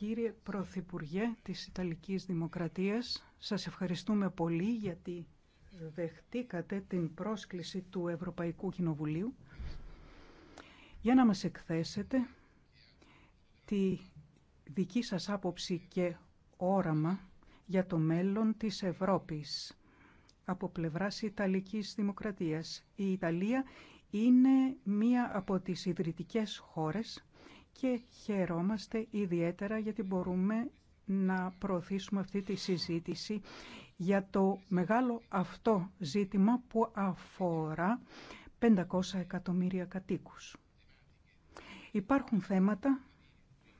Κύριε Πρωθυπουργέ της Ιταλικής Δημοκρατίας, σας ευχαριστούμε πολύ γιατί δεχτήκατε την πρόσκληση του Ευρωπαϊκού Κοινοβουλίου για να μας εκθέσετε τη δική σας άποψη και όραμα για το μέλλον της Ευρώπης από πλευράς Ιταλικής Δημοκρατίας. Η Ιταλία είναι μία από τις ιδρυτικές χώρες και χαιρόμαστε ιδιαίτερα γιατί μπορούμε να προωθήσουμε αυτή τη συζήτηση για το μεγάλο αυτό ζήτημα που αφορά 500 εκατομμύρια κατοίκους. Υπάρχουν θέματα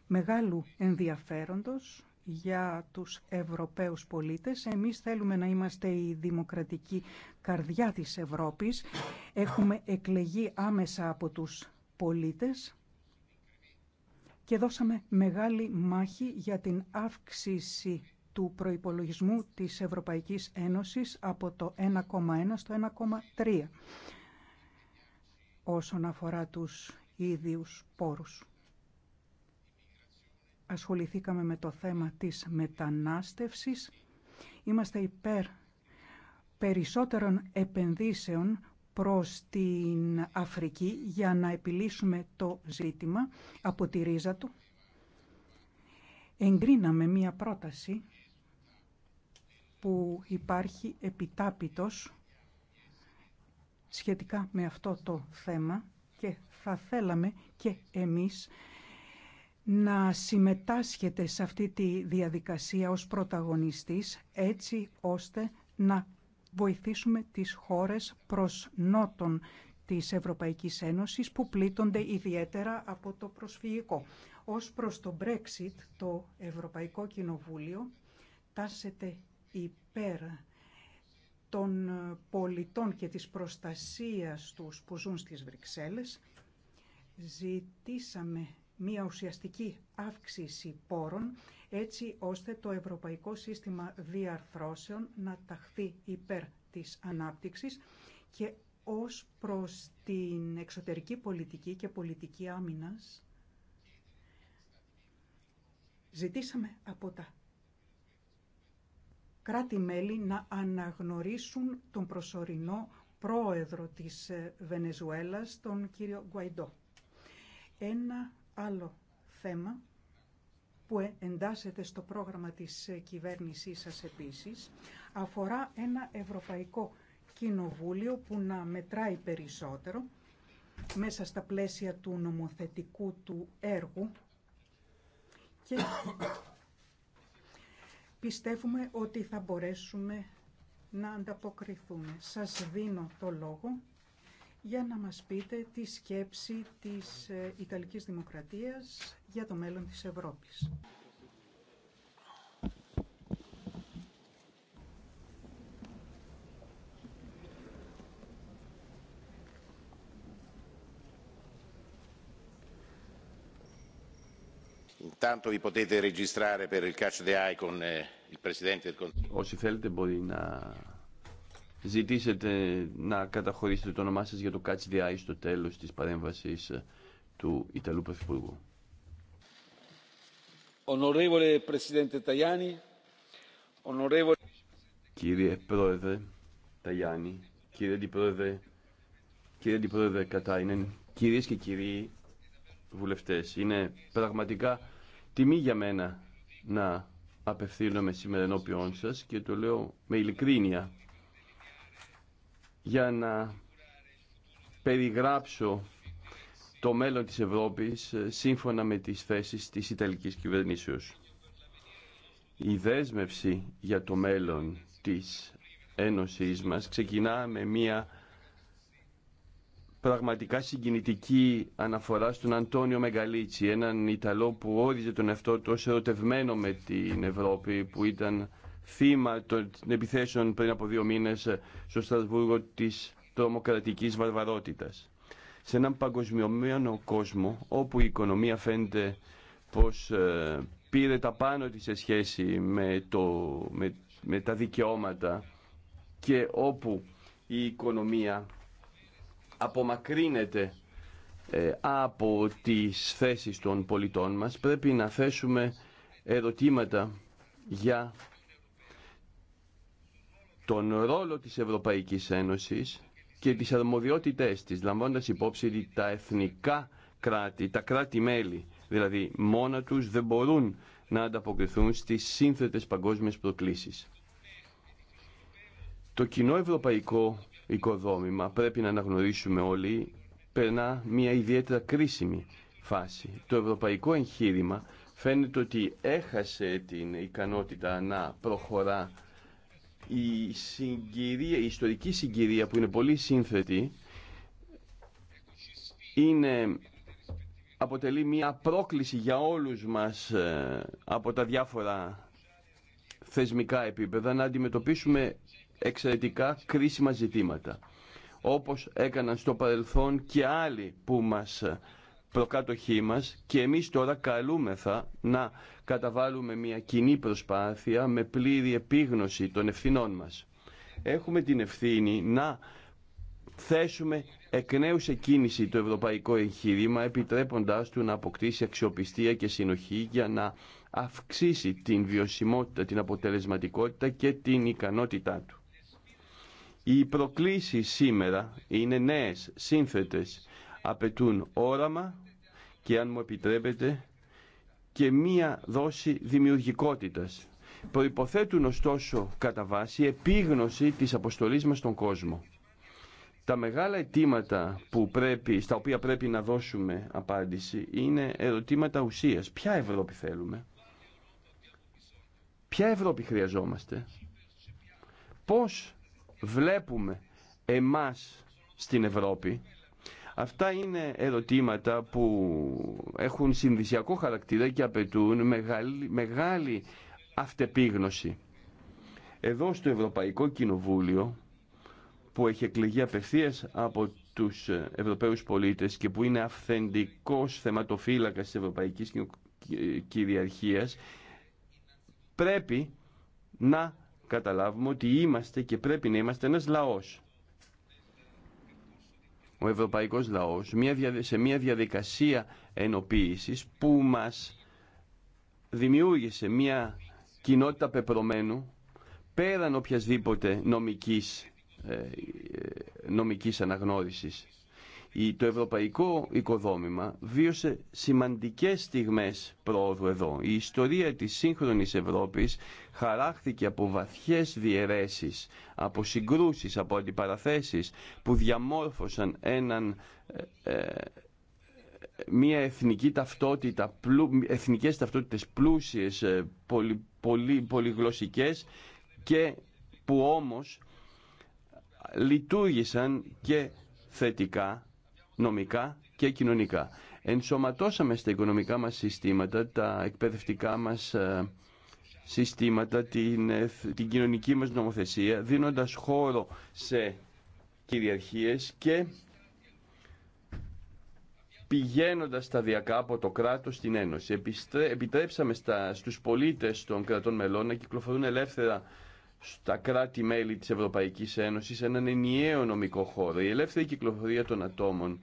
μεγάλου ενδιαφέροντος για τους Ευρωπαίους πολίτες. Εμείς θέλουμε να είμαστε η δημοκρατική καρδιά της Ευρώπης. Έχουμε εκλεγεί άμεσα από τους πολίτες και δώσαμε μεγάλη μάχη για την αύξηση του προϋπολογισμού της Ευρωπαϊκής Ένωσης από το 1,1 στο 1,3. Όσον αφορά τους ίδιους πόρους. Ασχοληθήκαμε με το θέμα της μετανάστευσης. Είμαστε υπέρ περισσότερων επενδύσεων προς την Αφρική για να επιλύσουμε το ζήτημα από τη ρίζα του. Εγκρίναμε μία πρόταση που υπάρχει επιτάπητος σχετικά με αυτό το θέμα και θα θέλαμε και εμείς να συμμετάσχετε σε αυτή τη διαδικασία ως πρωταγωνιστής έτσι ώστε να βοηθήσουμε τις χώρες προς νότον της Ευρωπαϊκής Ένωσης που πλήττονται ιδιαίτερα από το προσφυγικό. Ως προς το Brexit, το Ευρωπαϊκό Κοινοβούλιο τάσεται υπέρ των ε, πολιτών και της προστασίας τους που ζουν στις Βρυξέλλες, ζητήσαμε μία ουσιαστική αύξηση πόρων, έτσι ώστε το Ευρωπαϊκό Σύστημα Διαρθρώσεων να ταχθεί υπέρ της ανάπτυξης και ως προς την εξωτερική πολιτική και πολιτική άμυνας, ζητήσαμε από τα κράτη-μέλη να αναγνωρίσουν τον προσωρινό πρόεδρο της ε, Βενεζουέλας, τον κύριο Γκουαϊντό. Ένα άλλο θέμα που ε, εντάσσεται στο πρόγραμμα της ε, κυβέρνησής σας επίσης, αφορά ένα Ευρωπαϊκό Κοινοβούλιο που να μετράει περισσότερο μέσα στα πλαίσια του νομοθετικού του έργου πιστεύουμε ότι θα μπορέσουμε να ανταποκριθούμε. Σας δίνω το λόγο για να μας πείτε τη σκέψη της ε, Ιταλικής Δημοκρατίας για το μέλλον της Ευρώπης. Tanto vi potete registrare per il catch the eye con eh, il Presidente del Consiglio. Όσοι θέλετε μπορεί να ζητήσετε να καταχωρήσετε το όνομά σας για το catch the eye στο τέλος της παρέμβασης ε, του Ιταλού Πρωθυπουργού. Onorevole Presidente Tajani, onorevole... Κύριε Πρόεδρε Ταγιάννη, κύριε Αντιπρόεδρε, κύριε Αντιπρόεδρε Κατάινεν, κυρίες και κύριοι βουλευτές, είναι πραγματικά τιμή για μένα να απευθύνομαι σήμερα ενώπιόν σας και το λέω με ειλικρίνεια για να περιγράψω το μέλλον της Ευρώπης ε, σύμφωνα με τις θέσεις της Ιταλικής κυβερνήσεως. Η δέσμευση για το μέλλον της Ένωσης μας ξεκινά με μια πραγματικά συγκινητική αναφορά στον Αντώνιο Μεγαλίτσι, έναν Ιταλό που όριζε τον εαυτό του ως ερωτευμένο με την Ευρώπη, που ήταν θύμα των επιθέσεων πριν από δύο μήνες στο Στρασβούργο της τρομοκρατικής βαρβαρότητας. Σε έναν παγκοσμιωμένο κόσμο, όπου η οικονομία φαίνεται πως ε, πήρε τα πάνω της σε σχέση με, το, με τα δικαιώματα και όπου η οικονομία απομακρύνεται ε, από τις θέσεις των πολιτών μας. Πρέπει να θέσουμε ερωτήματα για τον ρόλο της Ευρωπαϊκής Ένωσης και τις αρμοδιότητές της, λαμβάνοντας υπόψη ότι τα εθνικά κράτη, τα κράτη-μέλη, δηλαδή μόνα τους, δεν μπορούν να ανταποκριθούν στις σύνθετες παγκόσμιες προκλήσεις. Το κοινό ευρωπαϊκό οικοδόμημα, πρέπει να αναγνωρίσουμε όλοι, περνά μια ιδιαίτερα κρίσιμη φάση. Το ευρωπαϊκό εγχείρημα φαίνεται ότι έχασε την ικανότητα να προχωρά η, συγκυρία, ιστορική συγκυρία που είναι πολύ σύνθετη είναι, αποτελεί μια πρόκληση για όλους μας ε, από τα διάφορα θεσμικά επίπεδα να αντιμετωπίσουμε εξαιρετικά κρίσιμα ζητήματα. Όπως έκαναν στο παρελθόν και άλλοι που μας προκάτοχοί μας και εμείς τώρα καλούμεθα να καταβάλουμε μια κοινή προσπάθεια με πλήρη επίγνωση των ευθυνών μας. Έχουμε την ευθύνη να θέσουμε εκ νέου σε κίνηση το ευρωπαϊκό εγχείρημα επιτρέποντάς του να αποκτήσει αξιοπιστία και συνοχή για να αυξήσει την βιωσιμότητα, την αποτελεσματικότητα και την ικανότητά του. Οι προκλήσεις σήμερα είναι νέες, σύνθετες, απαιτούν όραμα και αν μου επιτρέπετε και μία δόση δημιουργικότητας. Προϋποθέτουν ωστόσο κατά βάση επίγνωση της αποστολής μας στον κόσμο. Τα μεγάλα αιτήματα που πρέπει, στα οποία πρέπει να δώσουμε απάντηση είναι ερωτήματα ουσίας. Ποια Ευρώπη θέλουμε. Ποια Ευρώπη χρειαζόμαστε. Πώς βλέπουμε εμάς στην Ευρώπη. Αυτά είναι ερωτήματα που έχουν συνδυσιακό χαρακτήρα και απαιτούν μεγάλη, μεγάλη αυτεπίγνωση. Εδώ στο Ευρωπαϊκό Κοινοβούλιο που έχει εκλεγεί απευθεία από τους Ευρωπαίους πολίτες και που είναι αυθεντικός θεματοφύλακας της Ευρωπαϊκής Κυριαρχίας πρέπει να καταλάβουμε ότι είμαστε και πρέπει να είμαστε ένας λαός. Ο ευρωπαϊκός λαός σε μια διαδικασία ενοποίησης που μας δημιούργησε μια κοινότητα πεπρωμένου πέραν οποιασδήποτε νομικής, ε, ε, νομικής αναγνώρισης. Το ευρωπαϊκό οικοδόμημα βίωσε σημαντικές στιγμές πρόοδου εδώ. Η ιστορία της σύγχρονης Ευρώπης χαράχθηκε από βαθιές διαιρέσεις, από συγκρούσεις, από αντιπαραθέσεις που διαμόρφωσαν έναν ε, ε, μια εθνική ταυτότητα, πλου, εθνικές ταυτότητες πλούσιες, ε, πολυ, πολυ, πολυγλωσσικές και που όμως λειτουργήσαν και θετικά νομικά και κοινωνικά. Ενσωματώσαμε στα οικονομικά μας συστήματα, τα εκπαιδευτικά μας ε, συστήματα, την, ε, την κοινωνική μας νομοθεσία, δίνοντας χώρο σε κυριαρχίες και πηγαίνοντας σταδιακά από το κράτος στην Ένωση. Επιτρέψαμε στα, στους πολίτες των κρατών μελών να κυκλοφορούν ελεύθερα στα κράτη-μέλη της Ευρωπαϊκής Ένωσης έναν ενιαίο νομικό χώρο. Η ελεύθερη κυκλοφορία των ατόμων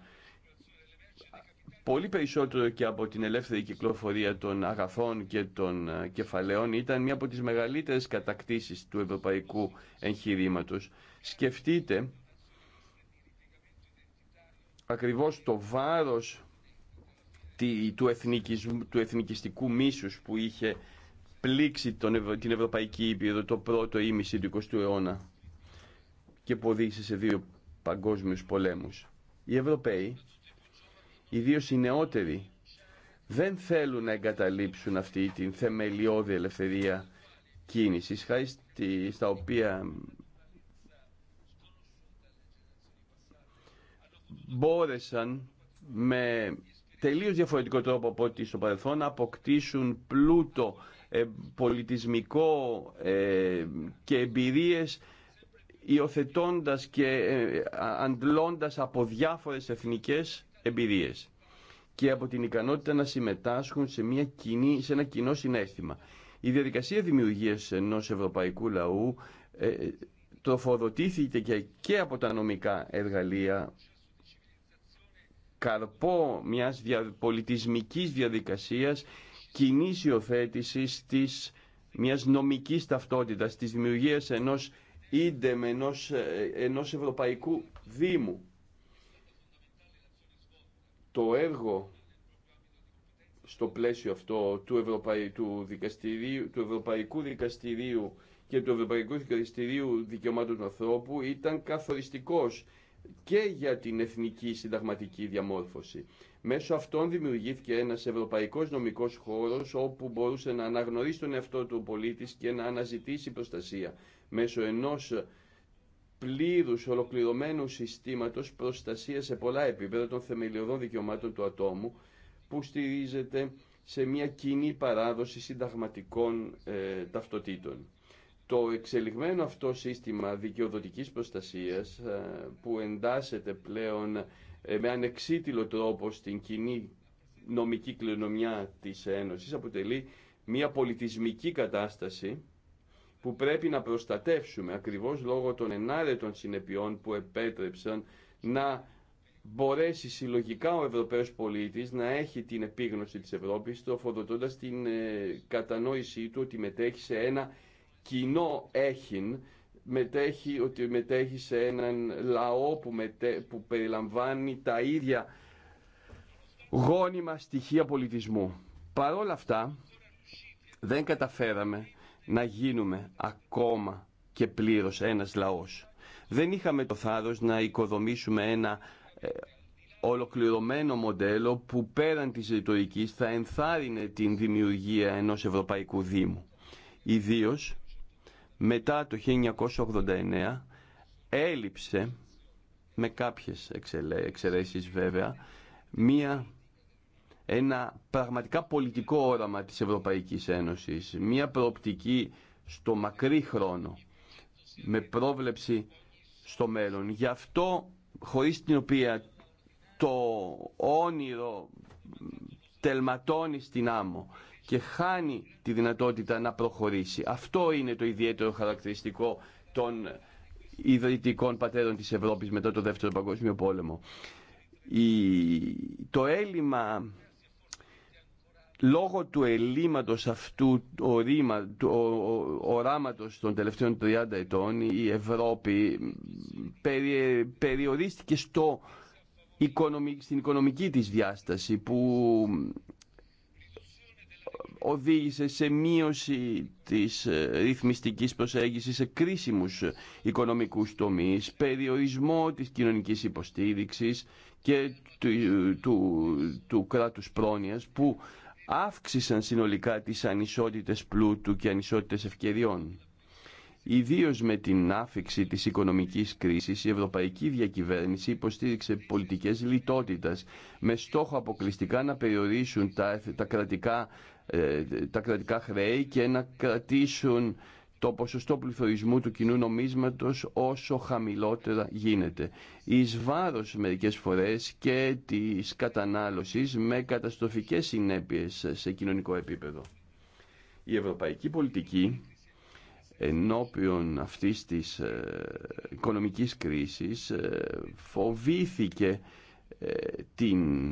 πολύ περισσότερο και από την ελεύθερη κυκλοφορία των αγαθών και των ε, κεφαλαίων ήταν μία από τις μεγαλύτερες κατακτήσεις του ευρωπαϊκού εγχειρήματος. Σκεφτείτε ακριβώς το βάρος του, του εθνικιστικού μίσους που είχε πλήξει τον, την Ευρωπαϊκή Ήπειρο το πρώτο ήμιση του 20ου αιώνα και που οδήγησε σε δύο παγκόσμιους πολέμους. Οι Ευρωπαίοι, ιδίως οι νεότεροι, δεν θέλουν να εγκαταλείψουν αυτή την θεμελιώδη ελευθερία κίνησης, χάρη στα οποία μπόρεσαν με τελείως διαφορετικό τρόπο από ό,τι στο παρελθόν να αποκτήσουν πλούτο ε, πολιτισμικό ε, και εμπειρίες υιοθετώντα και ε, αντλώντας από διάφορες εθνικές εμπειρίες και από την ικανότητα να συμμετάσχουν σε, μια κοινή, σε ένα κοινό συνέστημα. Η διαδικασία δημιουργίας ενός ευρωπαϊκού λαού ε, τροφοδοτήθηκε και, και από τα νομικά εργαλεία καρπό μιας πολιτισμικής διαδικασίας κοινή υιοθέτηση της μιας νομικής ταυτότητας, της δημιουργίας ενός ίντεμ, ενός, ε, ευρωπαϊκού δήμου. Το έργο στο πλαίσιο αυτό του, Ευρωπαϊκού Δικαστηρίου και του Ευρωπαϊκού Δικαστηρίου Δικαιωμάτων του Ανθρώπου ήταν καθοριστικός και για την εθνική συνταγματική διαμόρφωση. Μέσω αυτών δημιουργήθηκε ένας ευρωπαϊκός νομικός χώρος όπου μπορούσε να αναγνωρίσει τον εαυτό του πολίτης και να αναζητήσει προστασία μέσω ενός πλήρου ολοκληρωμένου συστήματος προστασία σε πολλά επίπεδα των θεμελιωδών δικαιωμάτων του ατόμου που στηρίζεται σε μια κοινή παράδοση συνταγματικών ε, ταυτοτήτων. Το εξελιγμένο αυτό σύστημα δικαιοδοτικής προστασίας ε, που εντάσσεται πλέον ε, με ανεξίτηλο τρόπο στην κοινή νομική κληρονομιά της Ένωσης αποτελεί μια πολιτισμική κατάσταση που πρέπει να προστατεύσουμε ακριβώς λόγω των ενάρετων συνεπειών που επέτρεψαν να μπορέσει συλλογικά ο Ευρωπαίος πολίτης να έχει την επίγνωση της Ευρώπης τροφοδοτώντας την ε, κατανόησή του ότι μετέχει σε ένα κοινό έχειν μετέχει, ότι μετέχει σε έναν λαό που, που περιλαμβάνει τα ίδια γόνιμα στοιχεία πολιτισμού. Παρόλα αυτά δεν καταφέραμε να γίνουμε ακόμα και πλήρως ένας λαός. Δεν είχαμε το θάρρος να οικοδομήσουμε ένα ε, ολοκληρωμένο μοντέλο που πέραν της ρητορική θα ενθάρρυνε την δημιουργία ενός Ευρωπαϊκού Δήμου. Ιδίως μετά το 1989 έλειψε με κάποιες εξαιρέσεις βέβαια μία ένα πραγματικά πολιτικό όραμα της Ευρωπαϊκής Ένωσης, μία προοπτική στο μακρύ χρόνο, με πρόβλεψη στο μέλλον. Γι' αυτό, χωρίς την οποία το όνειρο τελματώνει στην άμμο και χάνει τη δυνατότητα να προχωρήσει. Αυτό είναι το ιδιαίτερο χαρακτηριστικό των ιδρυτικών πατέρων της Ευρώπης μετά το Δεύτερο Παγκόσμιο Πόλεμο. Το έλλειμμα λόγω του ελλείμματος αυτού ορίμα, του οράματος των τελευταίων 30 ετών η Ευρώπη περι, περιορίστηκε στο στην οικονομική της διάσταση που οδήγησε σε μείωση της ε, ρυθμιστικής προσέγγισης σε κρίσιμους οικονομικούς τομείς, περιορισμό της κοινωνικής υποστήριξης και του, του, του κράτους πρόνοιας που αύξησαν συνολικά τις ανισότητες πλούτου και ανισότητες ευκαιριών. Ιδίω με την άφηξη της οικονομικής κρίσης, η ευρωπαϊκή διακυβέρνηση υποστήριξε πολιτικές λιτότητας με στόχο αποκλειστικά να περιορίσουν τα, τα κρατικά ε, τα κρατικά χρέη και να κρατήσουν το ποσοστό πληθωρισμού του κοινού νομίσματος όσο χαμηλότερα γίνεται. Εις βάρος μερικές φορές και της κατανάλωσης με καταστροφικές συνέπειες σε κοινωνικό επίπεδο. Η ευρωπαϊκή πολιτική ενώπιον αυτής της ε, οικονομικής κρίσης ε, φοβήθηκε την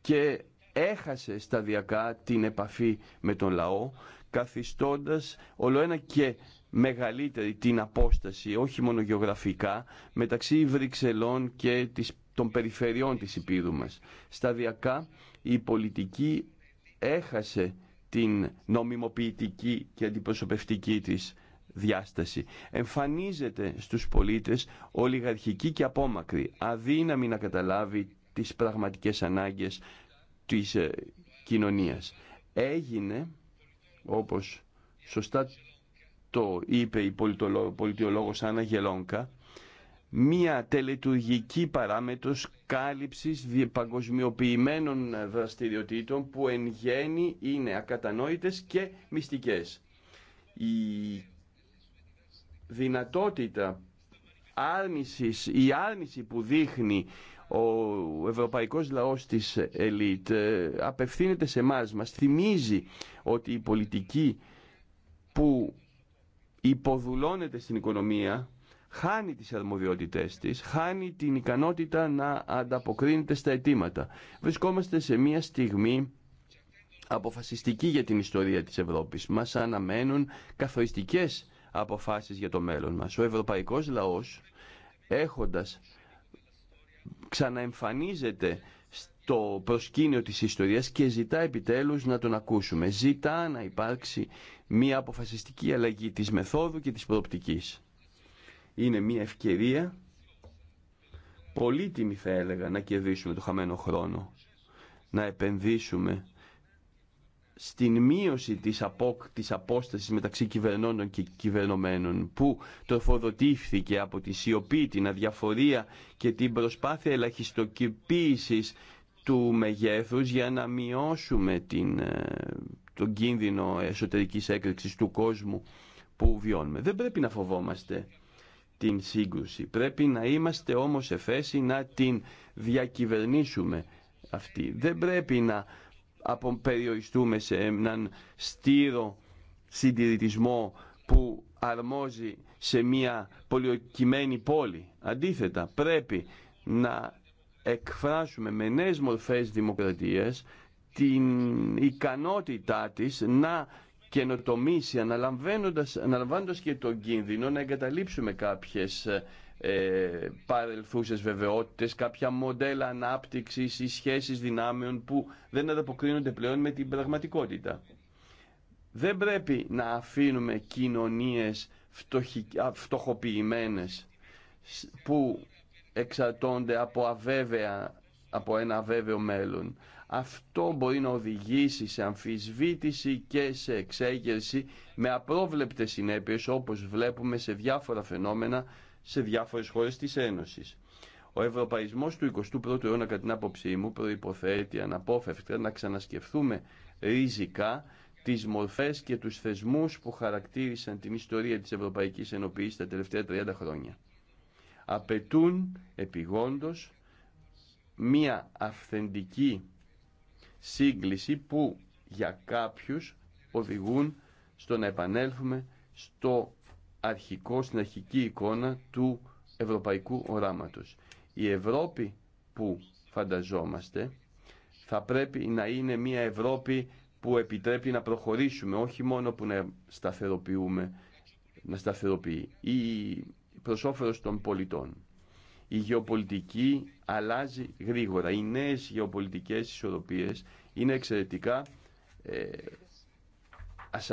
και έχασε σταδιακά την επαφή με τον λαό, καθιστώντας ολοένα και μεγαλύτερη την απόσταση, όχι μόνο γεωγραφικά, μεταξύ Βρυξελών και των περιφερειών της Υπήρου μας. Σταδιακά η πολιτική έχασε την νομιμοποιητική και αντιπροσωπευτική της διάσταση. Εμφανίζεται στους πολίτες ολιγαρχική και απόμακρη, αδύναμη να καταλάβει τις πραγματικές ανάγκες της ε, κοινωνίας. Έγινε, όπως σωστά το είπε η πολιτιολόγος Άννα Γελόνκα, μία τελετουργική παράμετρος κάλυψης παγκοσμιοποιημένων δραστηριοτήτων που εν γέννη είναι ακατανόητες και μυστικές. Η δυνατότητα άρνησης, η άρνηση που δείχνει ο ευρωπαϊκός λαός της ελίτ ε, απευθύνεται σε εμά, μας θυμίζει ότι η πολιτική που υποδουλώνεται στην οικονομία χάνει τις αρμοδιότητές της, χάνει την ικανότητα να ανταποκρίνεται στα αιτήματα. Βρισκόμαστε σε μια στιγμή αποφασιστική για την ιστορία της Ευρώπης. Μας αναμένουν καθοριστικές αποφάσεις για το μέλλον μας. Ο ευρωπαϊκός λαός έχοντας ξαναεμφανίζεται στο προσκήνιο της ιστορίας και ζητά επιτέλους να τον ακούσουμε. Ζητά να υπάρξει μια αποφασιστική αλλαγή της μεθόδου και της προοπτικής. Είναι μια ευκαιρία, πολύτιμη θα έλεγα, να κερδίσουμε το χαμένο χρόνο, να επενδύσουμε στην μείωση της, απόκ, της απόστασης μεταξύ κυβερνώνων και κυβερνωμένων που τροφοδοτήθηκε από τη σιωπή, την αδιαφορία και την προσπάθεια ελαχιστοκυποίησης του μεγέθους για να μειώσουμε την, ε, τον κίνδυνο εσωτερικής έκρηξης του κόσμου που βιώνουμε. Δεν πρέπει να φοβόμαστε την σύγκρουση. Πρέπει να είμαστε όμως σε να την διακυβερνήσουμε αυτή. Δεν πρέπει να αποπεριοριστούμε σε έναν στήρο συντηρητισμό που αρμόζει σε μια πολιοκυμένη πόλη. Αντίθετα, πρέπει να εκφράσουμε με νέες μορφές δημοκρατίας την ικανότητά της να καινοτομήσει αναλαμβάνοντας, αναλαμβάνοντας και τον κίνδυνο να εγκαταλείψουμε κάποιες ε, παρελθούσες βεβαιότητες, κάποια μοντέλα ανάπτυξης ή σχέσεις δυνάμεων που δεν ανταποκρίνονται πλέον με την πραγματικότητα. Δεν πρέπει να αφήνουμε κοινωνίες φτωχοποιημένες που εξαρτώνται από, αβέβαια, από ένα αβέβαιο μέλλον. Αυτό μπορεί να οδηγήσει σε αμφισβήτηση και σε εξέγερση με απρόβλεπτες συνέπειες όπως βλέπουμε σε διάφορα φαινόμενα σε διάφορες χώρε της Ένωση. Ο ευρωπαϊσμός του 21ου αιώνα, κατά την άποψή μου, προποθέτει αναπόφευκτα να ξανασκεφθούμε ριζικά τις μορφές και τους θεσμούς που χαρακτήρισαν την ιστορία της Ευρωπαϊκής Ενωπή τα τελευταία 30 χρόνια. Απαιτούν επιγόντω μία αυθεντική σύγκληση που για κάποιους οδηγούν στο να επανέλθουμε στο αρχικό, στην αρχική εικόνα του ευρωπαϊκού οράματος. Η Ευρώπη που φανταζόμαστε θα πρέπει να είναι μια Ευρώπη που επιτρέπει να προχωρήσουμε, όχι μόνο που να σταθεροποιούμε, να σταθεροποιεί, ή προς όφελος των πολιτών. Η προς των αλλάζει γρήγορα. Οι νέες γεωπολιτικές ισορροπίες είναι εξαιρετικά ε,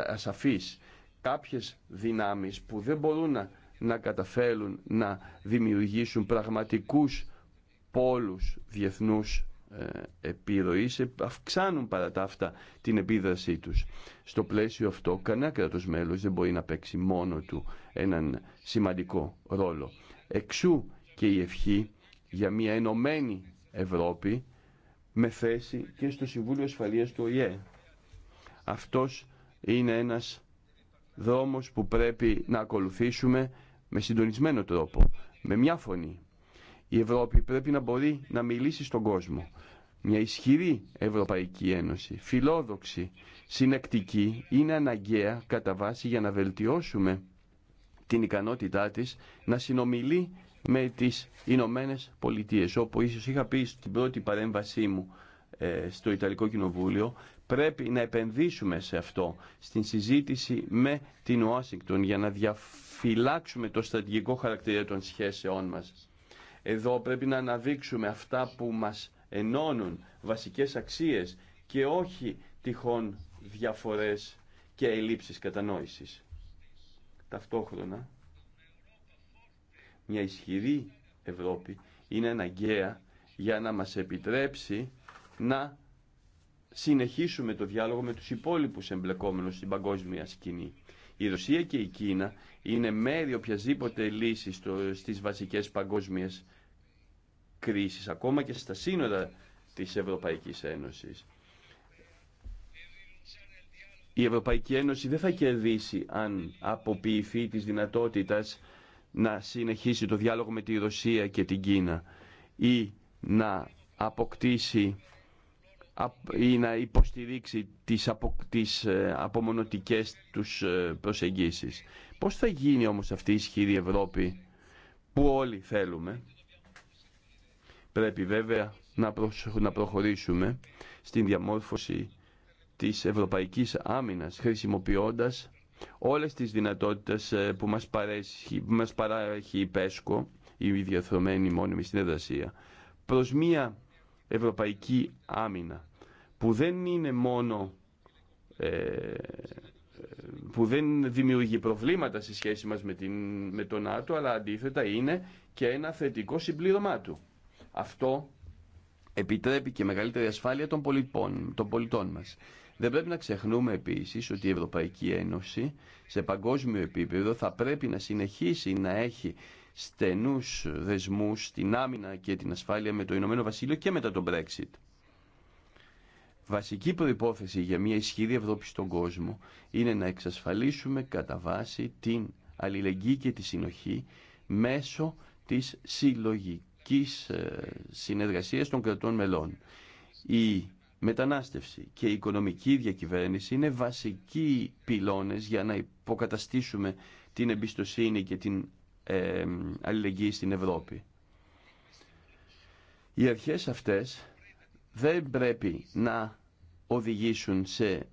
ασαφείς κάποιες δυνάμεις που δεν μπορούν να, να καταφέρουν να δημιουργήσουν πραγματικούς πόλους διεθνούς ε, επιρροής αυξάνουν παρά τα αυτά την επίδρασή τους. Στο πλαίσιο αυτό κανένα κράτος μέλος δεν μπορεί να παίξει μόνο του έναν σημαντικό ρόλο. Εξού και η ευχή για μια ενωμένη Ευρώπη με θέση και στο Συμβούλιο Ασφαλείας του ΟΗΕ. Αυτός είναι ένας δρόμος που πρέπει να ακολουθήσουμε με συντονισμένο τρόπο, με μια φωνή. Η Ευρώπη πρέπει να μπορεί να μιλήσει στον κόσμο. Μια ισχυρή Ευρωπαϊκή Ένωση, φιλόδοξη, συνεκτική, είναι αναγκαία κατά βάση για να βελτιώσουμε την ικανότητά της να συνομιλεί με τις Ηνωμένε Πολιτείες, όπου ίσως είχα πει στην πρώτη παρέμβασή μου ε, στο Ιταλικό Κοινοβούλιο, Πρέπει να επενδύσουμε σε αυτό, στην συζήτηση με την Ουάσιγκτον για να διαφυλάξουμε το στρατηγικό χαρακτήρα των σχέσεών μας. Εδώ πρέπει να αναδείξουμε αυτά που μας ενώνουν, βασικές αξίες και όχι τυχόν διαφορές και ελλείψεις κατανόησης. Ταυτόχρονα, μια ισχυρή Ευρώπη είναι αναγκαία για να μας επιτρέψει να συνεχίσουμε το διάλογο με τους υπόλοιπους εμπλεκόμενους στην παγκόσμια σκηνή. Η Ρωσία και η Κίνα είναι μέρη οποιασδήποτε λύση στις βασικές παγκόσμιες κρίσεις, ακόμα και στα σύνορα της Ευρωπαϊκής Ένωσης. Η Ευρωπαϊκή Ένωση δεν θα κερδίσει αν αποποιηθεί της δυνατότητας να συνεχίσει το διάλογο με τη Ρωσία και την Κίνα ή να αποκτήσει ή να υποστηρίξει τις, απο, τις ε, απομονωτικές τους ε, προσεγγίσεις. Πώς θα γίνει όμως αυτή η ισχυρή Ευρώπη που όλοι θέλουμε. Πρέπει βέβαια να, να προχωρήσουμε στην διαμόρφωση της ευρωπαϊκής άμυνας χρησιμοποιώντας όλες τις δυνατότητες ε, που μας, παρέχει, που μας παράχει η ΠΕΣΚΟ, η διαθρωμένη μόνιμη συνεργασία, προς μία ευρωπαϊκή άμυνα που δεν είναι μόνο ε, που δεν δημιουργεί προβλήματα στη σχέση μας με, την, με τον ΝΑΤΟ αλλά αντίθετα είναι και ένα θετικό συμπλήρωμά του. Αυτό επιτρέπει και μεγαλύτερη ασφάλεια των, πολιτών, των πολιτών μας. Δεν πρέπει να ξεχνούμε επίσης ότι η Ευρωπαϊκή Ένωση σε παγκόσμιο επίπεδο θα πρέπει να συνεχίσει να έχει στενούς δεσμούς στην άμυνα και την ασφάλεια με το Ηνωμένο Βασίλειο και μετά τον Brexit. Βασική προϋπόθεση για μια ισχυρή Ευρώπη στον κόσμο είναι να εξασφαλίσουμε κατά βάση την αλληλεγγύη και τη συνοχή μέσω της συλλογικής ε, συνεργασίας των κρατών μελών. Η μετανάστευση και η οικονομική διακυβέρνηση είναι βασικοί πυλώνες για να υποκαταστήσουμε την εμπιστοσύνη και την ε, αλληλεγγύη στην Ευρώπη. Οι αρχές αυτές δεν πρέπει να οδηγήσουν σε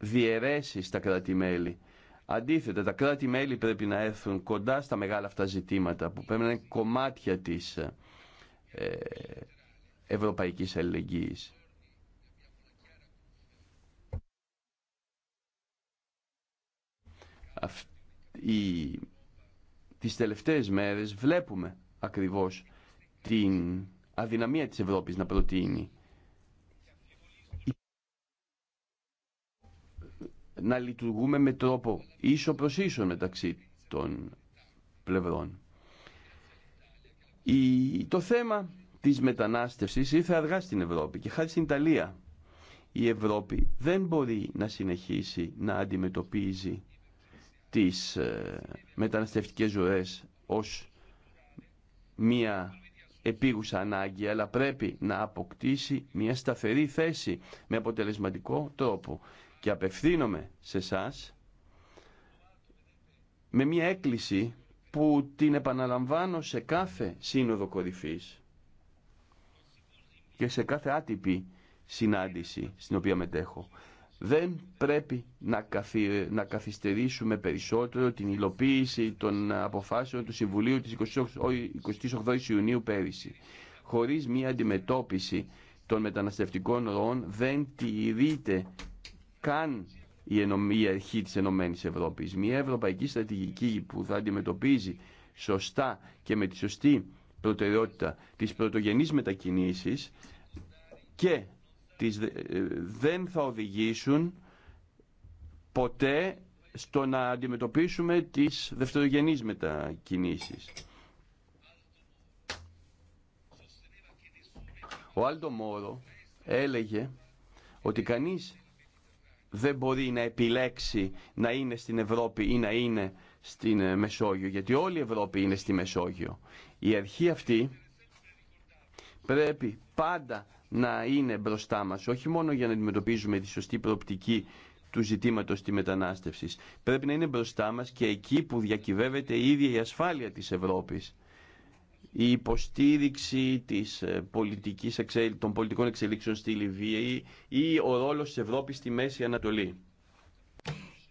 διαιρέσεις τα κράτη-μέλη. Αντίθετα, τα κράτη-μέλη πρέπει να έρθουν κοντά στα μεγάλα αυτά ζητήματα που πρέπει να είναι κομμάτια της ε, ευρωπαϊκής αλληλεγγύης τις τελευταίες μέρες βλέπουμε ακριβώς την αδυναμία της Ευρώπης να προτείνει να λειτουργούμε με τρόπο ίσο προς ίσο μεταξύ των πλευρών. Η, το θέμα της μετανάστευσης ήρθε αργά στην Ευρώπη και χάρη στην Ιταλία. Η Ευρώπη δεν μπορεί να συνεχίσει να αντιμετωπίζει τις ε, μεταναστευτικές ζωές ως μία επίγουσα ανάγκη, αλλά πρέπει να αποκτήσει μια σταθερή θέση με αποτελεσματικό τρόπο. Και απευθύνομαι σε εσά με μια έκκληση που την επαναλαμβάνω σε κάθε σύνοδο κορυφής και σε κάθε άτυπη συνάντηση στην οποία μετέχω. Δεν πρέπει να, να καθυστερήσουμε περισσότερο την υλοποίηση των αποφάσεων του Συμβουλίου της 28 Ιουνίου πέρυσι. Χωρίς μια αντιμετώπιση των μεταναστευτικών ροών δεν τηρείται καν η, η αρχή της Ενωμένης ΕΕ. Ευρώπης. Μια ευρωπαϊκή στρατηγική που θα αντιμετωπίζει σωστά και με τη σωστή προτεραιότητα τις πρωτογενείς μετακινήσεις και ε, δεν θα οδηγήσουν ποτέ στο να αντιμετωπίσουμε τις δευτερογενείς μετακινήσεις. Ο Άλτο Μόρο έλεγε ότι κανείς δεν μπορεί να επιλέξει να είναι στην Ευρώπη ή να είναι στην ε, Μεσόγειο, γιατί όλη η Ευρώπη είναι στη Μεσόγειο. Η αρχή αυτή πρέπει πάντα να είναι μπροστά μας, όχι μόνο για να αντιμετωπίζουμε τη σωστή προοπτική του ζητήματος της μετανάστευσης. Πρέπει να είναι μπροστά μας και εκεί που διακυβεύεται η ίδια η ασφάλεια της Ευρώπης. Η υποστήριξη της ε, πολιτικής, των πολιτικών εξελίξεων στη Λιβύη ή ο ρόλος της Ευρώπης στη Μέση Ανατολή.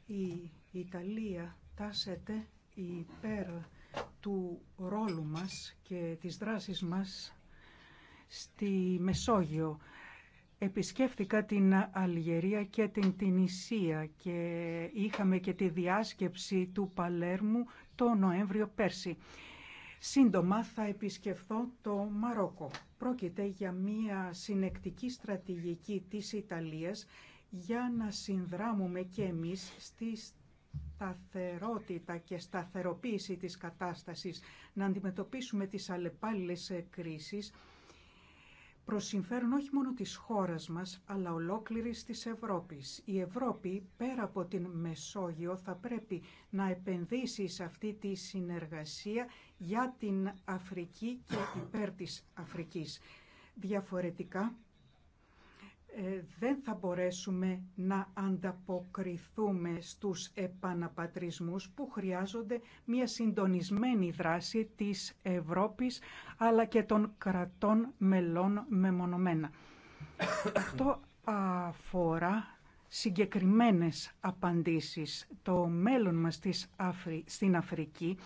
Η Ιταλία τάσεται υπέρ του ρόλου μας και της δράσης μας στη Μεσόγειο. Επισκέφθηκα την Αλγερία και την Τινησία και είχαμε και τη διάσκεψη του Παλέρμου το Νοέμβριο πέρσι. Σύντομα θα επισκεφθώ το Μαρόκο. Πρόκειται για μια συνεκτική στρατηγική της Ιταλίας για να συνδράμουμε και εμείς στη σταθερότητα και σταθεροποίηση της κατάστασης, να αντιμετωπίσουμε τις αλλεπάλληλες κρίσεις προς συμφέρον όχι μόνο της χώρας μας, αλλά ολόκληρης της Ευρώπης. Η Ευρώπη, πέρα από την Μεσόγειο, θα πρέπει να επενδύσει σε αυτή τη συνεργασία για την Αφρική και υπέρ της Αφρικής. Διαφορετικά, ε, δεν θα μπορέσουμε να ανταποκριθούμε στους επαναπατρισμούς που χρειάζονται μια συντονισμένη δράση της Ευρώπης αλλά και των κρατών μελών μεμονωμένα. Αυτό αφορά συγκεκριμένες απαντήσεις. Το μέλλον μας στην Αφρική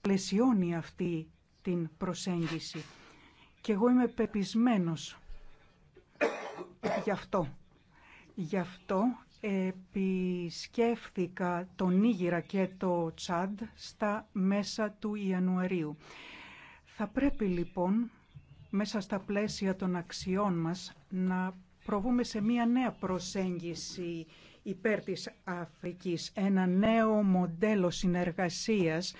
πλαισιώνει αυτή την προσέγγιση. Και εγώ είμαι πεπισμένος Γι' αυτό. Γι' αυτό επισκέφθηκα τον Νίγηρα και το Τσάντ στα μέσα του Ιανουαρίου. Θα πρέπει λοιπόν μέσα στα πλαίσια των αξιών μας να προβούμε σε μία νέα προσέγγιση υπέρ της Αφρικής, ένα νέο μοντέλο συνεργασίας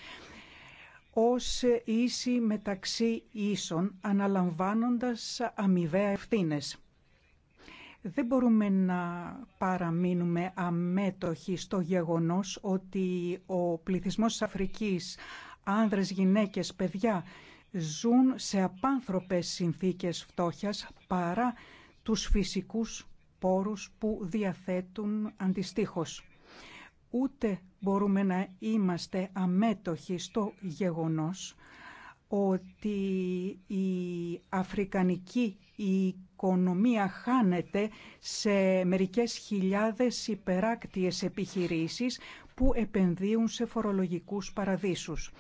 ως ίση μεταξύ ίσων, αναλαμβάνοντας αμοιβαία ευθύνες. Δεν μπορούμε να παραμείνουμε αμέτωχοι στο γεγονός ότι ο πληθυσμός της Αφρικής, άνδρες, γυναίκες, παιδιά, ζουν σε απάνθρωπες συνθήκες φτώχειας παρά τους φυσικούς πόρους που διαθέτουν αντιστοίχως. Ούτε μπορούμε να είμαστε αμέτωχοι στο γεγονός ότι η αφρικανική η οικονομία χάνεται σε μερικές χιλιάδες υπεράκτιες επιχειρήσεις που επενδύουν σε φορολογικούς παραδείσους.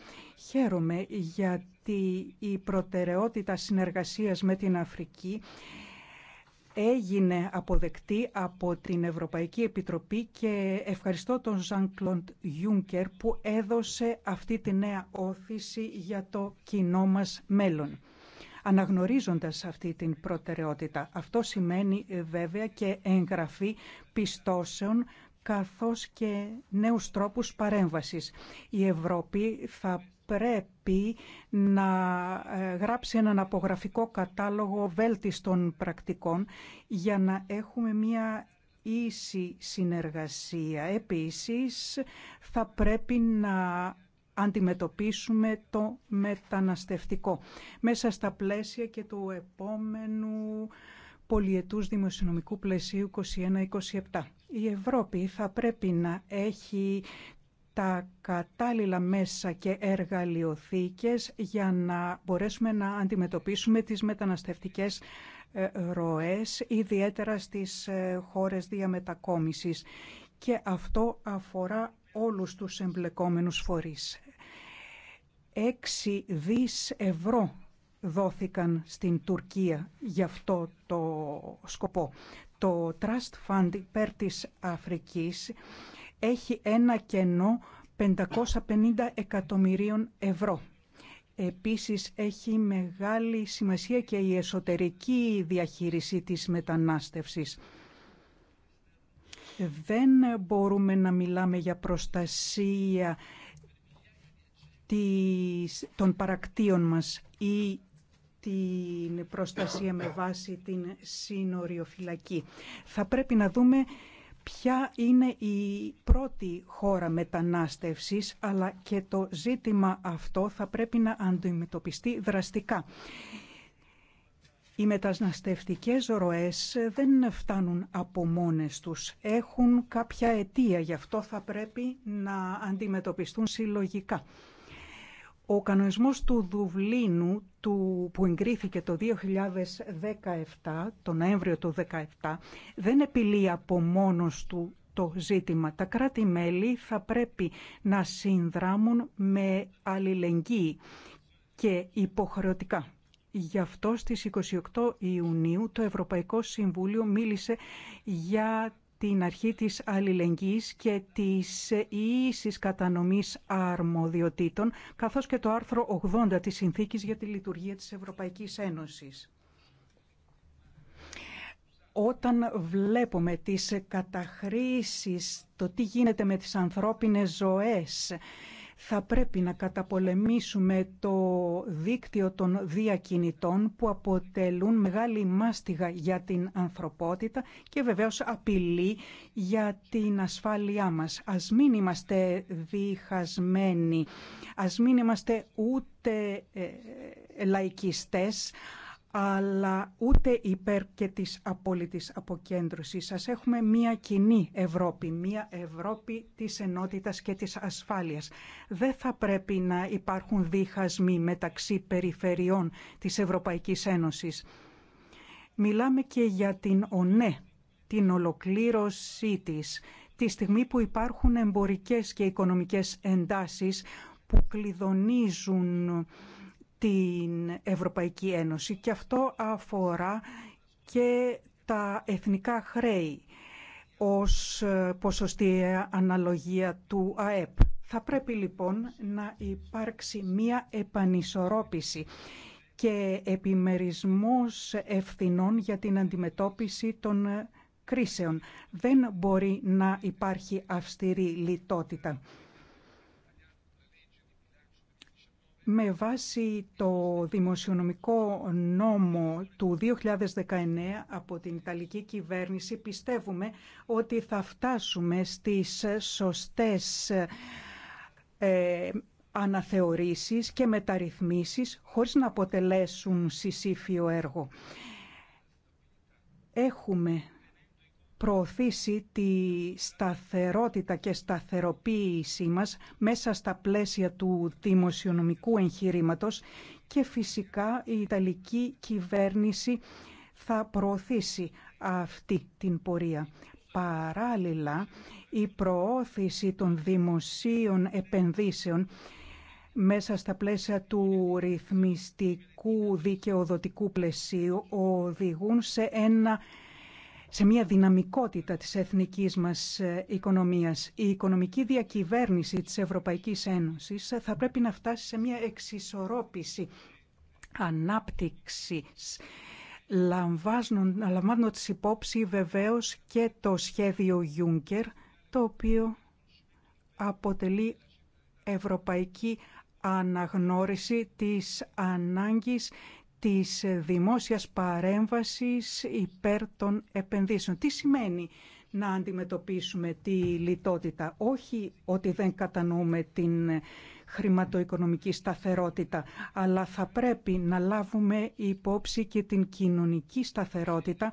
Χαίρομαι γιατί η προτεραιότητα συνεργασίας με την Αφρική έγινε αποδεκτή από την Ευρωπαϊκή Επιτροπή και ευχαριστώ τον Ζαν Κλοντ που έδωσε αυτή τη νέα όθηση για το κοινό μας μέλλον αναγνωρίζοντας αυτή την προτεραιότητα. Αυτό σημαίνει ε, βέβαια και εγγραφή πιστώσεων καθώς και νέους τρόπους παρέμβασης. Η Ευρώπη θα πρέπει να ε, γράψει έναν απογραφικό κατάλογο βέλτιστων πρακτικών για να έχουμε μια ίση συνεργασία. Επίσης, θα πρέπει να αντιμετωπίσουμε το μεταναστευτικό μέσα στα πλαίσια και του επόμενου πολιετούς δημοσιονομικού πλαισίου 21-27. Η Ευρώπη θα πρέπει να έχει τα κατάλληλα μέσα και εργαλειοθήκες για να μπορέσουμε να αντιμετωπίσουμε τις μεταναστευτικές ε, ροές, ιδιαίτερα στις ε, χώρες διαμετακόμισης. Και αυτό αφορά όλους τους εμπλεκόμενους φορείς. 6 δις ευρώ δόθηκαν στην Τουρκία για αυτό το σκοπό. Το Trust Fund υπέρ της Αφρικής έχει ένα κενό 550 εκατομμυρίων ευρώ. Επίσης έχει μεγάλη σημασία και η εσωτερική διαχείριση της μετανάστευσης. Δεν μπορούμε να μιλάμε για προστασία των παρακτήων μας ή την προστασία με βάση την σύνοριοφυλακή. Θα πρέπει να δούμε ποια είναι η πρώτη χώρα μετανάστευσης, αλλά και το ζήτημα αυτό θα πρέπει να αντιμετωπιστεί δραστικά. Οι μεταναστευτικές ροές δεν φτάνουν από μόνες τους. Έχουν κάποια αιτία, γι' αυτό θα πρέπει να αντιμετωπιστούν συλλογικά. Ο κανονισμός του Δουβλίνου του, που εγκρίθηκε το 2017, τον Νοέμβριο του 2017, δεν επιλύει από μόνος του το ζήτημα. Τα κράτη-μέλη θα πρέπει να συνδράμουν με αλληλεγγύη και υποχρεωτικά. Γι' αυτό στις 28 Ιουνίου το Ευρωπαϊκό Συμβούλιο μίλησε για την αρχή της αλληλεγγύης και της ίσης κατανομής αρμοδιοτήτων, καθώς και το άρθρο 80 της Συνθήκης για τη Λειτουργία της Ευρωπαϊκής Ένωσης. Όταν βλέπουμε τις καταχρήσεις, το τι γίνεται με τις ανθρώπινες ζωές, θα πρέπει να καταπολεμήσουμε το δίκτυο των διακινητών που αποτελούν μεγάλη μάστιγα για την ανθρωπότητα και βεβαίως απειλή για την ασφάλειά μας. Ας μην είμαστε διχασμένοι, ας μην είμαστε ούτε ε, λαϊκιστές, αλλά ούτε υπέρ και της απόλυτης αποκέντρωσης. Σας έχουμε μία κοινή Ευρώπη, μία Ευρώπη της ενότητας και της ασφάλειας. Δεν θα πρέπει να υπάρχουν δίχασμοι μεταξύ περιφερειών της Ευρωπαϊκής Ένωσης. Μιλάμε και για την ΟΝΕ, την ολοκλήρωσή της, τη στιγμή που υπάρχουν εμπορικές και οικονομικές εντάσεις που κλειδονίζουν την Ευρωπαϊκή Ένωση και αυτό αφορά και τα εθνικά χρέη ως ποσοστιαία αναλογία του ΑΕΠ. Θα πρέπει λοιπόν να υπάρξει μία επανισορρόπηση και επιμερισμός ευθυνών για την αντιμετώπιση των κρίσεων. Δεν μπορεί να υπάρχει αυστηρή λιτότητα. Με βάση το δημοσιονομικό νόμο του 2019 από την Ιταλική κυβέρνηση πιστεύουμε ότι θα φτάσουμε στις σωστές ε, αναθεωρήσεις και μεταρρυθμίσεις χωρίς να αποτελέσουν συσήφιο έργο. Έχουμε προωθήσει τη σταθερότητα και σταθεροποίησή μας μέσα στα πλαίσια του δημοσιονομικού εγχειρήματος και φυσικά η Ιταλική κυβέρνηση θα προωθήσει αυτή την πορεία. Παράλληλα, η προώθηση των δημοσίων επενδύσεων μέσα στα πλαίσια του ρυθμιστικού δικαιοδοτικού πλαισίου οδηγούν σε ένα σε μια δυναμικότητα της εθνικής μας ε, οικονομίας. Η οικονομική διακυβέρνηση της Ευρωπαϊκής Ένωσης ε, θα πρέπει να φτάσει σε μια εξισορρόπηση ανάπτυξης λαμβάνοντας υπόψη βεβαίως και το σχέδιο Juncker, το οποίο αποτελεί ευρωπαϊκή αναγνώριση της ανάγκης της δημόσιας παρέμβασης υπέρ των επενδύσεων. Τι σημαίνει να αντιμετωπίσουμε τη λιτότητα, όχι ότι δεν κατανοούμε την χρηματοοικονομική σταθερότητα, αλλά θα πρέπει να λάβουμε υπόψη και την κοινωνική σταθερότητα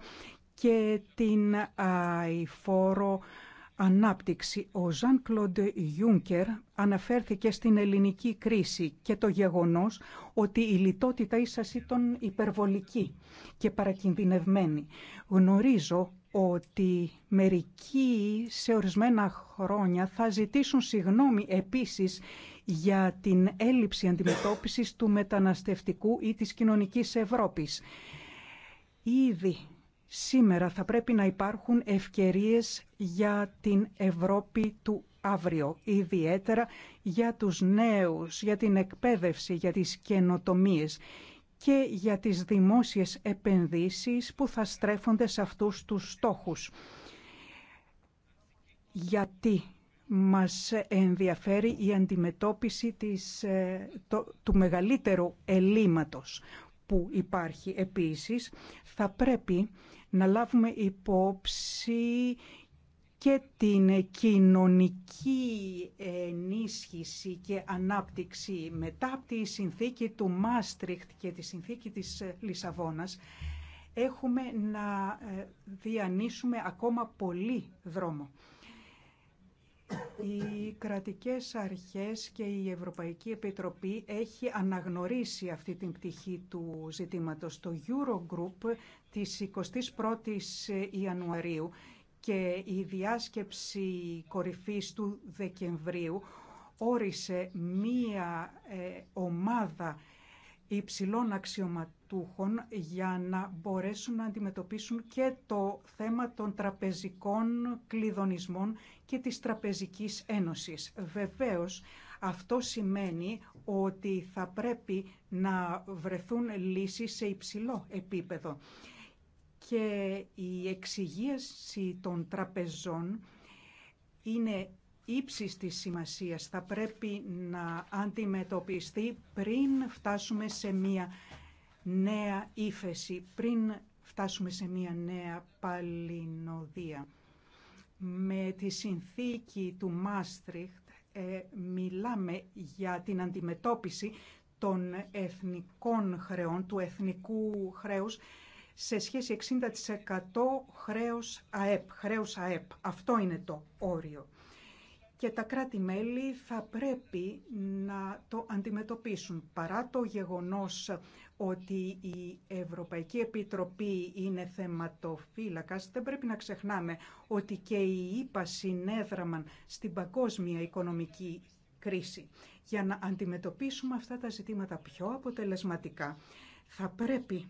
και την αηφόρο ανάπτυξη. Ο Ζαν Κλοντ Ιούνκερ αναφέρθηκε στην ελληνική κρίση και το γεγονός ότι η λιτότητα ίσας ήταν υπερβολική και παρακινδυνευμένη. Γνωρίζω ότι μερικοί σε ορισμένα χρόνια θα ζητήσουν συγνώμη επίσης για την έλλειψη αντιμετώπισης του μεταναστευτικού ή της κοινωνικής Ευρώπης. Ήδη Σήμερα θα πρέπει να υπάρχουν ευκαιρίες για την Ευρώπη του αύριο, ιδιαίτερα για τους νέους, για την εκπαίδευση, για τις καινοτομίες και για τις δημόσιες επενδύσεις που θα στρέφονται σε αυτούς τους στόχους. Γιατί μας ενδιαφέρει η αντιμετώπιση της, ε, του μεγαλύτερου ελλείμματος που υπάρχει. Επίσης, θα πρέπει να λάβουμε υπόψη και την κοινωνική ενίσχυση και ανάπτυξη μετά από τη συνθήκη του Μάστριχτ και τη συνθήκη της Λισαβόνας έχουμε να ε, διανύσουμε ακόμα πολύ δρόμο. Οι κρατικές αρχές και η Ευρωπαϊκή Επιτροπή έχει αναγνωρίσει αυτή την πτυχή του ζητήματος. Το Eurogroup της 21ης Ιανουαρίου και η διάσκεψη κορυφής του Δεκεμβρίου όρισε μία ε, ομάδα υψηλών αξιωματών για να μπορέσουν να αντιμετωπίσουν και το θέμα των τραπεζικών κλειδονισμών και της Τραπεζικής Ένωσης. Βεβαίως, αυτό σημαίνει ότι θα πρέπει να βρεθούν λύσεις σε υψηλό επίπεδο. Και η εξηγίαση των τραπεζών είναι ύψης της σημασίας. Θα πρέπει να αντιμετωπιστεί πριν φτάσουμε σε μία νέα ύφεση πριν φτάσουμε σε μια νέα παλινοδία. Με τη συνθήκη του Μάστριχτ ε, μιλάμε για την αντιμετώπιση των εθνικών χρεών, του εθνικού χρέους, σε σχέση 60% χρέος ΑΕΠ, χρέος ΑΕΠ. Αυτό είναι το όριο και τα κράτη-μέλη θα πρέπει να το αντιμετωπίσουν. Παρά το γεγονός ότι η Ευρωπαϊκή Επιτροπή είναι θεματοφύλακας, δεν πρέπει να ξεχνάμε ότι και η ΕΠΑ ΕΕ συνέδραμαν στην παγκόσμια οικονομική κρίση. Για να αντιμετωπίσουμε αυτά τα ζητήματα πιο αποτελεσματικά, θα πρέπει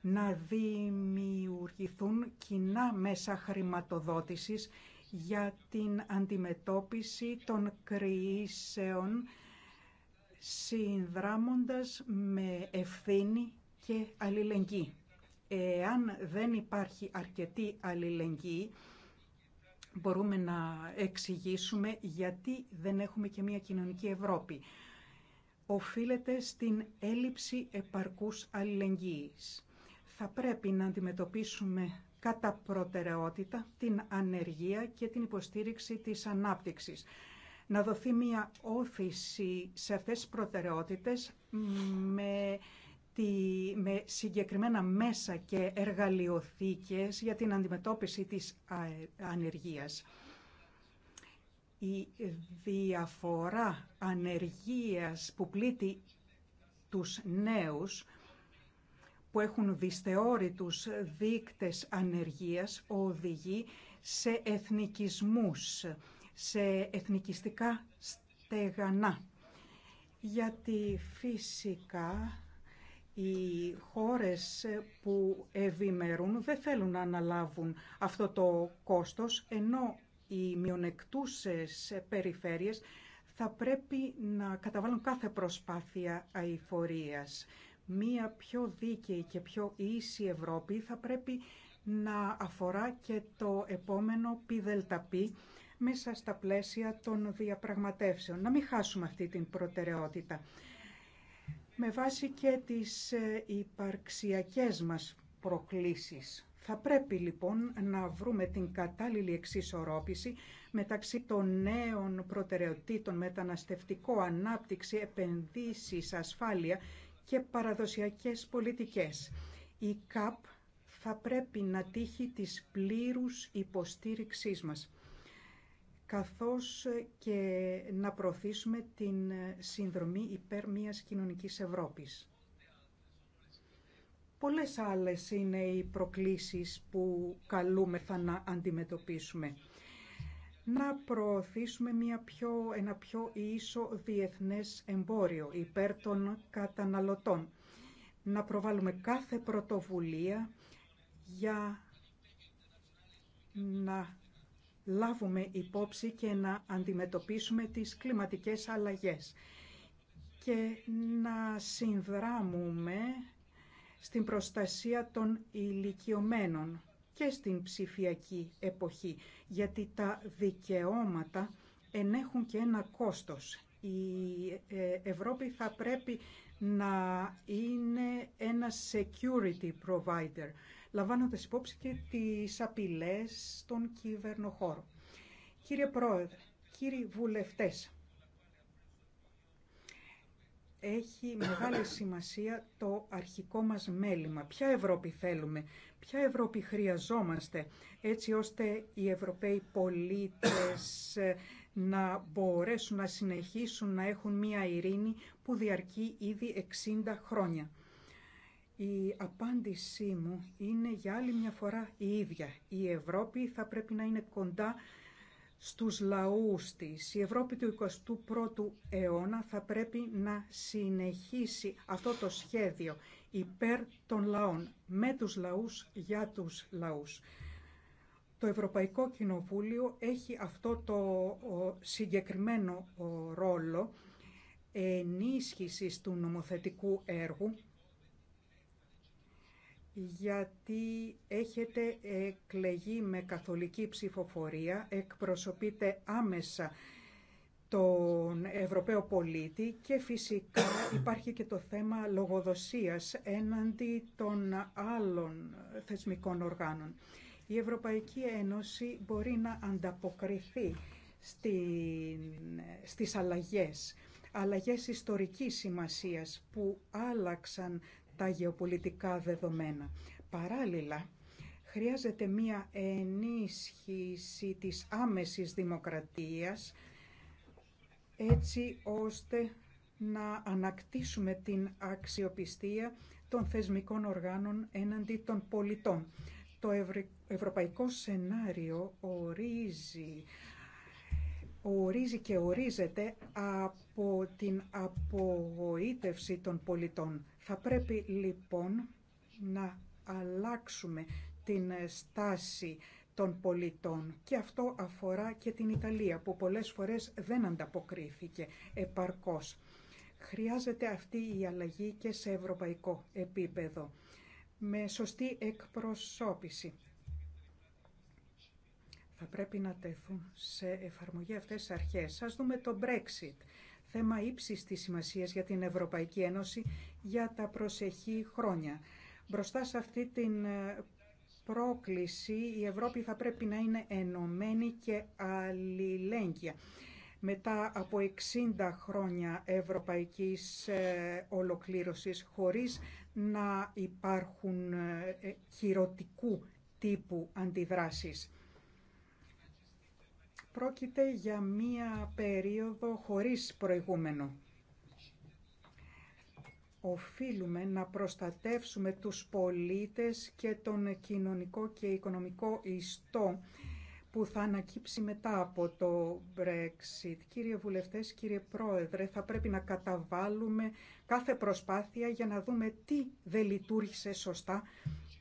να δημιουργηθούν κοινά μέσα χρηματοδότησης για την αντιμετώπιση των κρίσεων συνδράμοντας με ευθύνη και αλληλεγγύη. Εάν δεν υπάρχει αρκετή αλληλεγγύη, μπορούμε να εξηγήσουμε γιατί δεν έχουμε και μια κοινωνική Ευρώπη. Οφείλεται στην έλλειψη επαρκούς αλληλεγγύης. Θα πρέπει να αντιμετωπίσουμε κατά προτεραιότητα την ανεργία και την υποστήριξη της ανάπτυξης. Να δοθεί μια όθηση σε αυτές τις προτεραιότητες με, τη, με συγκεκριμένα μέσα και εργαλειοθήκες για την αντιμετώπιση της ανεργίας. Η διαφορά ανεργίας που πλήττει τους νέους που έχουν δυσθεώρητους δείκτες ανεργίας οδηγεί σε εθνικισμούς, σε εθνικιστικά στεγανά. Γιατί φυσικά οι χώρες που ευημερούν δεν θέλουν να αναλάβουν αυτό το κόστος, ενώ οι μειονεκτούσες περιφέρειες θα πρέπει να καταβάλουν κάθε προσπάθεια αηφορίας μία πιο δίκαιη και πιο ίση Ευρώπη θα πρέπει να αφορά και το επόμενο πι μέσα στα πλαίσια των διαπραγματεύσεων. Να μην χάσουμε αυτή την προτεραιότητα. Με βάση και τις ε, υπαρξιακές μας προκλήσεις. Θα πρέπει λοιπόν να βρούμε την κατάλληλη εξισορρόπηση μεταξύ των νέων προτεραιοτήτων μεταναστευτικό, ανάπτυξη, επενδύσεις, ασφάλεια και παραδοσιακές πολιτικές. Η ΚΑΠ θα πρέπει να τύχει της πλήρους υποστήριξής μας, καθώς και να προωθήσουμε την συνδρομή υπέρ μιας κοινωνικής Ευρώπης. Πολλές άλλες είναι οι προκλήσεις που καλούμεθα να αντιμετωπίσουμε να προωθήσουμε μια πιο, ένα πιο ίσο διεθνές εμπόριο υπέρ των καταναλωτών. Να προβάλλουμε κάθε πρωτοβουλία για να λάβουμε υπόψη και να αντιμετωπίσουμε τις κλιματικές αλλαγές και να συνδράμουμε στην προστασία των ηλικιωμένων και στην ψηφιακή εποχή, γιατί τα δικαιώματα ενέχουν και ένα κόστος. Η ε, Ευρώπη θα πρέπει να είναι ένα security provider, λαμβάνοντας υπόψη και τις απειλές στον κυβερνοχώρο. Κύριε Πρόεδρε, κύριοι βουλευτές, έχει μεγάλη σημασία το αρχικό μας μέλημα. Ποια Ευρώπη θέλουμε, ποια Ευρώπη χρειαζόμαστε, έτσι ώστε οι Ευρωπαίοι πολίτες ε, να μπορέσουν να συνεχίσουν να έχουν μία ειρήνη που διαρκεί ήδη 60 χρόνια. Η απάντησή μου είναι για άλλη μια φορά η ίδια. Η Ευρώπη θα πρέπει να είναι κοντά στους λαούς της. Η Ευρώπη του 21ου αιώνα θα πρέπει να συνεχίσει αυτό το σχέδιο υπέρ των λαών, με τους λαούς, για τους λαούς. Το Ευρωπαϊκό Κοινοβούλιο έχει αυτό το συγκεκριμένο ρόλο ενίσχυσης του νομοθετικού έργου γιατί έχετε εκλεγεί με καθολική ψηφοφορία, εκπροσωπείτε άμεσα τον Ευρωπαίο πολίτη και φυσικά υπάρχει και το θέμα λογοδοσίας έναντι των άλλων θεσμικών οργάνων. Η Ευρωπαϊκή Ένωση μπορεί να ανταποκριθεί στις αλλαγές, αλλαγές ιστορικής σημασίας που άλλαξαν τα γεωπολιτικά δεδομένα. Παράλληλα, χρειάζεται μία ενίσχυση της άμεσης δημοκρατίας έτσι ώστε να ανακτήσουμε την αξιοπιστία των θεσμικών οργάνων έναντι των πολιτών. Το ευρωπαϊκό σενάριο ορίζει ορίζει και ορίζεται από την απογοήτευση των πολιτών. Θα πρέπει λοιπόν να αλλάξουμε την στάση των πολιτών και αυτό αφορά και την Ιταλία που πολλές φορές δεν ανταποκρίθηκε επαρκώς. Χρειάζεται αυτή η αλλαγή και σε ευρωπαϊκό επίπεδο με σωστή εκπροσώπηση θα πρέπει να τεθούν σε εφαρμογή αυτές τις αρχές. Σας δούμε το Brexit, θέμα ύψης της σημασίας για την Ευρωπαϊκή Ένωση για τα προσεχή χρόνια. Μπροστά σε αυτή την ε, πρόκληση η Ευρώπη θα πρέπει να είναι ενωμένη και αλληλέγγυα. Μετά από 60 χρόνια ευρωπαϊκής ε, ολοκλήρωσης χωρίς να υπάρχουν ε, χειροτικού τύπου αντιδράσεις. Πρόκειται για μία περίοδο χωρίς προηγούμενο. Οφείλουμε να προστατεύσουμε τους πολίτες και τον κοινωνικό και οικονομικό ιστό που θα ανακύψει μετά από το Brexit. Κύριε Βουλευτές, κύριε Πρόεδρε, θα πρέπει να καταβάλουμε κάθε προσπάθεια για να δούμε τι δεν λειτουργήσε σωστά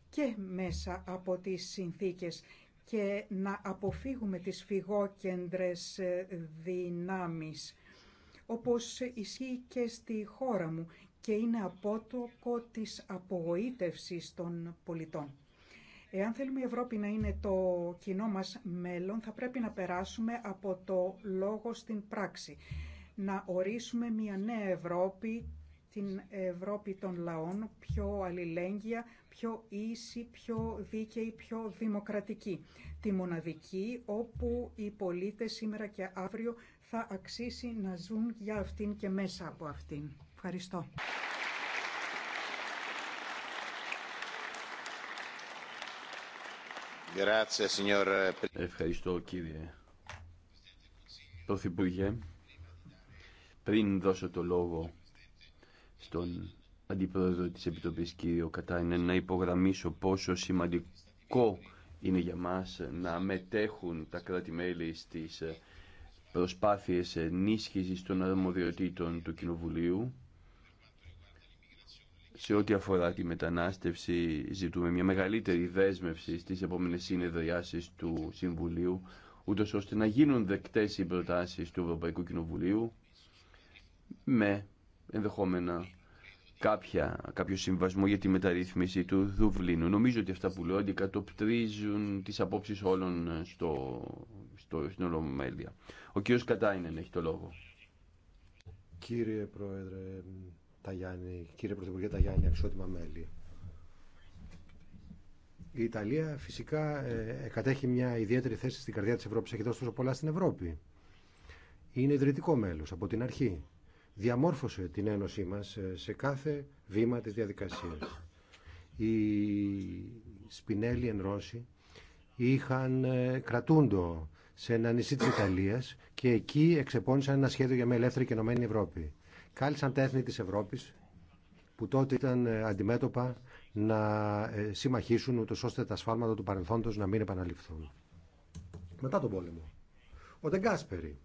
και μέσα από τις συνθήκες και να αποφύγουμε τις φυγόκεντρες ε, δυνάμεις, όπως ισχύει και στη χώρα μου και είναι απότοκο της απογοήτευσης των πολιτών. Εάν θέλουμε η Ευρώπη να είναι το κοινό μας μέλλον, θα πρέπει να περάσουμε από το λόγο στην πράξη. Να ορίσουμε μια νέα Ευρώπη την Ευρώπη των λαών πιο αλληλέγγυα, πιο ίση, πιο δίκαιη, πιο δημοκρατική. Τη μοναδική όπου οι πολίτες σήμερα και αύριο θα αξίσει να ζουν για αυτήν και μέσα από αυτήν. Ευχαριστώ. Ευχαριστώ κύριε Πρωθυπουργέ. Πριν δώσω το λόγο στον Αντιπρόεδρο της Επιτροπής κύριο Κατάινεν να υπογραμμίσω πόσο σημαντικό είναι για μας να μετέχουν τα κράτη-μέλη στις προσπάθειες ενίσχυσης των αρμοδιοτήτων του Κοινοβουλίου. Σε ό,τι αφορά τη μετανάστευση ζητούμε μια μεγαλύτερη δέσμευση στις επόμενες συνεδριάσεις του Συμβουλίου ούτως ώστε να γίνουν δεκτές οι προτάσεις του Ευρωπαϊκού Κοινοβουλίου με ενδεχόμενα κάποια, κάποιο συμβασμό για τη μεταρρύθμιση του Δουβλίνου. Νομίζω ότι αυτά που λέω αντικατοπτρίζουν τις απόψεις όλων ε, στο, στο, στην Ολομέλεια. Ο κύριος Κατάινεν έχει το λόγο. Κύριε Πρόεδρε Ταγιάννη, κύριε Πρωθυπουργέ Ταγιάννη, αξιότιμα μέλη. Η Ιταλία φυσικά ε, κατέχει μια ιδιαίτερη θέση στην καρδιά της Ευρώπης, έχει δώσει τόσο πολλά στην Ευρώπη. Είναι ιδρυτικό μέλος από την αρχή διαμόρφωσε την Ένωσή μας ε, σε κάθε βήμα της διαδικασίας. Οι Σπινέλοι εν Ρώση είχαν ε, κρατούντο σε ένα νησί της Ιταλίας και εκεί εξεπώνησαν ένα σχέδιο για μια ελεύθερη και ενωμένη Ευρώπη. Κάλεσαν τα έθνη της Ευρώπης που τότε ήταν ε, αντιμέτωπα να συμμαχίσουν ούτως ώστε τα σφάλματα του παρελθόντος να μην επαναληφθούν. Μετά τον πόλεμο. Ο Ντεγκάσπερη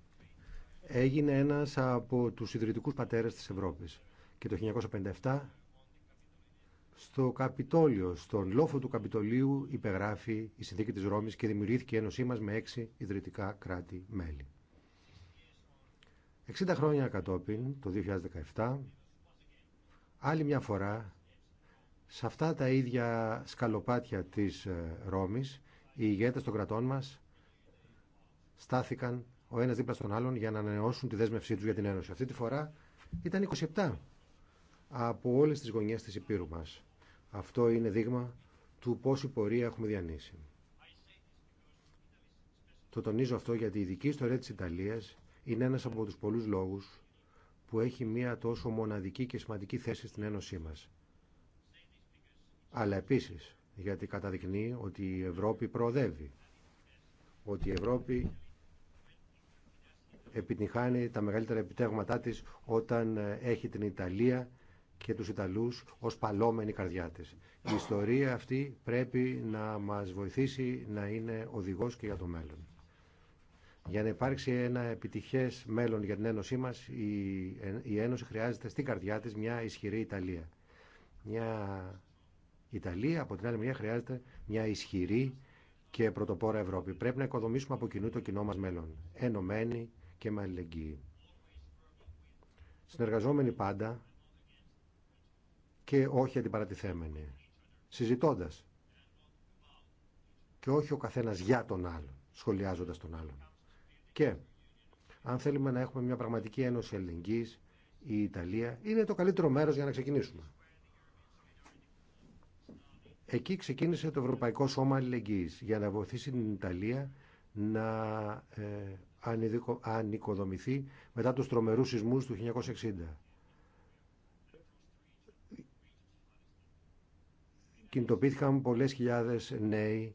έγινε ένας από τους ιδρυτικούς πατέρες της Ευρώπης. Και το 1957 στο Καπιτόλιο, στον λόφο του Καπιτολίου υπεγράφει η Συνθήκη της Ρώμης και δημιουργήθηκε η Ένωσή μας με έξι ιδρυτικά κράτη-μέλη. 60 χρόνια κατόπιν, το 2017, άλλη μια φορά, σε αυτά τα ίδια σκαλοπάτια της ε, Ρώμης, οι ηγέτες των κρατών μας στάθηκαν ο ένα δίπλα στον άλλον για να ανανεώσουν τη δέσμευσή του για την Ένωση. Αυτή τη φορά ήταν 27 από όλε τι γωνιέ τη Υπήρου μα. Αυτό είναι δείγμα του πόση πορεία έχουμε διανύσει. Το τονίζω αυτό γιατί η δική ιστορία της Ιταλίας είναι ένας από τους πολλούς λόγους που έχει μία τόσο μοναδική και σημαντική θέση στην Ένωσή μας. Αλλά επίσης γιατί καταδεικνύει ότι η Ευρώπη προοδεύει, ότι η Ευρώπη επιτυχάνει τα μεγαλύτερα επιτέγματα της όταν ε, έχει την Ιταλία και τους Ιταλούς ως παλόμενη καρδιά της. Η ιστορία αυτή πρέπει να μας βοηθήσει να είναι οδηγός και για το μέλλον. Για να υπάρξει ένα επιτυχές μέλλον για την Ένωσή μας, η ε, Ένωση χρειάζεται στην καρδιά της μια ισχυρή Ιταλία. Μια Ιταλία, από την άλλη μια χρειάζεται μια ισχυρή και πρωτοπόρα Ευρώπη. Πρέπει να οικοδομήσουμε από κοινού το κοινό μας μέλλον. Ενωμένη, και με αλληλεγγύη. Συνεργαζόμενοι πάντα και όχι αντιπαρατηθέμενοι. Συζητώντας και όχι ο καθένας για τον άλλον, σχολιάζοντας τον άλλον. Και αν θέλουμε να έχουμε μια πραγματική ένωση αλληλεγγύης, η Ιταλία είναι το καλύτερο μέρος για να ξεκινήσουμε. Εκεί ξεκίνησε το Ευρωπαϊκό Σώμα Αλληλεγγύης για να βοηθήσει την Ιταλία να ε, ανοικοδομηθεί μετά τους τρομερούς σεισμούς του 1960. Κινητοποιήθηκαν πολλές χιλιάδες νέοι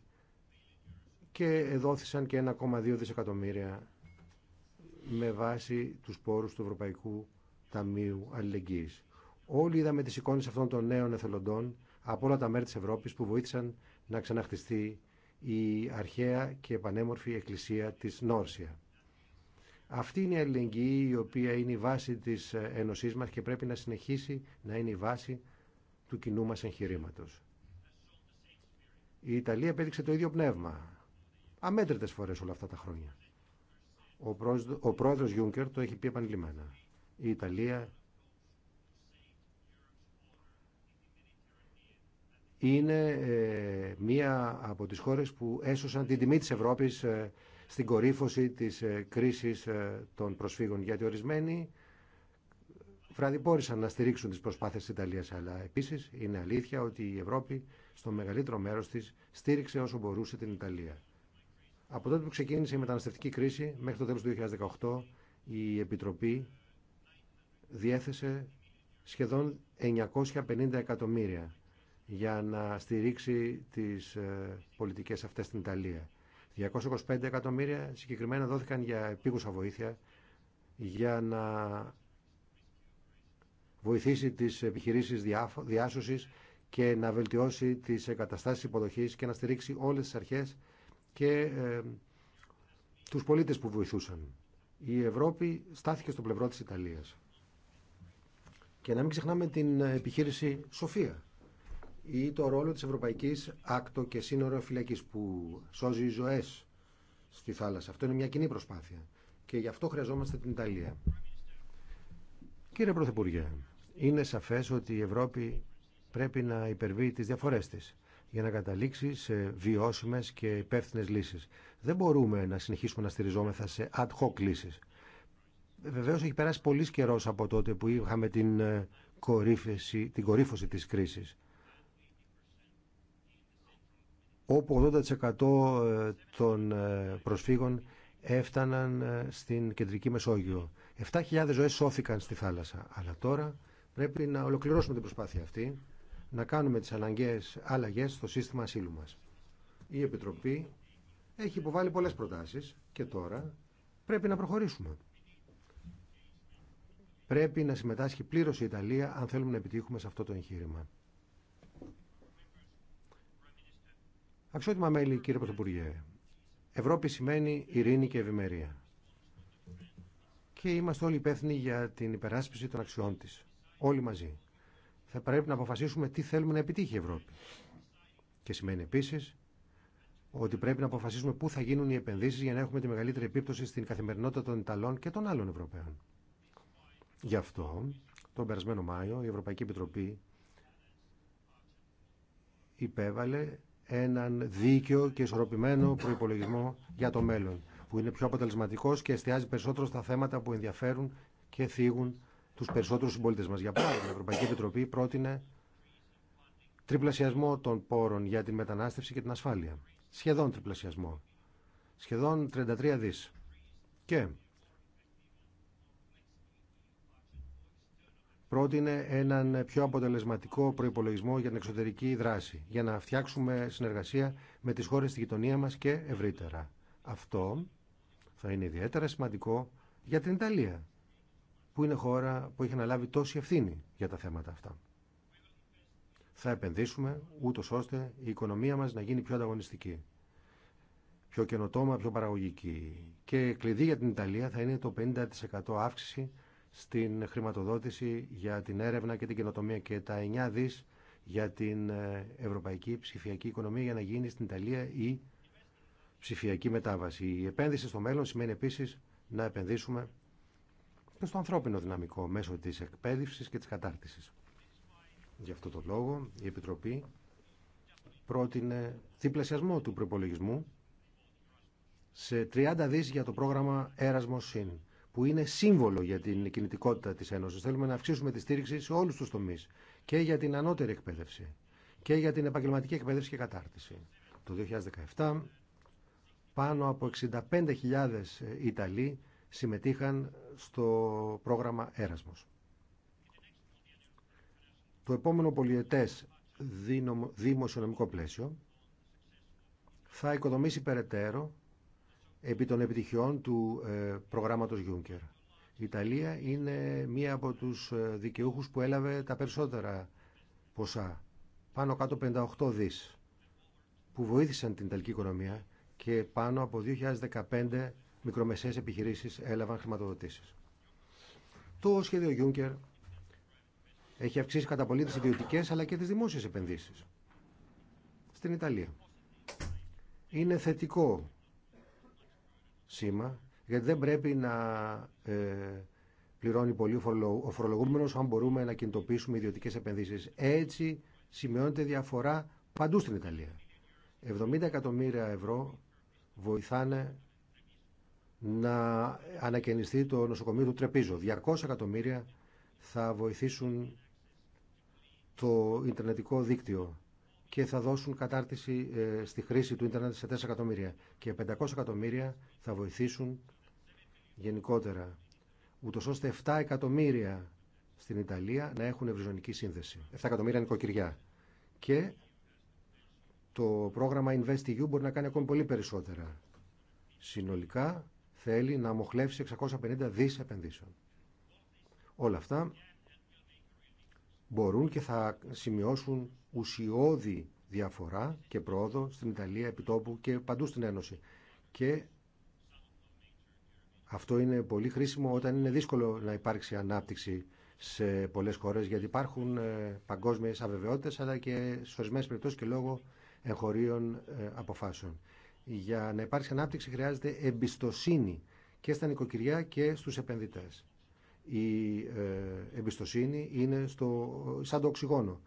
και εδόθησαν και 1,2 δισεκατομμύρια με βάση τους πόρους του Ευρωπαϊκού Ταμείου Αλληλεγγύης. Όλοι είδαμε τις εικόνες αυτών των νέων εθελοντών από όλα τα μέρη της Ευρώπης που βοήθησαν να ξαναχτιστεί η αρχαία και επανέμορφη εκκλησία της Νόρσια. Αυτή είναι η αλληλεγγύη η οποία είναι η βάση της ε, ένωσής μας και πρέπει να συνεχίσει να είναι η βάση του κοινού μας εγχειρήματο. Η Ιταλία επέδειξε το ίδιο πνεύμα. Αμέτρητες φορές όλα αυτά τα χρόνια. Ο, πρόεδρο ο πρόεδρος Γιούνκερ το έχει πει επανειλημμένα. Η Ιταλία είναι ε, μία από τις χώρες που έσωσαν την τιμή της Ευρώπης ε, στην κορύφωση της ε, κρίσης ε, των προσφύγων. Γιατί ορισμένοι πόρισαν να στηρίξουν τις προσπάθειες της Ιταλίας. Αλλά επίσης είναι αλήθεια ότι η Ευρώπη στο μεγαλύτερο μέρος της στήριξε όσο μπορούσε την Ιταλία. Από τότε που ξεκίνησε η μεταναστευτική κρίση μέχρι το τέλος του 2018 η Επιτροπή διέθεσε σχεδόν 950 εκατομμύρια για να στηρίξει τις ε, πολιτικές αυτές στην Ιταλία. 225 εκατομμύρια συγκεκριμένα δόθηκαν για επίγουσα βοήθεια για να βοηθήσει τις επιχειρήσεις διάσωσης και να βελτιώσει τις εγκαταστάσεις υποδοχής και να στηρίξει όλες τις αρχές και ε, τους πολίτες που βοηθούσαν. Η Ευρώπη στάθηκε στο πλευρό της Ιταλίας. Και να μην ξεχνάμε την επιχείρηση Σοφία ή το ρόλο της Ευρωπαϊκής Άκτο και Σύνορο Φυλακής που σώζει ζωές στη θάλασσα. Αυτό είναι μια κοινή προσπάθεια και γι' αυτό χρειαζόμαστε την Ιταλία. Κύριε Πρωθυπουργέ, είναι σαφές ότι η Ευρώπη πρέπει να υπερβεί τις διαφορές της για να καταλήξει σε βιώσιμες και υπεύθυνε λύσεις. Δεν μπορούμε να συνεχίσουμε να στηριζόμεθα σε ad hoc λύσεις. Βεβαίως έχει περάσει πολύ καιρό από τότε που είχαμε την ε, κορύφωση, την κορύφωση της κρίσης όπου 80% ε, των ε, προσφύγων έφταναν ε, στην κεντρική Μεσόγειο. 7.000 ζωές σώθηκαν στη θάλασσα. Αλλά τώρα πρέπει να ολοκληρώσουμε την προσπάθεια αυτή, να κάνουμε τις αναγκαίες αλλαγές στο σύστημα ασύλου μας. Η Επιτροπή έχει υποβάλει πολλές προτάσεις και τώρα πρέπει να προχωρήσουμε. Πρέπει να συμμετάσχει πλήρως η Ιταλία αν θέλουμε να επιτύχουμε σε αυτό το εγχείρημα. Αξιότιμα μέλη, κύριε Πρωθυπουργέ, Ευρώπη σημαίνει ειρήνη και ευημερία. Και είμαστε όλοι υπεύθυνοι για την υπεράσπιση των αξιών τη. Όλοι μαζί. Θα πρέπει να αποφασίσουμε τι θέλουμε να επιτύχει η Ευρώπη. Και σημαίνει επίση ότι πρέπει να αποφασίσουμε πού θα γίνουν οι επενδύσει για να έχουμε τη μεγαλύτερη επίπτωση στην καθημερινότητα των Ιταλών και των άλλων Ευρωπαίων. Γι' αυτό, τον περασμένο Μάιο, η Ευρωπαϊκή Επιτροπή υπέβαλε έναν δίκαιο και ισορροπημένο προϋπολογισμό για το μέλλον, που είναι πιο αποτελεσματικό και εστιάζει περισσότερο στα θέματα που ενδιαφέρουν και θίγουν τους περισσότερους συμπολίτε μας. Για παράδειγμα, η Ευρωπαϊκή Επιτροπή πρότεινε τριπλασιασμό των πόρων για την μετανάστευση και την ασφάλεια. Σχεδόν τριπλασιασμό. Σχεδόν 33 δι Και πρότεινε έναν πιο αποτελεσματικό προπολογισμό για την εξωτερική δράση, για να φτιάξουμε συνεργασία με τις χώρες της γειτονία μας και ευρύτερα. Αυτό θα είναι ιδιαίτερα σημαντικό για την Ιταλία, που είναι χώρα που έχει αναλάβει τόση ευθύνη για τα θέματα αυτά. Θα επενδύσουμε ούτω ώστε η οικονομία μας να γίνει πιο ανταγωνιστική, πιο καινοτόμα, πιο παραγωγική. Και κλειδί για την Ιταλία θα είναι το 50% αύξηση στην χρηματοδότηση για την έρευνα και την καινοτομία και τα 9 δις για την ε, ευρωπαϊκή ψηφιακή οικονομία για να γίνει στην Ιταλία η ψηφιακή μετάβαση. Η επένδυση στο μέλλον σημαίνει επίσης να επενδύσουμε και στο ανθρώπινο δυναμικό μέσω της εκπαίδευσης και της κατάρτισης. Γι' αυτό το λόγο η Επιτροπή πρότεινε διπλασιασμό του προπολογισμού σε 30 δις για το πρόγραμμα Erasmus που είναι σύμβολο για την κινητικότητα της Ένωσης. Θέλουμε να αυξήσουμε τη στήριξη σε όλους τους τομείς και για την ανώτερη εκπαίδευση και για την επαγγελματική εκπαίδευση και κατάρτιση. Το 2017 πάνω από 65.000 ε, Ιταλοί συμμετείχαν στο πρόγραμμα Έρασμος. Το επόμενο πολιετές δημοσιονομικό πλαίσιο θα οικοδομήσει περαιτέρω επί των επιτυχιών του ε, προγράμματος Juncker. Η Ιταλία είναι μία από τους ε, δικαιούχους που έλαβε τα περισσότερα ποσά, πάνω κάτω 58 δις, που βοήθησαν την Ιταλική οικονομία και πάνω από 2.015 μικρομεσαίες επιχειρήσεις έλαβαν χρηματοδοτήσεις. Το σχέδιο Juncker έχει αυξήσει κατά πολύ τις ιδιωτικές αλλά και τις δημόσιες επενδύσεις στην Ιταλία. Είναι θετικό σήμα, γιατί δεν πρέπει να ε, πληρώνει πολύ ο φορολογούμενο αν μπορούμε να κινητοποιήσουμε ιδιωτικές επενδύσεις. Έτσι σημειώνεται διαφορά παντού στην Ιταλία. 70 εκατομμύρια ευρώ βοηθάνε να ανακαινιστεί το νοσοκομείο του Τρεπίζο. 200 εκατομμύρια θα βοηθήσουν το Ιντερνετικό δίκτυο και θα δώσουν κατάρτιση ε, στη χρήση του ίντερνετ σε 4 εκατομμύρια. Και 500 εκατομμύρια θα βοηθήσουν γενικότερα, ούτω ώστε 7 εκατομμύρια στην Ιταλία να έχουν ευρυζωνική σύνδεση. 7 εκατομμύρια νοικοκυριά. Και το πρόγραμμα InvestEU μπορεί να κάνει ακόμη πολύ περισσότερα. Συνολικά θέλει να αμοχλεύσει 650 δις επενδύσεων. Όλα αυτά μπορούν και θα σημειώσουν ουσιώδη διαφορά και πρόοδο στην Ιταλία, επιτόπου και παντού στην Ένωση. Και αυτό είναι πολύ χρήσιμο όταν είναι δύσκολο να υπάρξει ανάπτυξη σε πολλές χώρες γιατί υπάρχουν ε, παγκόσμιες αβεβαιότητες αλλά και σε ορισμένες και λόγω εγχωρίων ε, αποφάσεων. Για να υπάρξει ανάπτυξη χρειάζεται εμπιστοσύνη και στα νοικοκυριά και στους επενδυτές η ε, εμπιστοσύνη είναι στο, σαν το οξυγόνο.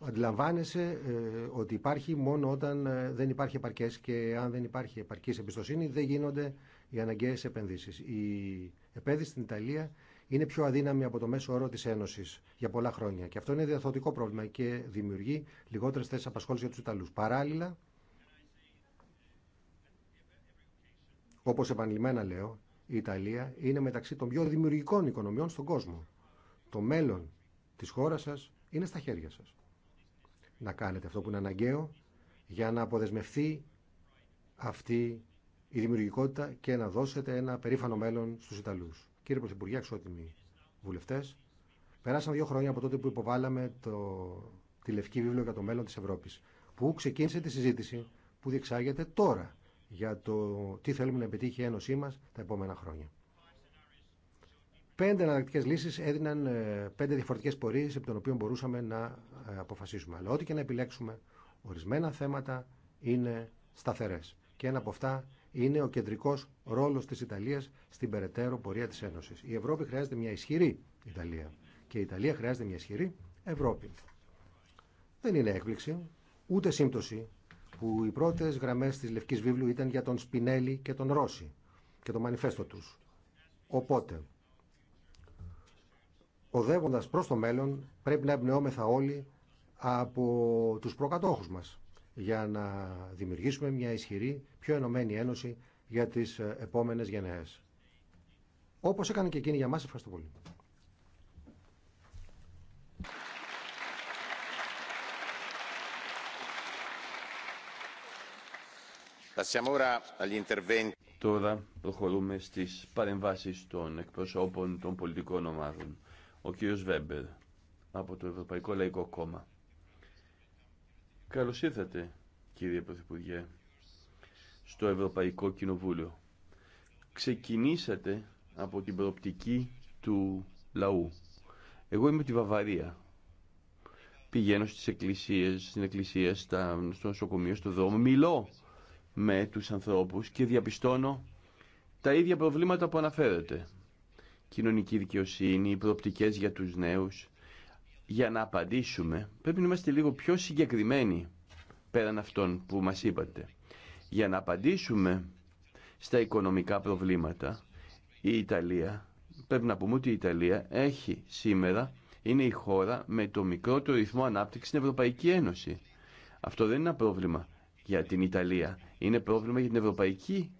Αντιλαμβάνεσαι ε, ότι υπάρχει μόνο όταν ε, δεν υπάρχει επαρκές και αν δεν υπάρχει επαρκής εμπιστοσύνη δεν γίνονται οι αναγκαίες επενδύσεις. Η επένδυση στην Ιταλία είναι πιο αδύναμη από το μέσο όρο τη Ένωση για πολλά χρόνια. Και αυτό είναι διαθωτικό πρόβλημα και δημιουργεί λιγότερε θέσει απασχόληση για του Ιταλού. Παράλληλα, όπω επανειλημμένα λέω, η Ιταλία είναι μεταξύ των πιο δημιουργικών οικονομιών στον κόσμο. Το μέλλον της χώρας σας είναι στα χέρια σας. Να κάνετε αυτό που είναι αναγκαίο για να αποδεσμευτεί αυτή η δημιουργικότητα και να δώσετε ένα περήφανο μέλλον στους Ιταλούς. Κύριε Πρωθυπουργέ, αξιότιμοι βουλευτές, περάσαν δύο χρόνια από τότε που υποβάλαμε το, τη Λευκή Βίβλο για το μέλλον της Ευρώπης, που ξεκίνησε τη συζήτηση που διεξάγεται τώρα για το τι θέλουμε να επιτύχει η Ένωσή μας τα επόμενα χρόνια. Πέντε εναλλακτικέ λύσει έδιναν ε, πέντε διαφορετικέ πορείε από τον οποίο μπορούσαμε να ε, αποφασίσουμε. Αλλά ό,τι και να επιλέξουμε, ορισμένα θέματα είναι σταθερέ. Και ένα από αυτά είναι ο κεντρικό ρόλο τη Ιταλία στην περαιτέρω πορεία τη Ένωση. Η Ευρώπη χρειάζεται μια ισχυρή Ιταλία. Και η Ιταλία χρειάζεται μια ισχυρή Ευρώπη. Δεν είναι έκπληξη, ούτε σύμπτωση που οι πρώτες γραμμές της Λευκής Βίβλου ήταν για τον Σπινέλη και τον Ρώση και το μανιφέστο τους. Οπότε, οδεύοντας προς το μέλλον, πρέπει να εμπνεώμεθα όλοι από τους προκατόχους μας για να δημιουργήσουμε μια ισχυρή, πιο ενωμένη ένωση για τις επόμενες γενναίες. Όπως έκανε και εκείνη για μας, ευχαριστώ πολύ. Τώρα προχωρούμε στις παρεμβάσεις των εκπροσώπων των πολιτικών ομάδων. Ο κύριος Βέμπερ από το Ευρωπαϊκό Λαϊκό Κόμμα. Καλώς ήρθατε κύριε Πρωθυπουργέ στο Ευρωπαϊκό Κοινοβούλιο. Ξεκινήσατε από την προοπτική του λαού. Εγώ είμαι τη Βαβαρία. Πηγαίνω στις εκκλησίες, στην εκκλησία, στα, στο νοσοκομείο, στο δρόμο, μιλώ με τους ανθρώπους και διαπιστώνω τα ίδια προβλήματα που αναφέρονται. Κοινωνική δικαιοσύνη, προοπτικές για τους νέους. Για να απαντήσουμε πρέπει να είμαστε λίγο πιο συγκεκριμένοι πέραν αυτών που μας είπατε. Για να απαντήσουμε στα οικονομικά προβλήματα η Ιταλία, πρέπει να πούμε ότι η Ιταλία έχει σήμερα, είναι η χώρα με το μικρότερο ρυθμό ανάπτυξη στην Ευρωπαϊκή Ένωση. Αυτό δεν είναι ένα πρόβλημα για την Ιταλία. Είναι πρόβλημα για την Ευρωπαϊκή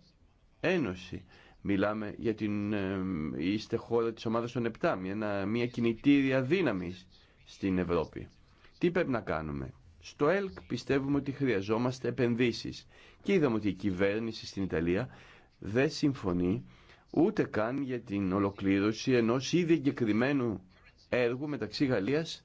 Ένωση. Μιλάμε για την... Ε, είστε χώρα της ομάδας των 7, μια, μια κινητήρια δύναμη στην Ευρώπη. Τι πρέπει να κάνουμε. Στο ΕΛΚ πιστεύουμε ότι χρειαζόμαστε επενδύσεις. Και είδαμε ότι η κυβέρνηση στην Ιταλία δεν συμφωνεί ούτε καν για την ολοκλήρωση ενός ήδη εγκεκριμένου έργου μεταξύ Γαλλίας,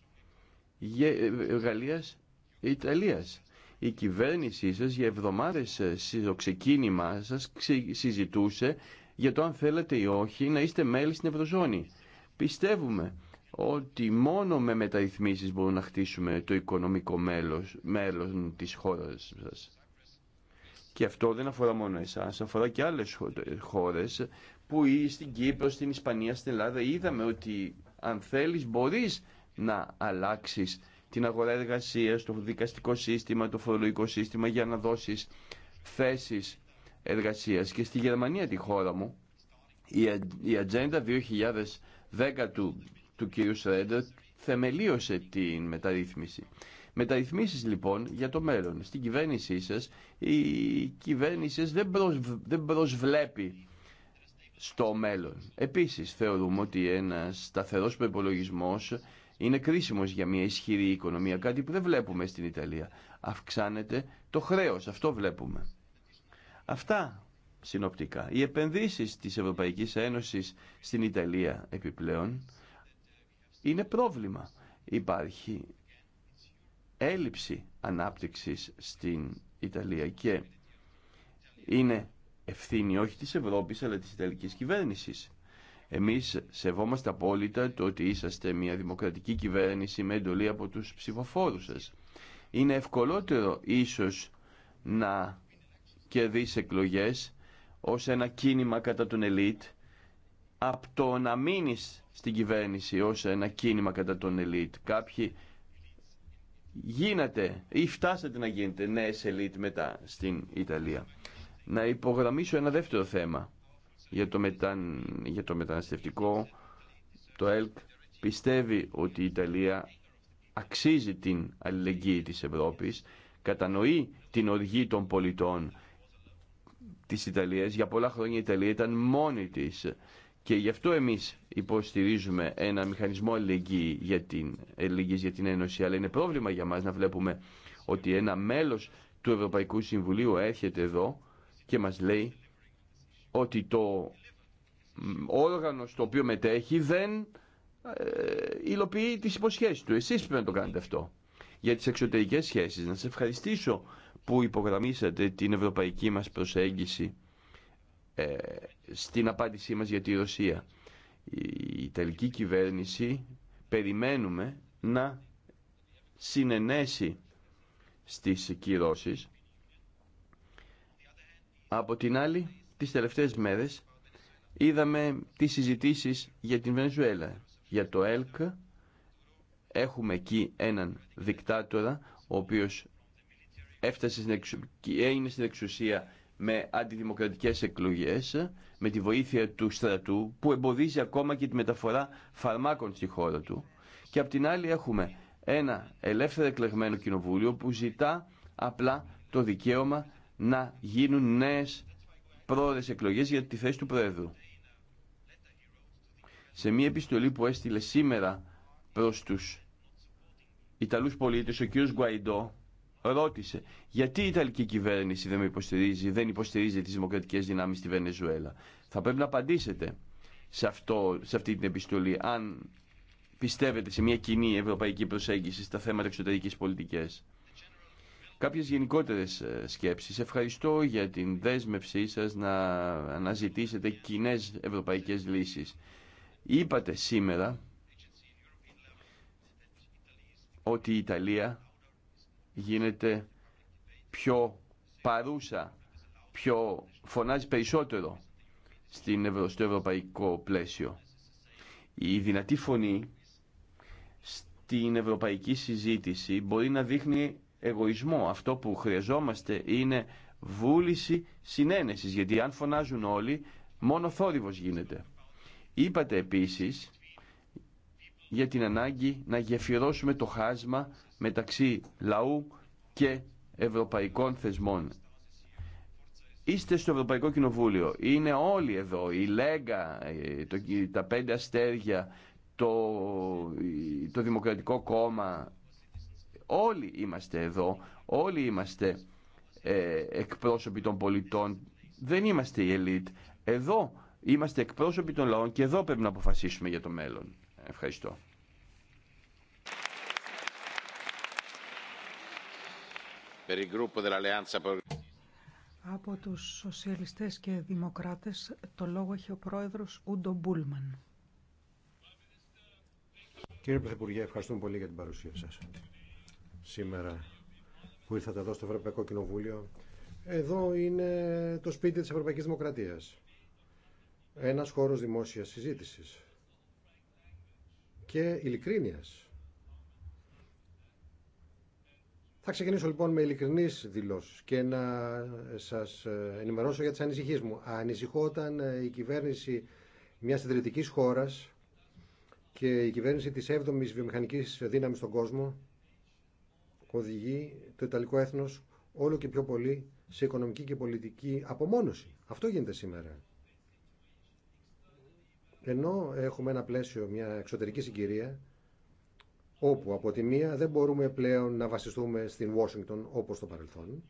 ε, Γαλλίας Ιταλίας η κυβέρνησή σας για εβδομάδες ε, στο ξεκίνημά σας συζητούσε για το αν θέλετε ή όχι να είστε μέλη στην Ευρωζώνη. Πιστεύουμε ότι μόνο με μεταρρυθμίσεις μπορούμε να χτίσουμε το οικονομικό μέλος, μέλος της χώρας σας. Και αυτό δεν αφορά μόνο εσάς, αφορά και άλλες ε, χώρες που στην Κύπρο, στην Ισπανία, στην Ελλάδα είδαμε ότι αν θέλεις μπορείς να αλλάξεις την αγορά εργασία, το δικαστικό σύστημα, το φορολογικό σύστημα για να δώσεις θέσει εργασία. Και στη Γερμανία τη χώρα μου η ατζέντα 2010 του, του κ. Σρέντερ θεμελίωσε την μεταρρύθμιση. Μεταρρυθμίσεις λοιπόν για το μέλλον. Στην κυβέρνησή σας η κυβέρνηση δεν, δεν προσβλέπει στο μέλλον. Επίσης θεωρούμε ότι ένας σταθερός προπολογισμό είναι κρίσιμο για μια ισχυρή οικονομία, κάτι που δεν βλέπουμε στην Ιταλία. Αυξάνεται το χρέος, αυτό βλέπουμε. Αυτά συνοπτικά. Οι επενδύσεις της Ευρωπαϊκής Ένωση στην Ιταλία επιπλέον είναι πρόβλημα. Υπάρχει έλλειψη ανάπτυξης στην Ιταλία και είναι ευθύνη όχι της Ευρώπης αλλά της Ιταλικής κυβέρνησης. Εμείς σεβόμαστε απόλυτα το ότι είσαστε μια δημοκρατική κυβέρνηση με εντολή από τους ψηφοφόρους σας. Είναι ευκολότερο ίσως να κερδίσει εκλογές ως ένα κίνημα κατά τον ελίτ από το να μείνει στην κυβέρνηση ως ένα κίνημα κατά τον ελίτ. Κάποιοι γίνατε ή φτάσατε να γίνετε νέες ελίτ μετά στην Ιταλία. Να υπογραμμίσω ένα δεύτερο θέμα για το, μεταν, για το μεταναστευτικό, το ΕΛΚ πιστεύει ότι η Ιταλία αξίζει την αλληλεγγύη της Ευρώπης, κατανοεί την οργή των πολιτών της Ιταλίας. Για πολλά χρόνια η Ιταλία ήταν μόνη της και γι' αυτό εμείς υποστηρίζουμε ένα μηχανισμό αλληλεγγύη για την, αλληλεγγύης για την Ένωση, αλλά είναι πρόβλημα για μας να βλέπουμε ότι ένα μέλος του Ευρωπαϊκού Συμβουλίου έρχεται εδώ και μας λέει ότι το όργανο στο οποίο μετέχει δεν ε, υλοποιεί τις υποσχέσεις του. Εσείς πρέπει να το κάνετε αυτό. Για τις εξωτερικές σχέσεις, να σε ευχαριστήσω που υπογραμμίσατε την ευρωπαϊκή μας προσέγγιση ε, στην απάντησή μας για τη Ρωσία. Η Ιταλική κυβέρνηση περιμένουμε να συνενέσει στις κυρώσεις. Από την άλλη, τις τελευταίες μέρες είδαμε τις συζητήσεις για την Βενεζουέλα. Για το ΕΛΚ έχουμε εκεί έναν δικτάτορα ο οποίος έφτασε στην έγινε στην εξουσία με αντιδημοκρατικές εκλογές, με τη βοήθεια του στρατού που εμποδίζει ακόμα και τη μεταφορά φαρμάκων στη χώρα του. Και απ' την άλλη έχουμε ένα ελεύθερο εκλεγμένο κοινοβούλιο που ζητά απλά το δικαίωμα να γίνουν νέες πρόορε εκλογέ για τη θέση του Πρόεδρου. Σε μια επιστολή που έστειλε σήμερα προς τους Ιταλού πολίτε, ο κύριος Γκουαϊντό ρώτησε γιατί η Ιταλική κυβέρνηση δεν, υποστηρίζει, δεν υποστηρίζει τις δημοκρατικές δυνάμεις στη Βενεζουέλα. Θα πρέπει να απαντήσετε σε, αυτό, σε αυτή την επιστολή αν πιστεύετε σε μια κοινή ευρωπαϊκή προσέγγιση στα θέματα εξωτερικής πολιτικής κάποιες γενικότερες ε, σκέψεις. Ευχαριστώ για την δέσμευσή σας να αναζητήσετε κοινέ ευρωπαϊκές λύσεις. Είπατε σήμερα ότι η Ιταλία γίνεται πιο παρούσα, πιο φωνάζει περισσότερο στην στο ευρωπαϊκό πλαίσιο. Η δυνατή φωνή στην ευρωπαϊκή συζήτηση μπορεί να δείχνει εγωισμό. Αυτό που χρειαζόμαστε είναι βούληση συνένεσης, γιατί αν φωνάζουν όλοι, μόνο θόρυβος γίνεται. Είπατε επίσης για την ανάγκη να γεφυρώσουμε το χάσμα μεταξύ λαού και ευρωπαϊκών θεσμών. Είστε στο Ευρωπαϊκό Κοινοβούλιο, είναι όλοι εδώ, η Λέγκα, ε, τα πέντε αστέρια, το, ε, το Δημοκρατικό Κόμμα, Όλοι είμαστε εδώ, όλοι είμαστε ε, εκπρόσωποι των πολιτών, δεν είμαστε η ελίτ. Εδώ είμαστε εκπρόσωποι των λαών και εδώ πρέπει να αποφασίσουμε για το μέλλον. Ευχαριστώ. Από τους σοσιαλιστές και δημοκράτες το λόγο έχει ο πρόεδρος Ούντο Μπούλμαν. Κύριε Πρωθυπουργέ, ευχαριστούμε πολύ για την παρουσία σας σήμερα που ήρθατε εδώ στο Ευρωπαϊκό Κοινοβούλιο. Εδώ είναι το σπίτι της Ευρωπαϊκής Δημοκρατίας. Ένας χώρος δημόσιας συζήτησης και ειλικρίνειας. Θα ξεκινήσω λοιπόν με ειλικρινείς δηλώσεις και να σας ε, ενημερώσω για τις ανησυχίες μου. Ανησυχώ όταν ε, η κυβέρνηση μιας συντηρητικής χώρας και η κυβέρνηση της 7ης βιομηχανικής δύναμης στον κόσμο οδηγεί το Ιταλικό έθνος όλο και πιο πολύ σε οικονομική και πολιτική απομόνωση. Αυτό γίνεται σήμερα. Ενώ έχουμε ένα πλαίσιο, μια εξωτερική συγκυρία, όπου από τη μία δεν μπορούμε πλέον να βασιστούμε στην Ουάσιγκτον όπως το παρελθόν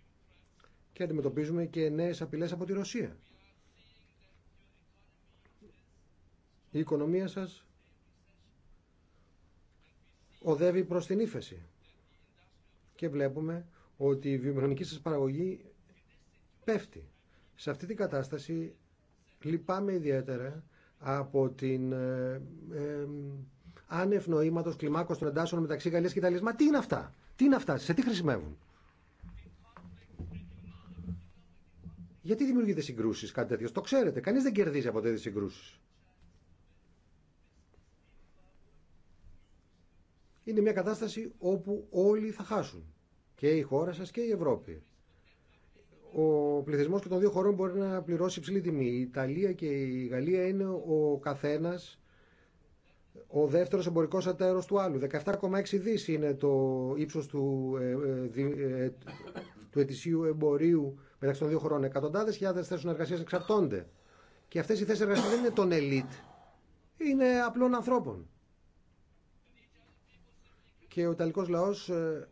και αντιμετωπίζουμε και νέες απειλές από τη Ρωσία. Η οικονομία σας οδεύει προς την ύφεση και βλέπουμε ότι η βιομηχανική σας παραγωγή πέφτει. Σε αυτή την κατάσταση λυπάμαι ιδιαίτερα από την ε, ε, άνευ νοήματος κλιμάκωση των εντάσσεων μεταξύ Γαλλίας και Ιταλίας. Μα τι είναι αυτά, τι είναι αυτά, σε τι χρησιμεύουν. Γιατί δημιουργείται συγκρούσεις κάτι τέτοιο, το ξέρετε, κανείς δεν κερδίζει από τέτοιες συγκρούσεις. είναι μια κατάσταση όπου όλοι θα χάσουν. Και η χώρα σα και η Ευρώπη. Ο πληθυσμό και των δύο χωρών μπορεί να πληρώσει υψηλή τιμή. Η Ιταλία και η Γαλλία είναι ο καθένα, ο δεύτερο εμπορικό εταίρο του άλλου. 17,6 δι είναι το ύψο του, ε, ε, ε, του ετησίου εμπορίου μεταξύ των δύο χωρών. Εκατοντάδε χιλιάδε θέσει εργασίας εξαρτώνται. Και αυτέ οι θέσει εργασία δεν είναι των ελίτ. Είναι απλών ανθρώπων και ο Ιταλικός λαός ε,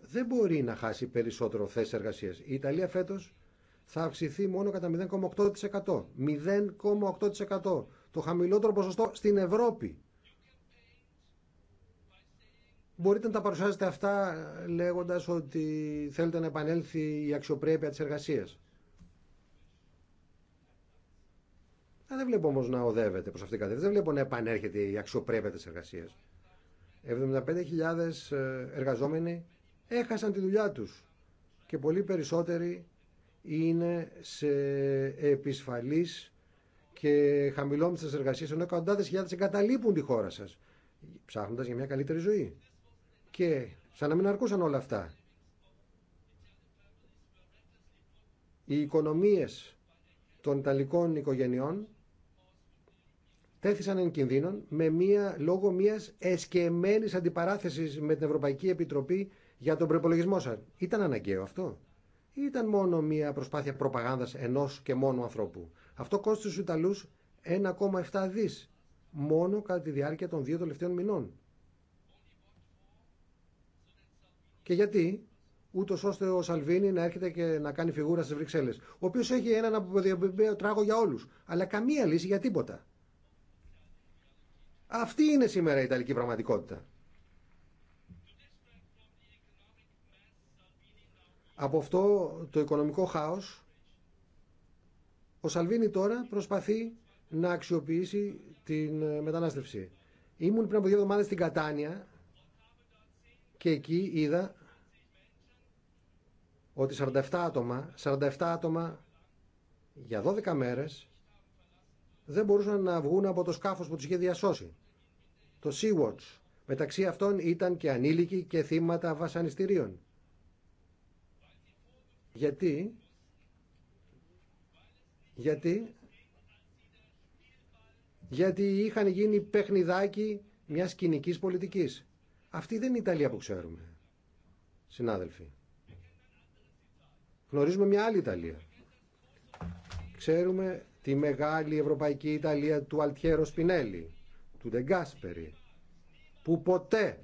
δεν μπορεί να χάσει περισσότερο θέσει εργασία. Η Ιταλία φέτος θα αυξηθεί μόνο κατά 0,8%. 0,8% το χαμηλότερο ποσοστό στην Ευρώπη. Μπορείτε να τα παρουσιάζετε αυτά ε, λέγοντας ότι θέλετε να επανέλθει η αξιοπρέπεια της εργασίας. Ε, δεν βλέπω όμω να οδεύεται προς αυτήν την κατεύθυνση. Δεν βλέπω να επανέρχεται η αξιοπρέπεια της εργασίας. 75.000 ε, εργαζόμενοι έχασαν τη δουλειά τους και πολύ περισσότεροι είναι σε επισφαλής και χαμηλόμιστες εργασίες ενώ εκατοντάδες χιλιάδες εγκαταλείπουν τη χώρα σας ψάχνοντας για μια καλύτερη ζωή και σαν να μην αρκούσαν όλα αυτά οι οικονομίες των Ιταλικών οικογενειών τέθησαν εν κινδύνων με μία, λόγω μιας εσκεμμένης αντιπαράθεσης με την Ευρωπαϊκή Επιτροπή για τον προπολογισμό σα. Ήταν αναγκαίο αυτό ή ήταν μόνο μία προσπάθεια προπαγάνδας ενό και μόνο ανθρώπου. Αυτό κόστισε στου Ιταλού 1,7 δί μόνο κατά τη διάρκεια των δύο τελευταίων μηνών. Και γιατί, ούτω ώστε ο Σαλβίνη να έρχεται και να κάνει φιγούρα στι Βρυξέλλε. Ο οποίο έχει έναν αποδιοπημπαίο τράγο για όλου. Αλλά καμία λύση για τίποτα. Αυτή είναι σήμερα η Ιταλική πραγματικότητα. Από αυτό το οικονομικό χάος ο Σαλβίνη τώρα προσπαθεί να αξιοποιήσει την ε, μετανάστευση. Ήμουν πριν από δύο εβδομάδες στην Κατάνια και εκεί είδα ότι 47 άτομα, 47 άτομα για 12 μέρες δεν μπορούσαν να βγουν από το σκάφος που του είχε διασώσει. Το Sea-Watch. Μεταξύ αυτών ήταν και ανήλικοι και θύματα βασανιστήριων. Γιατί, γιατί, γιατί είχαν γίνει παιχνιδάκι μια κοινική πολιτικής. Αυτή δεν είναι η Ιταλία που ξέρουμε, συνάδελφοι. Γνωρίζουμε μια άλλη Ιταλία. Ξέρουμε τη μεγάλη ευρωπαϊκή Ιταλία του Αλτιέρο Σπινέλη, του Ντεγκάσπερη, που ποτέ,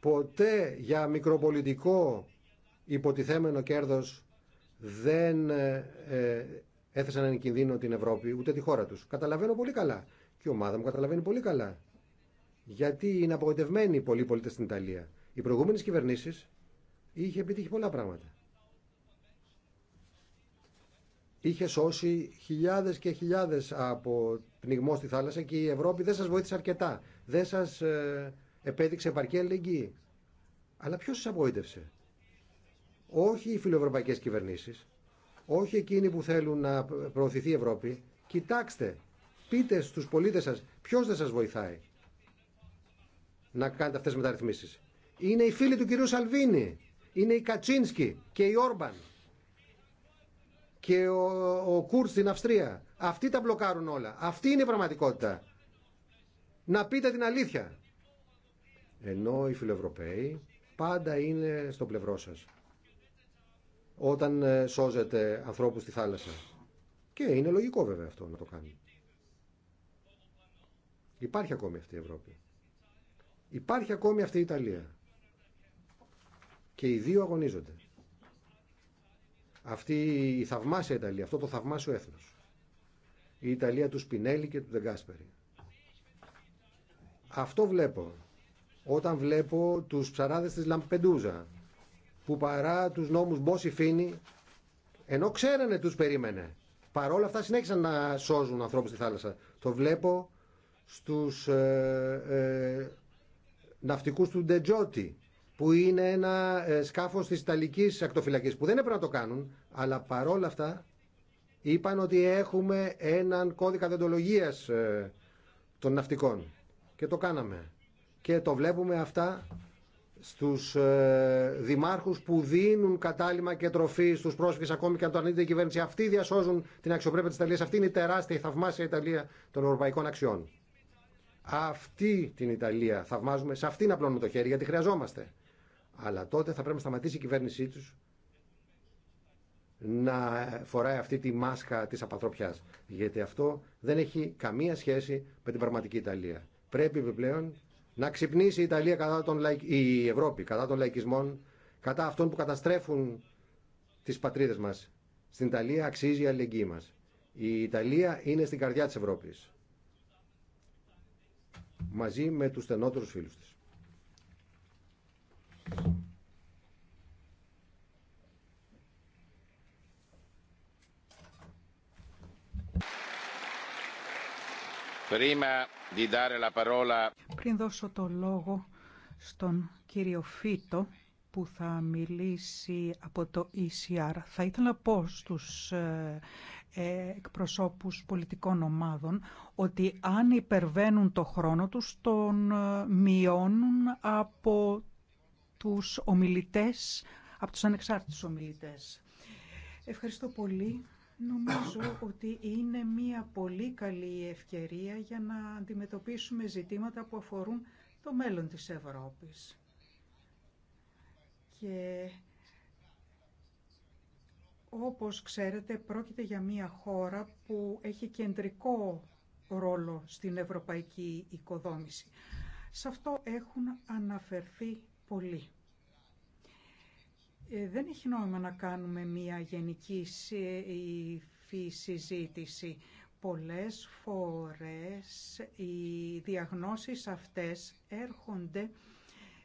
ποτέ για μικροπολιτικό υποτιθέμενο κέρδος δεν ε, ε έθεσαν εν κινδύνο την Ευρώπη ούτε τη χώρα τους. Καταλαβαίνω πολύ καλά και η ομάδα μου καταλαβαίνει πολύ καλά. Γιατί είναι απογοητευμένοι πολλοί πολίτες στην Ιταλία. Οι προηγούμενες κυβερνήσεις είχε επιτύχει πολλά πράγματα είχε σώσει χιλιάδες και χιλιάδες από πνιγμό στη θάλασσα και η Ευρώπη δεν σας βοήθησε αρκετά. Δεν σας ε, επέδειξε επαρκή αλληλεγγύη. Αλλά ποιο σας απογοήτευσε. Όχι οι φιλοευρωπαϊκές κυβερνήσεις. Όχι εκείνοι που θέλουν να προωθηθεί η Ευρώπη. Κοιτάξτε, πείτε στους πολίτες σας ποιο δεν σας βοηθάει να κάνετε αυτέ τι μεταρρυθμίσεις. Είναι οι φίλοι του κυρίου Σαλβίνη. Είναι οι Κατσίνσκι και οι Όρμπαν και ο, ο Κούρτ στην Αυστρία. Αυτοί τα μπλοκάρουν όλα. Αυτή είναι η πραγματικότητα. Να πείτε την αλήθεια. Ενώ οι φιλοευρωπαίοι πάντα είναι στο πλευρό σας. Όταν ε, σώζετε ανθρώπους στη θάλασσα. Και είναι λογικό βέβαια αυτό να το κάνει. Υπάρχει ακόμη αυτή η Ευρώπη. Υπάρχει ακόμη αυτή η Ιταλία. Και οι δύο αγωνίζονται αυτή η θαυμάσια Ιταλία, αυτό το θαυμάσιο έθνος. Η Ιταλία του Σπινέλη και του Δεγκάσπερη. Αυτό βλέπω όταν βλέπω τους ψαράδες της Λαμπεντούζα που παρά τους νόμους Μπόση Φίνη ενώ ξέρανε τους περίμενε παρόλα αυτά συνέχισαν να σώζουν ανθρώπους στη θάλασσα. Το βλέπω στους ε, ε ναυτικούς του Ντετζότη που είναι ένα ε, σκάφος της Ιταλικής ακτοφυλακής που δεν έπρεπε να το κάνουν αλλά παρόλα αυτά είπαν ότι έχουμε έναν κώδικα δεντολογίας ε, των ναυτικών και το κάναμε και το βλέπουμε αυτά στους ε, δημάρχους που δίνουν κατάλημα και τροφή στους πρόσφυγες ακόμη και αν το αρνείται η κυβέρνηση αυτοί διασώζουν την αξιοπρέπεια της Ιταλίας αυτή είναι η τεράστια η θαυμάσια Ιταλία των ευρωπαϊκών αξιών αυτή την Ιταλία θαυμάζουμε σε αυτήν απλώνουμε το χέρι γιατί χρειαζόμαστε αλλά τότε θα πρέπει να σταματήσει η κυβέρνησή τους να φοράει αυτή τη μάσκα της απαθροπιάς. Γιατί αυτό δεν έχει καμία σχέση με την πραγματική Ιταλία. Πρέπει επιπλέον να ξυπνήσει η, Ιταλία κατά τον η Ευρώπη κατά των λαϊκισμών, κατά αυτών που καταστρέφουν τις πατρίδες μας. Στην Ιταλία αξίζει η αλληλεγγύη μα. Η Ιταλία είναι στην καρδιά τη Ευρώπη. Μαζί με του στενότερους φίλου της. Πριν δώσω το λόγο στον κύριο Φίτο που θα μιλήσει από το ECR, θα ήθελα να πω στου ε, ε, εκπροσώπους πολιτικών ομάδων ότι αν υπερβαίνουν το χρόνο τους τον ε, μειώνουν από τους ομιλητές, από τους ανεξάρτητους ομιλητές. Ευχαριστώ πολύ. Νομίζω ότι είναι μια πολύ καλή ευκαιρία για να αντιμετωπίσουμε ζητήματα που αφορούν το μέλλον της Ευρώπης. Και όπως ξέρετε πρόκειται για μια χώρα που έχει κεντρικό ρόλο στην ευρωπαϊκή οικοδόμηση. Σε αυτό έχουν αναφερθεί πολύ. Ε, δεν έχει νόημα να κάνουμε μία γενική συζήτηση. Πολλές φορές οι διαγνώσεις αυτές έρχονται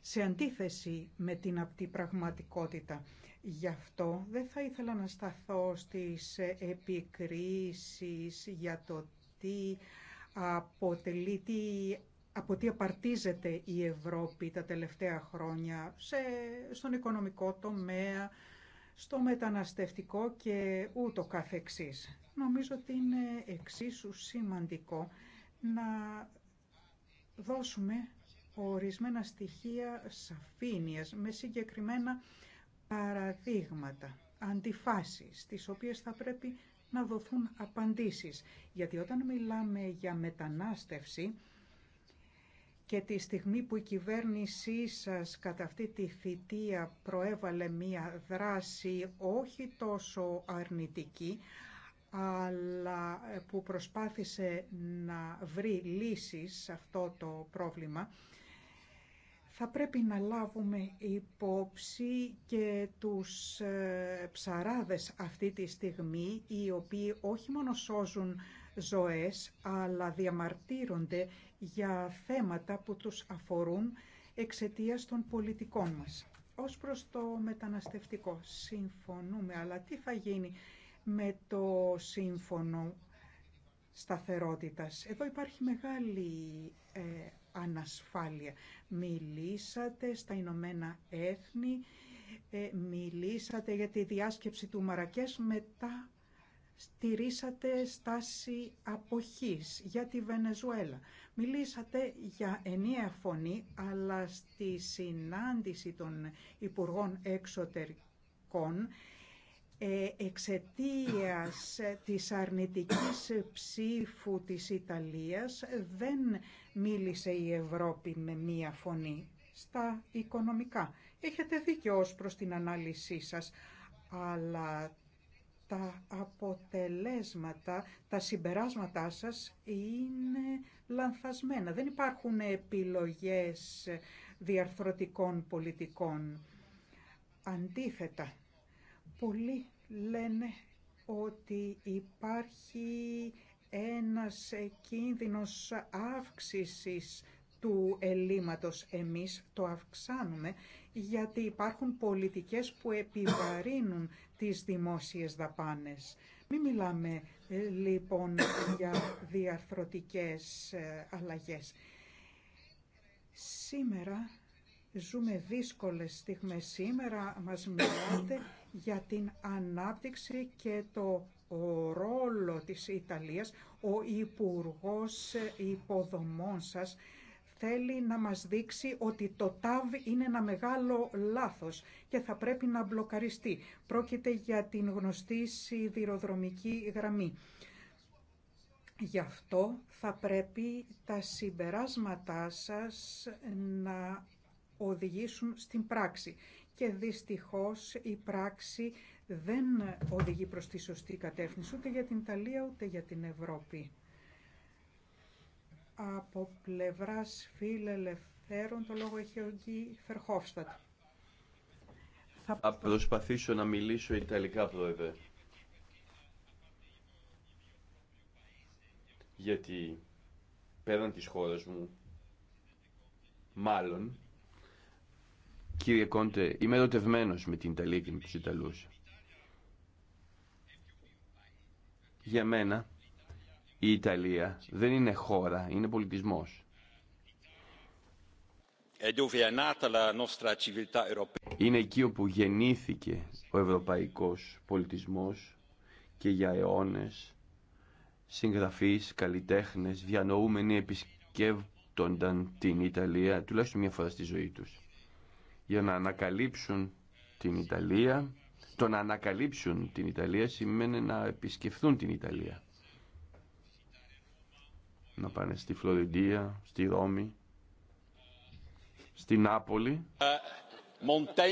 σε αντίθεση με την απτή πραγματικότητα. Γι' αυτό δεν θα ήθελα να σταθώ στις επικρίσεις για το τι αποτελεί, από τι απαρτίζεται η Ευρώπη τα τελευταία χρόνια σε, στον οικονομικό τομέα, στο μεταναστευτικό και ούτω καθεξής. Νομίζω ότι είναι εξίσου σημαντικό να δώσουμε ορισμένα στοιχεία σαφήνειας με συγκεκριμένα παραδείγματα, αντιφάσεις, τις οποίες θα πρέπει να δοθούν απαντήσεις. Γιατί όταν μιλάμε για μετανάστευση, και τη στιγμή που η κυβέρνησή σας κατά αυτή τη θητεία προέβαλε μία δράση όχι τόσο αρνητική, αλλά ε, που προσπάθησε να βρει λύσεις σε αυτό το πρόβλημα, θα πρέπει να λάβουμε υπόψη και τους ε, ψαράδες αυτή τη στιγμή, οι οποίοι όχι μόνο σώζουν ζωές, αλλά διαμαρτύρονται για θέματα που τους αφορούν εξαιτίας των πολιτικών μας. Ως προς το μεταναστευτικό, συμφωνούμε, αλλά τι θα γίνει με το σύμφωνο σταθερότητας. Εδώ υπάρχει μεγάλη ε, ανασφάλεια. Μιλήσατε στα Ηνωμένα Έθνη, ε, μιλήσατε για τη διάσκεψη του Μαρακές μετά στηρίσατε στάση αποχής για τη Βενεζουέλα. Μιλήσατε για ενιαία φωνή, αλλά στη συνάντηση των Υπουργών Εξωτερικών ε, εξαιτίας της αρνητικής ψήφου της Ιταλίας δεν μίλησε η Ευρώπη με μία φωνή στα οικονομικά. Έχετε δίκιο ως προς την ανάλυση σας, αλλά τα αποτελέσματα, τα συμπεράσματά σας είναι λανθασμένα. Δεν υπάρχουν επιλογές διαρθρωτικών πολιτικών. Αντίθετα, πολλοί λένε ότι υπάρχει ένας κίνδυνος αύξησης του ελλείμματος εμείς το αυξάνουμε γιατί υπάρχουν πολιτικές που επιβαρύνουν τις δημόσιες δαπάνες. Μην μιλάμε ε, λοιπόν για διαρθρωτικές ε, αλλαγές. Σήμερα ζούμε δύσκολες στιγμές. Σήμερα μας μιλάτε για την ανάπτυξη και το ρόλο της Ιταλίας. Ο Υπουργός ε, Υποδομών σας θέλει να μας δείξει ότι το ΤΑΒ είναι ένα μεγάλο λάθος και θα πρέπει να μπλοκαριστεί. Πρόκειται για την γνωστή σιδηροδρομική γραμμή. Γι' αυτό θα πρέπει τα συμπεράσματά σας να οδηγήσουν στην πράξη. Και δυστυχώς η πράξη δεν οδηγεί προς τη σωστή κατεύθυνση ούτε για την Ιταλία ούτε για την Ευρώπη. Από πλευράς φιλελευθέρων το λόγο έχει ο Γκί Φερχόφστατ. Θα προσπαθήσω να μιλήσω Ιταλικά, Πρόεδρε. Γιατί πέραν της χώρας μου, μάλλον, κύριε Κόντε, είμαι ερωτευμένος με την Ιταλία και με τους Ιταλούς. Για μένα, η Ιταλία δεν είναι χώρα, είναι πολιτισμός. Είναι εκεί όπου γεννήθηκε ο ευρωπαϊκός πολιτισμός και για αιώνες συγγραφείς, καλλιτέχνες, διανοούμενοι επισκέπτονταν την Ιταλία τουλάχιστον μια φορά στη ζωή τους για να ανακαλύψουν την Ιταλία το να ανακαλύψουν την Ιταλία σημαίνει να επισκεφθούν την Ιταλία να πάνε στη Φλωριντία, στη Ρώμη, στη Νάπολη ε,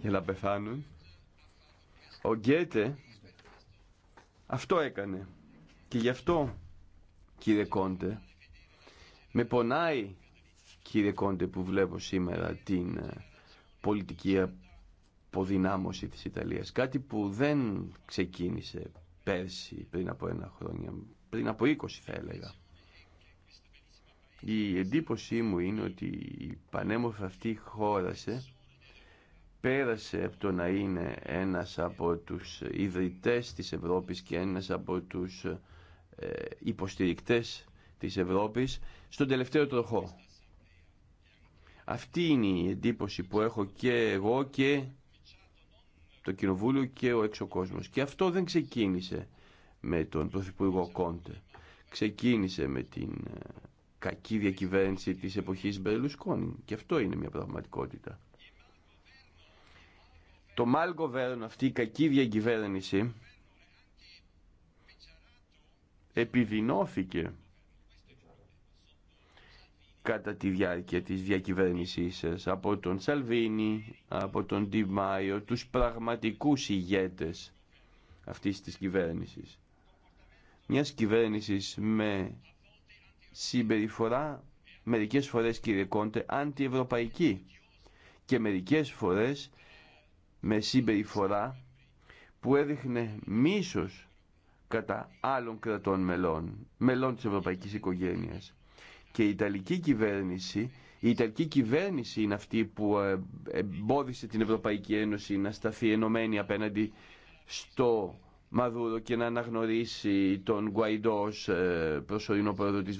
για να πεθάνουν. Ο Γκέτε αυτό έκανε και γι' αυτό κύριε Κόντε με πονάει κύριε Κόντε που βλέπω σήμερα την ε, πολιτική αποδυνάμωση της Ιταλίας κάτι που δεν ξεκίνησε πέρσι πριν από ένα χρόνια πριν από 20 θα έλεγα. Η εντύπωσή μου είναι ότι η πανέμορφη αυτή χώρασε πέρασε από το να είναι ένας από τους ιδρυτές της Ευρώπης και ένας από τους ε, υποστηρικτές της Ευρώπης στον τελευταίο τροχό. Αυτή είναι η εντύπωση που έχω και εγώ και το Κοινοβούλιο και ο εξωκόσμος. Και αυτό δεν ξεκίνησε με τον Πρωθυπουργό Κόντε. Ξεκίνησε με την ε, κακή διακυβέρνηση της εποχής Μπερλουσκόνη και αυτό είναι μια πραγματικότητα. Το Μάλ αυτή η κακή διακυβέρνηση επιδεινώθηκε κατά τη διάρκεια της διακυβέρνησής σας από τον Σαλβίνη, από τον Τιμάιο, τους πραγματικούς ηγέτες αυτής της κυβέρνησης μιας κυβέρνησης με συμπεριφορά μερικές φορές κύριε Κόντε αντιευρωπαϊκή και μερικές φορές με συμπεριφορά που έδειχνε μίσος κατά άλλων κρατών μελών, μελών της ευρωπαϊκής οικογένειας. Και η Ιταλική κυβέρνηση, η Ιταλική κυβέρνηση είναι αυτή που ε, εμπόδισε την Ευρωπαϊκή Ένωση να σταθεί ενωμένη απέναντι στο Μαδούρο και να αναγνωρίσει τον Γκουαϊντό ως ε, προσωρινό πρόεδρο της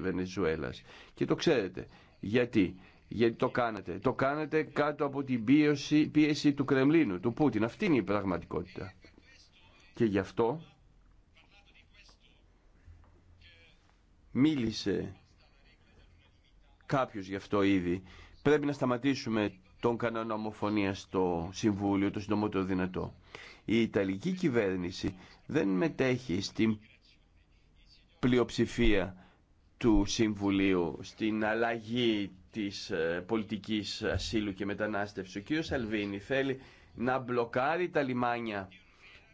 Βενεζουέλας. Και το ξέρετε. Γιατί. Γιατί το κάνατε. Το κάνατε κάτω από την πίεση, του Κρεμλίνου, του Πούτιν. Αυτή είναι η πραγματικότητα. Και γι' αυτό μίλησε κάποιος γι' αυτό ήδη. Πρέπει να σταματήσουμε τον κανόνα ομοφωνία στο Συμβούλιο, το συντομότερο δυνατό η Ιταλική κυβέρνηση δεν μετέχει στην πλειοψηφία του Συμβουλίου στην αλλαγή της ε, πολιτικής ασύλου και μετανάστευσης. Ο κύριος Σαλβίνη θέλει να μπλοκάρει τα λιμάνια,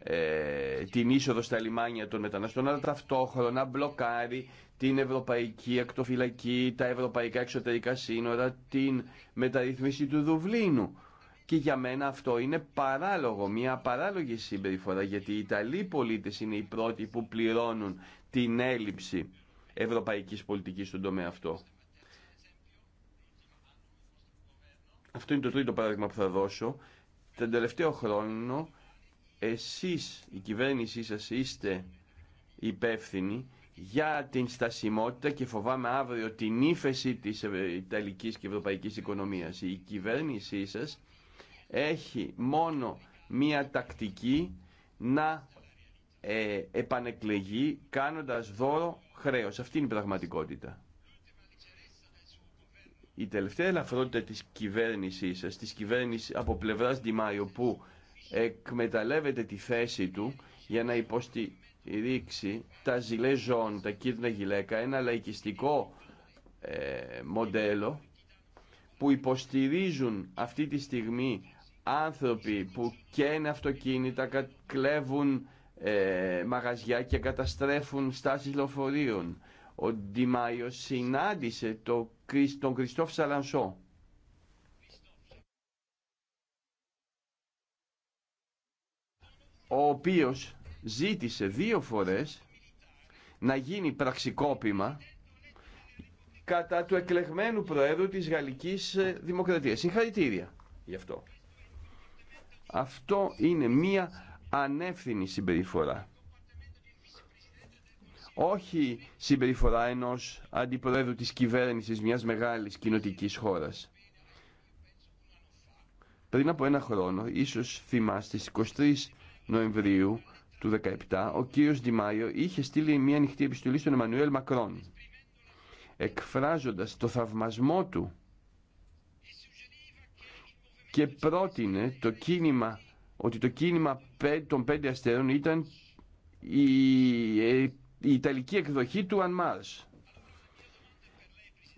ε, την είσοδο στα λιμάνια των μεταναστών, αλλά ταυτόχρονα μπλοκάρει την ευρωπαϊκή ακτοφυλακή, τα ευρωπαϊκά εξωτερικά σύνορα, την μεταρρύθμιση του Δουβλίνου. Και για μένα αυτό είναι παράλογο, μια παράλογη συμπεριφορά, γιατί οι Ιταλοί πολίτες είναι οι πρώτοι που πληρώνουν την έλλειψη ευρωπαϊκής πολιτικής στον τομέα αυτό. Αυτό είναι το τρίτο παράδειγμα που θα δώσω. Τον τελευταίο χρόνο εσείς, η κυβέρνησή σας, είστε υπεύθυνοι για την στασιμότητα και φοβάμαι αύριο την ύφεση της Ιταλικής και Ευρωπαϊκής οικονομίας. Η κυβέρνησή σας έχει μόνο μία τακτική να ε, επανεκλεγεί κάνοντας δώρο χρέος. Αυτή είναι η πραγματικότητα. Η τελευταία ελαφρότητα της κυβέρνησής σας, της κυβέρνησης από πλευράς Ντιμάιο που εκμεταλλεύεται τη θέση του για να υποστηρίξει τα ζηλέ ζών, τα κίτρινα γυλαίκα, ένα λαϊκιστικό ε, μοντέλο που υποστηρίζουν αυτή τη στιγμή άνθρωποι που καίνε αυτοκίνητα, κλέβουν ε, μαγαζιά και καταστρέφουν στάσεις λεωφορείων. Ο Ντιμάιο συνάντησε το, τον Κριστόφ Σαλανσό. ο οποίος ζήτησε δύο φορές να γίνει πραξικόπημα κατά του εκλεγμένου Προέδρου της Γαλλικής ε, Δημοκρατίας. Συγχαρητήρια γι' αυτό. Αυτό είναι μία ανεύθυνη συμπεριφορά. Όχι συμπεριφορά ενός αντιπροέδρου της κυβέρνησης μιας μεγάλης κοινοτικής χώρας. Πριν από ένα χρόνο, ίσως θυμάστε, στις 23 Νοεμβρίου του 2017, ο κύριος Ντιμάιο είχε στείλει μια ανοιχτή επιστολή στον Εμμανουέλ Μακρόν, εκφράζοντας το θαυμασμό του και πρότεινε το κίνημα, ότι το κίνημα των πέντε αστέρων ήταν ε, η, ιταλική εκδοχή του Αν Μάρς.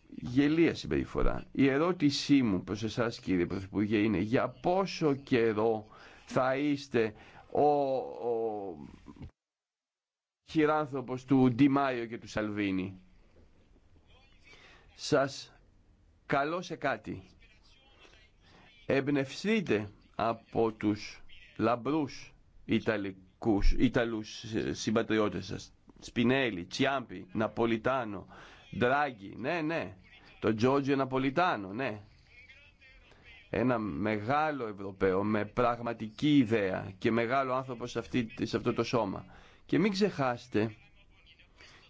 Γελία συμπεριφορά. Η ερώτησή μου προς εσάς κύριε Πρωθυπουργέ είναι για πόσο καιρό θα είστε ο, ο χειράνθρωπος του Ντιμάιο και του Σαλβίνη. Σας καλώ σε κάτι εμπνευστείτε από τους λαμπρούς Ιταλικούς, Ιταλούς συμπατριώτες σας. Σπινέλη, Τσιάμπη, Ναπολιτάνο, Ντράγκη, ναι, ναι. Το Τζόρτζιο Ναπολιτάνο, ναι. Ένα μεγάλο Ευρωπαίο με πραγματική ιδέα και μεγάλο άνθρωπο σε, αυτό το σώμα. Και μην ξεχάσετε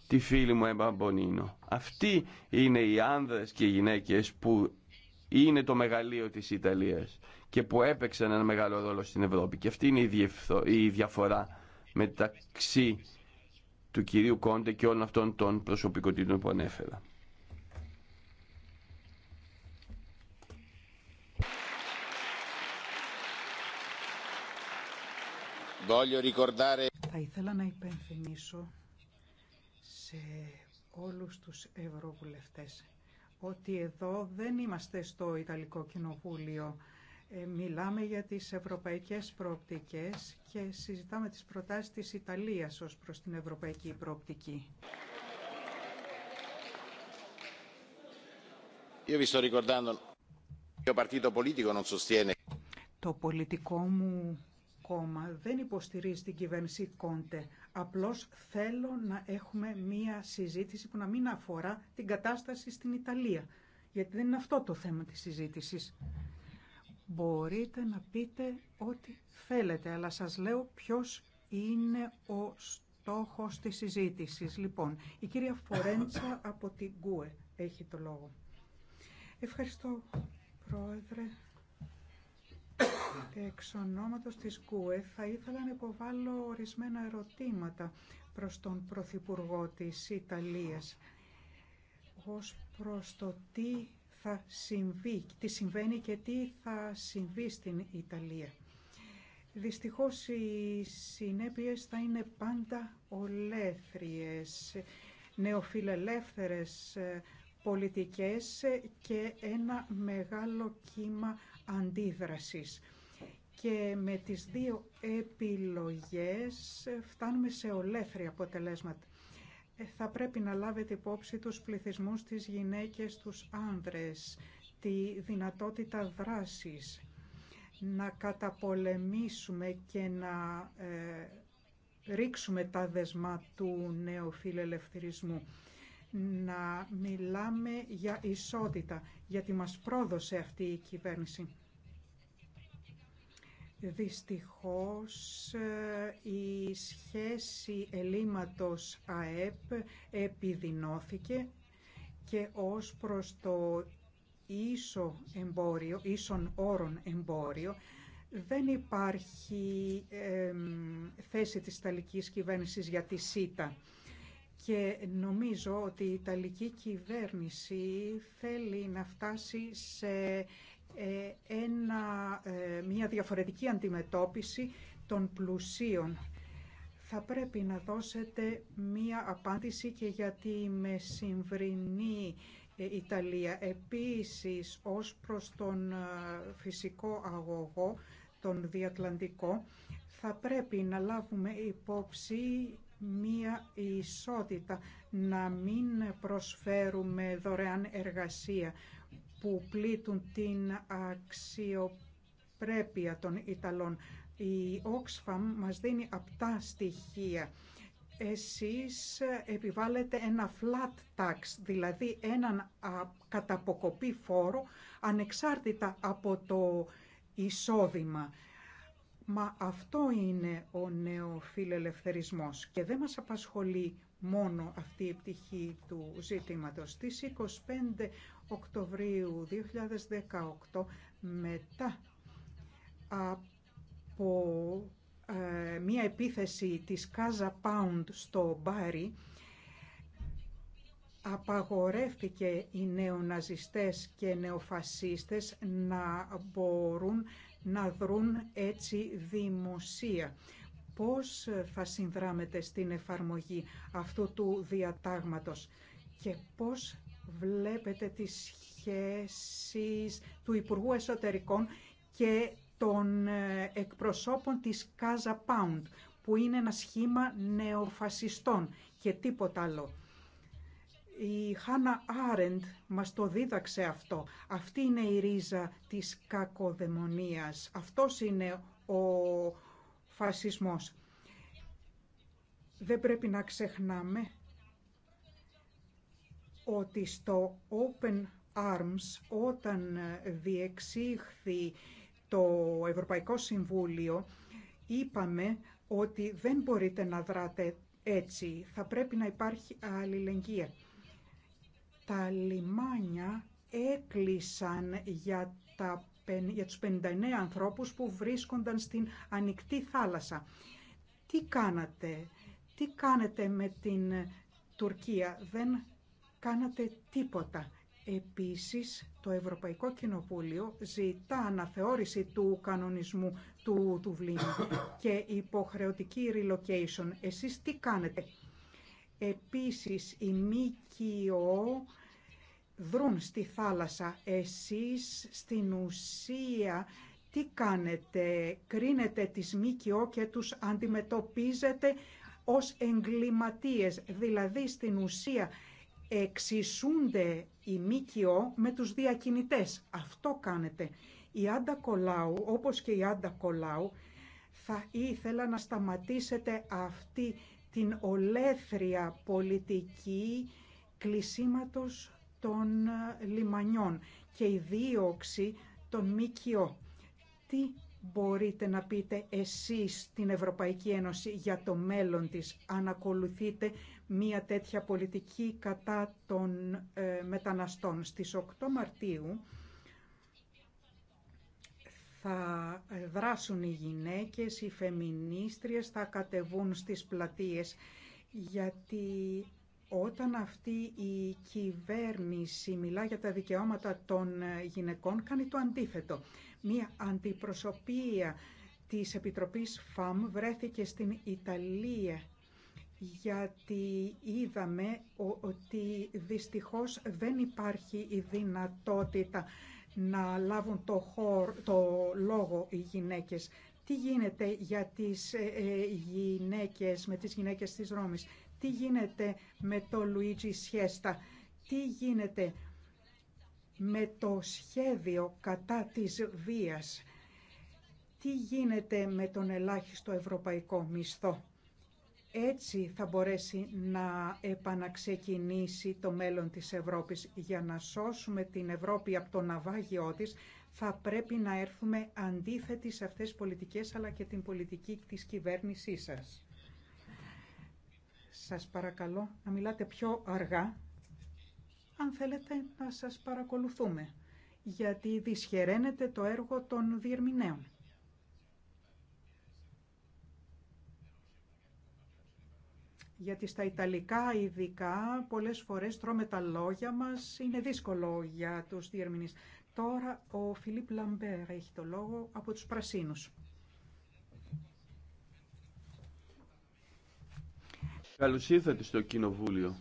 τη φίλη μου Εμπαμπονίνο. Αυτοί είναι οι άνδρες και οι γυναίκες που είναι το μεγαλείο της Ιταλίας και που έπαιξαν ένα μεγάλο ρόλο στην Ευρώπη. Και αυτή είναι η διαφορά μεταξύ του κυρίου Κόντε και όλων αυτών των προσωπικότητων που ανέφερα. Θα ήθελα να υπενθυμίσω σε όλους τους ευρωβουλευτές ότι εδώ δεν είμαστε στο Ιταλικό Κοινοβούλιο. Ε, μιλάμε για τις ευρωπαϊκές προοπτικές και συζητάμε τις προτάσεις της Ιταλίας ως προς την ευρωπαϊκή προοπτική. Το πολιτικό μου δεν υποστηρίζει την κυβέρνηση Κόντε. Απλώς θέλω να έχουμε μία συζήτηση που να μην αφορά την κατάσταση στην Ιταλία. Γιατί δεν είναι αυτό το θέμα της συζήτησης. Μπορείτε να πείτε ό,τι θέλετε, αλλά σας λέω ποιος είναι ο στόχος της συζήτησης. Λοιπόν, η κυρία Φορέντσα από την ΚΟΕ έχει το λόγο. Ευχαριστώ, Πρόεδρε. Εξ ονόματος της ΚΟΕ θα ήθελα να υποβάλω ορισμένα ερωτήματα προς τον Πρωθυπουργό της Ιταλίας ως προς το τι θα συμβεί, τι συμβαίνει και τι θα συμβεί στην Ιταλία. Δυστυχώς οι συνέπειες θα είναι πάντα ολέθριες, νεοφιλελεύθερες ε, πολιτικές ε, και ένα μεγάλο κύμα αντίδρασης και με τις δύο επιλογές φτάνουμε σε ολέθρια αποτελέσματα. Ε, θα πρέπει να λάβετε υπόψη τους πληθυσμούς, τις γυναίκες, τους άνδρες, τη δυνατότητα δράσης, να καταπολεμήσουμε και να ε, ρίξουμε τα δεσμά του νέου φιλελευθερισμού. Να μιλάμε για ισότητα, γιατί μας πρόδωσε αυτή η κυβέρνηση Δυστυχώς ε, η σχέση ελίματος ΑΕΠ επιδεινώθηκε και ως προς το ίσο εμπόριο, ίσον όρον εμπόριο, δεν υπάρχει θέση της Ιταλικής κυβέρνησης για τη ΣΥΤΑ. Και νομίζω ότι η Ιταλική κυβέρνηση θέλει να φτάσει σε ε, ένα, ε, μια διαφορετική αντιμετώπιση των πλουσίων. Θα πρέπει να δώσετε μία απάντηση και για τη μεσημβρινή ε, Ιταλία. Επίσης, ως προς τον φυσικό αγωγό, τον διατλαντικό, θα πρέπει να λάβουμε υπόψη μία ισότητα, να μην προσφέρουμε δωρεάν εργασία που πλήττουν την αξιοπρέπεια των Ιταλών. Η Oxfam μας δίνει απτά στοιχεία. Εσείς επιβάλλετε ένα flat tax, δηλαδή έναν καταποκοπή φόρο ανεξάρτητα από το εισόδημα. Μα αυτό είναι ο νέο και δεν μας απασχολεί μόνο αυτή η πτυχή του ζήτηματος. Στις 25 Οκτωβρίου 2018 μετά από ε, μία επίθεση της Casa Pound στο Μπάρι απαγορεύτηκε οι νεοναζιστές και νεοφασίστες να μπορούν να δρουν έτσι δημοσία. Πώς θα συνδράμετε στην εφαρμογή αυτού του διατάγματος και πώς βλέπετε τις σχέσεις του Υπουργού Εσωτερικών και των ε, εκπροσώπων της Casa Pound, που είναι ένα σχήμα νεοφασιστών και τίποτα άλλο. Η Χάνα Άρεντ μας το δίδαξε αυτό. Αυτή είναι η ρίζα της κακοδαιμονίας. Αυτός είναι ο φασισμός. Δεν πρέπει να ξεχνάμε ότι στο Open Arms όταν διεξήχθη το Ευρωπαϊκό Συμβούλιο είπαμε ότι δεν μπορείτε να δράτε έτσι, θα πρέπει να υπάρχει αλληλεγγύη. Τα λιμάνια έκλεισαν για, τα, για τους 59 ανθρώπους που βρίσκονταν στην ανοιχτή θάλασσα. Τι κάνατε, τι κάνετε με την Τουρκία, δεν κάνατε τίποτα. Επίσης, το Ευρωπαϊκό Κοινοβούλιο ζητά αναθεώρηση του κανονισμού του Δουβλίνου και υποχρεωτική relocation. Εσείς τι κάνετε. Επίσης, η ΜΚΟ δρούν στη θάλασσα. Εσείς στην ουσία τι κάνετε. Κρίνετε τις ΜΚΟ και τους αντιμετωπίζετε ως εγκληματίες. Δηλαδή στην ουσία εξισούνται η ΜΚΟ με τους διακινητές. Αυτό κάνετε. Η Άντα Κολάου, όπως και η Άντα Κολάου, θα ήθελα να σταματήσετε αυτή την ολέθρια πολιτική κλεισίματος των ε, λιμανιών και η δίωξη των ΜΚΟ. Τι μπορείτε να πείτε εσείς την Ευρωπαϊκή Ένωση για το μέλλον της, αν ακολουθείτε μία τέτοια πολιτική κατά των ε, μεταναστών. Στις 8 Μαρτίου θα ε, δράσουν οι γυναίκες, οι φεμινίστριες θα κατεβούν στις πλατείες γιατί όταν αυτή η κυβέρνηση μιλά για τα δικαιώματα των ε, γυναικών κάνει το αντίθετο. Μία αντιπροσωπεία της Επιτροπής ΦΑΜ βρέθηκε στην Ιταλία γιατί είδαμε ότι δυστυχώς δεν υπάρχει η δυνατότητα να λάβουν το, χώρο, το λόγο οι γυναίκες. Τι γίνεται για τις ε, ε, γυναίκες, με τις γυναίκες της Ρώμης. Τι γίνεται με το Λουίτζι Σιέστα. Τι γίνεται με το σχέδιο κατά της βίας. Τι γίνεται με τον ελάχιστο ευρωπαϊκό μισθό. Έτσι θα μπορέσει να επαναξεκινήσει το μέλλον της Ευρώπης. Για να σώσουμε την Ευρώπη από το ναυάγιό της, θα πρέπει να έρθουμε αντίθετοι σε αυτές τις πολιτικές, αλλά και την πολιτική της κυβέρνησής σας. Σας παρακαλώ να μιλάτε πιο αργά, αν θέλετε να σας παρακολουθούμε, γιατί δυσχεραίνεται το έργο των διερμηνέων. γιατί στα Ιταλικά ειδικά πολλές φορές τρώμε τα λόγια μας, είναι δύσκολο για τους διερμηνείς. Τώρα ο Φιλίπ Λαμπέρ έχει το λόγο από τους Πρασίνους. Καλώς ήρθατε στο Κοινοβούλιο.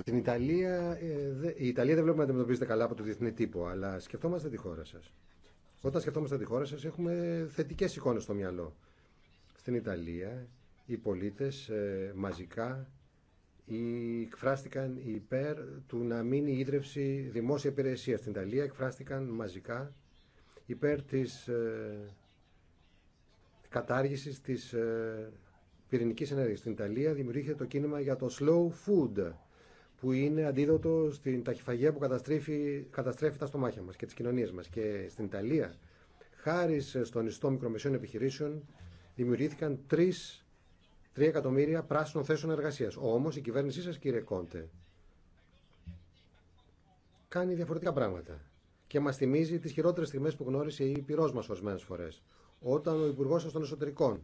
Στην Ιταλία, ε, η Ιταλία δεν βλέπουμε να αντιμετωπίζεται καλά από το διεθνή τύπο, αλλά σκεφτόμαστε τη χώρα σας. Όταν σκεφτόμαστε τη χώρα σας έχουμε θετικές εικόνες στο μυαλό. Στην Ιταλία οι πολίτες ε, μαζικά ή εκφράστηκαν υπέρ του να μείνει η ίδρυψη δημόσια υπηρεσία. Στην Ιταλία εκφράστηκαν μαζικά υπέρ της ε, κατάργησης της ε, πυρηνικής ενέργειας. Στην Ιταλία δημιουργήθηκε το κίνημα για το slow food που είναι αντίδοτο στην ταχυφαγία που καταστρέφει, τα στομάχια μας και τις κοινωνίες μας. Και στην Ιταλία, χάρη στον ιστό μικρομεσαίων επιχειρήσεων, δημιουργήθηκαν τρεις 3 εκατομμύρια πράσινων θέσεων εργασία. Όμω η κυβέρνησή σα, κύριε Κόντε, κάνει διαφορετικά πράγματα. Και μα θυμίζει τι χειρότερε στιγμέ που γνώρισε η πυρό μα ορισμένε φορέ. Όταν ο Υπουργό σα των Εσωτερικών,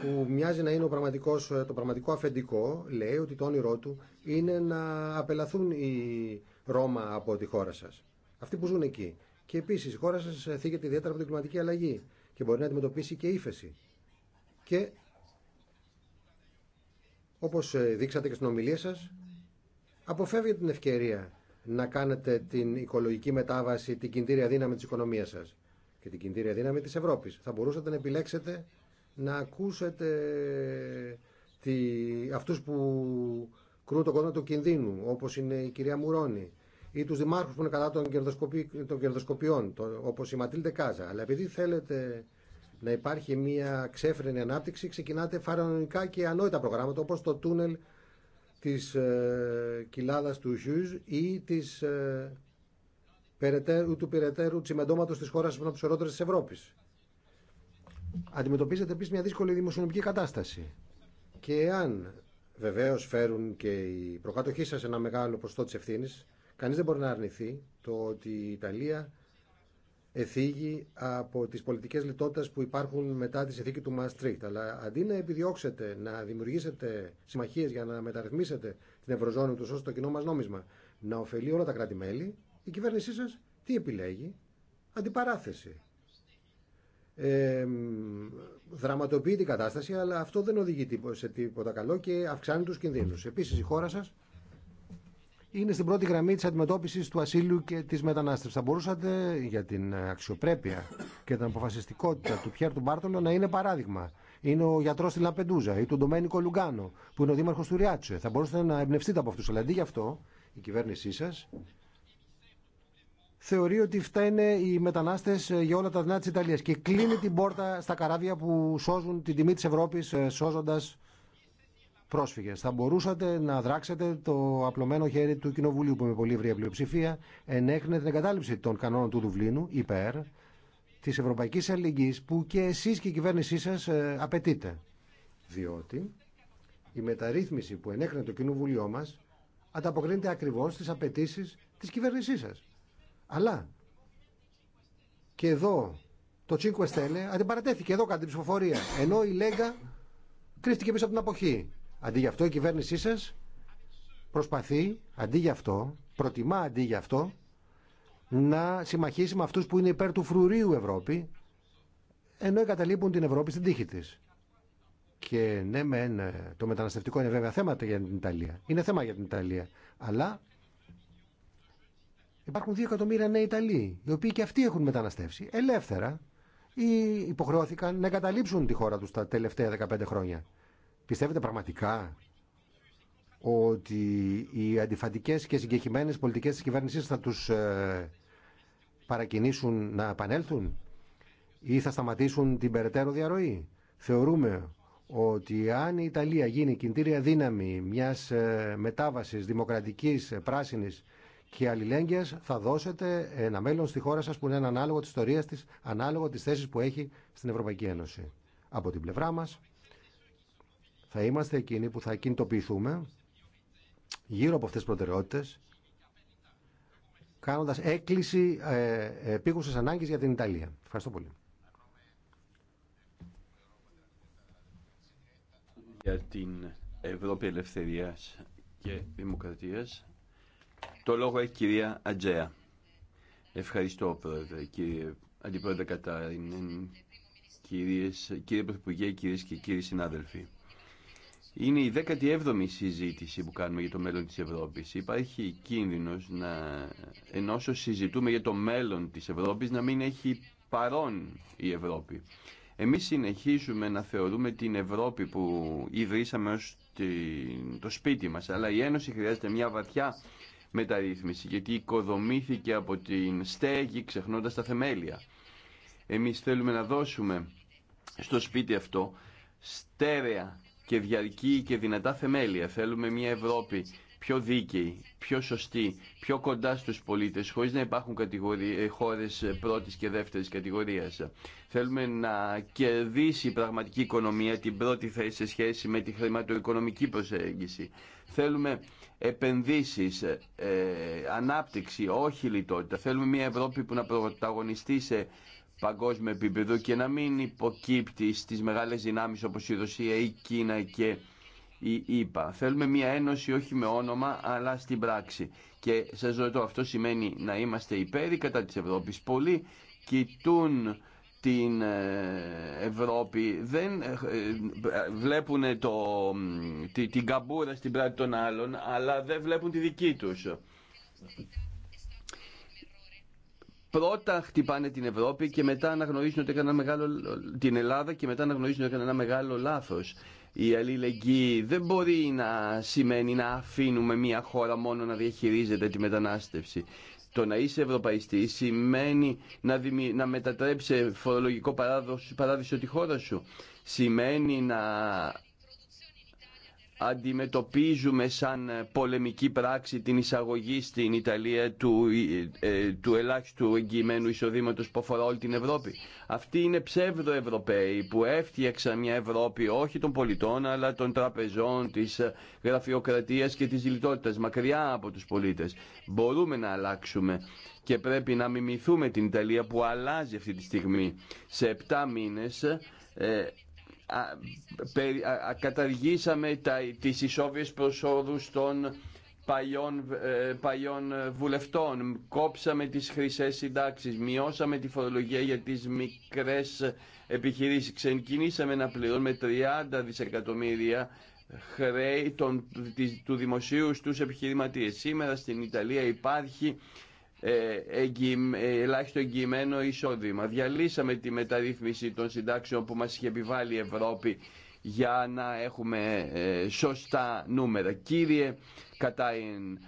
που μοιάζει να είναι ο πραγματικός, το πραγματικό αφεντικό, λέει ότι το όνειρό του είναι να απελαθούν οι Ρώμα από τη χώρα σα. Αυτοί που ζουν εκεί. Και επίση η χώρα σα θίγεται ιδιαίτερα από την κλιματική αλλαγή και μπορεί να αντιμετωπίσει και ύφεση. Και όπως ε, δείξατε και στην ομιλία σας, αποφεύγετε την ευκαιρία να κάνετε την οικολογική μετάβαση, την κινητήρια δύναμη της οικονομίας σας και την κινητήρια δύναμη της Ευρώπης. Θα μπορούσατε να επιλέξετε να ακούσετε τη, αυτούς που κρούν το κόδωνα του κινδύνου, όπως είναι η κυρία Μουρώνη, ή τους δημάρχους που είναι κατά των, κερδοσκοπιών, όπως η Ματήλ καζα Αλλά επειδή θέλετε να υπάρχει μια ξέφρενη ανάπτυξη, ξεκινάτε φαρανονικά και ανόητα προγράμματα όπως το τούνελ της ε, κοιλάδας του Χιούζ ή της, ε, περαιτέρου, του περαιτέρου τσιμεντόματος της χώρας από ορότερες της Ευρώπης. Αντιμετωπίζετε επίσης μια δύσκολη δημοσιονομική κατάσταση. Και εάν βεβαίως φέρουν και οι προκατοχοί σας ένα μεγάλο ποσοστό της ευθύνης, κανείς δεν μπορεί να αρνηθεί το ότι η Ιταλία εφήγει από τις πολιτικές λιτότητες που υπάρχουν μετά τη συνθήκη του Μαστρίχτ. Αλλά αντί να επιδιώξετε να δημιουργήσετε συμμαχίες για να μεταρρυθμίσετε την Ευρωζώνη του ώστε το κοινό μας νόμισμα να ωφελεί όλα τα κράτη-μέλη, η κυβέρνησή σας τι επιλέγει. Αντιπαράθεση. Ε, δραματοποιεί την κατάσταση, αλλά αυτό δεν οδηγεί σε τίποτα καλό και αυξάνει τους κινδύνους. Επίσης η χώρα σας είναι στην πρώτη γραμμή της αντιμετώπισης του ασύλου και της μετανάστευσης. Θα μπορούσατε για την αξιοπρέπεια και την αποφασιστικότητα του Πιέρ του Μπάρτολο να είναι παράδειγμα. Είναι ο γιατρό στη Λαπεντούζα ή το ντομένικο Λουγκάνο που είναι ο δήμαρχος του Ριάτσο. Θα μπορούσατε να εμπνευστείτε από αυτούς. Αλλά δι' αυτό η κυβέρνησή σα θεωρεί ότι φταίνε οι μετανάστε για όλα τα δεινά τη Ιταλία και κλείνει την πόρτα στα καράβια που σώζουν την θεωρει οτι φταινε οι μεταναστε για ολα τα δυνάτια τη Ευρώπη, ε, σώζοντα Πρόσφυγε. Θα μπορούσατε να δράξετε το απλωμένο χέρι του Κοινοβουλίου που με πολύ ευρία πλειοψηφία ενέχνε την εγκατάλειψη των κανόνων του Δουβλίνου υπέρ τη Ευρωπαϊκή Αλληλεγγύη που και εσεί και η κυβέρνησή σας ε, απαιτείτε. Διότι η μεταρρύθμιση που ενέχνε το Κοινοβουλίο μας ανταποκρίνεται ακριβώς στις απαιτήσει τη κυβέρνησή σα. Αλλά και εδώ το Τσίνκο Εστέλε αντιπαρατέθηκε εδώ κατά την ψηφοφορία. Ενώ η Λέγκα κρύφτηκε πίσω από την αποχή. Αντί γι' αυτό η κυβέρνησή σα προσπαθεί, αντί γι' αυτό, προτιμά αντί γι' αυτό, να συμμαχίσει με αυτού που είναι υπέρ του φρουρίου Ευρώπη, ενώ εγκαταλείπουν την Ευρώπη στην τύχη τη. Και ναι, μεν, το μεταναστευτικό είναι βέβαια θέμα για την Ιταλία. Είναι θέμα για την Ιταλία. Αλλά υπάρχουν δύο εκατομμύρια νέοι Ιταλοί, οι οποίοι και αυτοί έχουν μεταναστεύσει ελεύθερα ή υποχρεώθηκαν να εγκαταλείψουν τη χώρα του τα τελευταία 15 χρόνια. Πιστεύετε πραγματικά ότι οι αντιφατικές και συγκεκριμένες πολιτικές της κυβέρνησης θα τους ε, παρακινήσουν να επανέλθουν ή θα σταματήσουν την περαιτέρω διαρροή. Θεωρούμε ότι αν η Ιταλία γίνει κινητήρια δύναμη μιας ε, μετάβασης δημοκρατικής, ε, πράσινης και αλληλέγγυας θα δώσετε ένα μέλλον στη χώρα σας που είναι ανάλογο τη ιστορία τη, ανάλογο της θέσης που έχει στην Ευρωπαϊκή Ένωση. Από την πλευρά μας θα είμαστε εκείνοι που θα κινητοποιηθούμε γύρω από αυτές τις προτεραιότητες κάνοντας έκκληση ε, ε, επίγουσες ανάγκες για την Ιταλία. Ευχαριστώ πολύ. Για την Ευρώπη Ελευθερίας και Δημοκρατίας το λόγο έχει κυρία Ατζέα. Ευχαριστώ πρόεδρε, κύριε Αντιπρόεδρε Κατάριν, κύριε Πρωθυπουργέ, κυρίες και κύριοι συνάδελφοι. Είναι η 17η συζήτηση που κάνουμε για το μέλλον της Ευρώπης. Υπάρχει κίνδυνος να, ενώ όσο συζητούμε για το μέλλον της Ευρώπης να μην έχει παρόν η Ευρώπη. Εμείς συνεχίζουμε να θεωρούμε την Ευρώπη που ιδρύσαμε ως το σπίτι μας, αλλά η Ένωση χρειάζεται μια βαθιά μεταρρύθμιση, γιατί οικοδομήθηκε από την στέγη ξεχνώντας τα θεμέλια. Εμείς θέλουμε να δώσουμε στο σπίτι αυτό στέρεα και διαρκή και δυνατά θεμέλια. Θέλουμε μια Ευρώπη πιο δίκαιη, πιο σωστή, πιο κοντά στους πολίτες, χωρίς να υπάρχουν κατηγορίες, χώρες πρώτης και δεύτερης κατηγορίας. Θέλουμε να κερδίσει η πραγματική οικονομία την πρώτη θέση σε σχέση με τη χρηματοοικονομική προσέγγιση. Θέλουμε επενδύσεις, ε, ανάπτυξη, όχι λιτότητα. Θέλουμε μια Ευρώπη που να πρωταγωνιστεί σε παγκόσμιο επίπεδο και να μην υποκύπτει στις μεγάλες δυνάμεις όπως η Ρωσία, η Κίνα και η ΕΠΑ. Θέλουμε μια ένωση όχι με όνομα αλλά στην πράξη. Και σα ρωτώ, αυτό σημαίνει να είμαστε υπέρ κατά της Ευρώπης. Πολλοί κοιτούν την ε, Ευρώπη, δεν ε, ε, βλέπουν το, την καμπούρα στην πράξη των άλλων, αλλά δεν βλέπουν τη δική τους πρώτα χτυπάνε την Ευρώπη και μετά αναγνωρίζουν ότι έκαναν μεγάλο, την Ελλάδα και μετά αναγνωρίζουν ότι έκαναν ένα μεγάλο λάθος. Η αλληλεγγύη δεν μπορεί να σημαίνει να αφήνουμε μια χώρα μόνο να διαχειρίζεται τη μετανάστευση. Το να είσαι ευρωπαϊστή σημαίνει να, δημι... να μετατρέψει φορολογικό παράδοσο... παράδεισο τη χώρα σου. Σημαίνει να αντιμετωπίζουμε σαν ε, πολεμική πράξη την εισαγωγή στην Ιταλία του, ε, ε, του ελάχιστου εγγυημένου εισοδήματο που αφορά όλη την Ευρώπη. Αυτοί είναι ψεύδο-Ευρωπαίοι που έφτιαξαν μια Ευρώπη όχι των πολιτών αλλά των τραπεζών, τη γραφειοκρατίας και της λιτότητα μακριά από τους πολίτες. Μπορούμε να αλλάξουμε και πρέπει να μιμηθούμε την Ιταλία που αλλάζει αυτή τη στιγμή. Σε 7 μήνε καταργήσαμε τα, τις ισόβιες προσόδους των παλιών, ε, ε, βουλευτών, κόψαμε τις χρυσές συντάξεις, μειώσαμε τη φορολογία για τις μικρές επιχειρήσεις, ξεκινήσαμε να πληρώνουμε 30 δισεκατομμύρια χρέη των, του δημοσίου στους επιχειρηματίες. Σήμερα στην Ιταλία υπάρχει ε, ε, ελάχιστο εγγυημένο εισόδημα. Διαλύσαμε τη μεταρρύθμιση των συντάξεων που μας είχε επιβάλει η Ευρώπη για να έχουμε ε, σωστά νούμερα. Κύριε Κατάιν,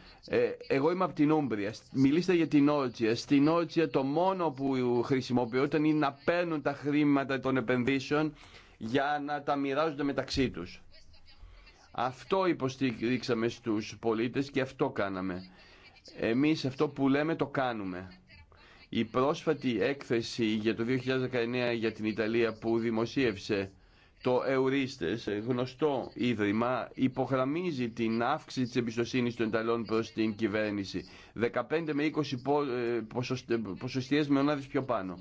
εγώ είμαι από την Ούμπρια. Μιλήστε για την Ότσια. Στην Ότσια το μόνο που χρησιμοποιούνταν είναι να παίρνουν τα χρήματα των επενδύσεων για να τα μοιράζονται μεταξύ τους. Αυτό υποστήριξαμε στους πολίτες και αυτό κάναμε. Εμείς αυτό που λέμε το κάνουμε. Η πρόσφατη έκθεση για το 2019 για την Ιταλία που δημοσίευσε το Εουρίστες, γνωστό ίδρυμα, υπογραμμίζει την αύξηση της εμπιστοσύνης των Ιταλών προς την κυβέρνηση. 15 με 20 ε, ποσοστιαίες μονάδες πιο πάνω.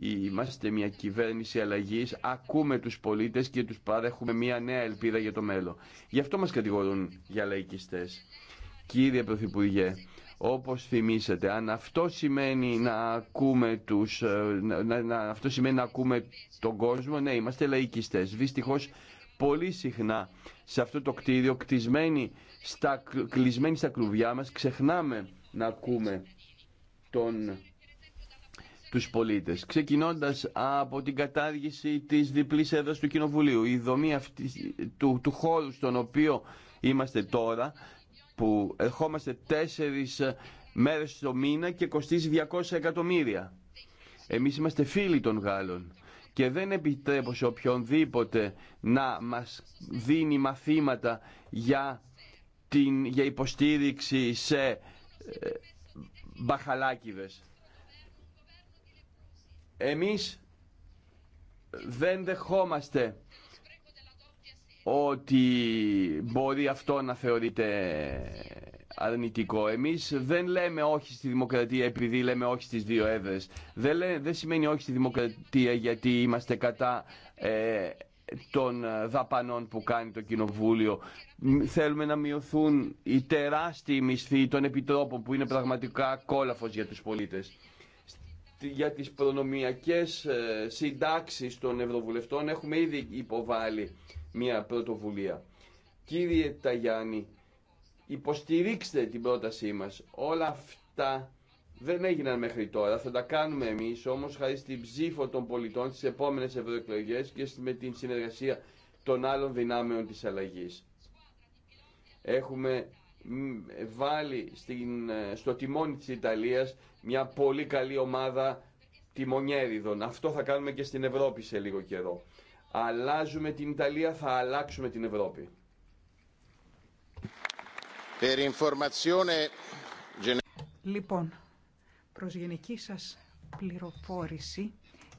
Είμαστε μια κυβέρνηση αλλαγή, ακούμε τους πολίτες και τους παρέχουμε μια νέα ελπίδα για το μέλλον. Γι' αυτό μας κατηγορούν για λαϊκιστές. Κύριε Πρωθυπουργέ, όπως θυμήσατε. Αν αυτό σημαίνει να ακούμε τους, ε, να, να, αυτό σημαίνει να ακούμε τον κόσμο, ναι, είμαστε λαϊκιστές. Δυστυχώς πολύ συχνά σε αυτό το κτίριο, κτισμένοι στα, κλεισμένοι στα κλουβιά μας, ξεχνάμε να ακούμε τον, τους πολίτες. Ξεκινώντας από την κατάργηση της διπλής έδρας του Κοινοβουλίου, η δομή του, του χώρου στον οποίο είμαστε τώρα, που ερχόμαστε τέσσερις ε, μέρες το μήνα και κοστίζει 200 εκατομμύρια. Εμείς είμαστε φίλοι των Γάλλων και δεν επιτρέπω σε οποιονδήποτε να μας δίνει μαθήματα για, την, για υποστήριξη σε ε, μπαχαλάκιδες. Εμείς δεν δεχόμαστε ότι μπορεί αυτό να θεωρείται αρνητικό. Εμείς δεν λέμε όχι στη δημοκρατία επειδή λέμε όχι στις δύο έδρες. Δεν, δεν σημαίνει όχι στη δημοκρατία γιατί είμαστε κατά ε, των δαπανών που κάνει το Κοινοβούλιο. Θέλουμε να μειωθούν οι τεράστιοι μισθοί των επιτρόπων που είναι πραγματικά κόλαφος για τους πολίτες. Για τις προνομιακές ε, συντάξεις των ευρωβουλευτών έχουμε ήδη υποβάλει μια πρωτοβουλία. Κύριε Ταγιάννη, υποστηρίξτε την πρότασή μας. Όλα αυτά δεν έγιναν μέχρι τώρα. Θα τα κάνουμε εμείς όμως χάρη στην ψήφο των πολιτών στις επόμενες ευρωεκλογέ και με την συνεργασία των άλλων δυνάμεων της αλλαγής. Έχουμε βάλει στην, στο τιμόνι της Ιταλίας μια πολύ καλή ομάδα τιμονιέριδων. Αυτό θα κάνουμε και στην Ευρώπη σε λίγο καιρό αλλάζουμε την Ιταλία, θα αλλάξουμε την Ευρώπη. Λοιπόν, προς γενική σας πληροφόρηση,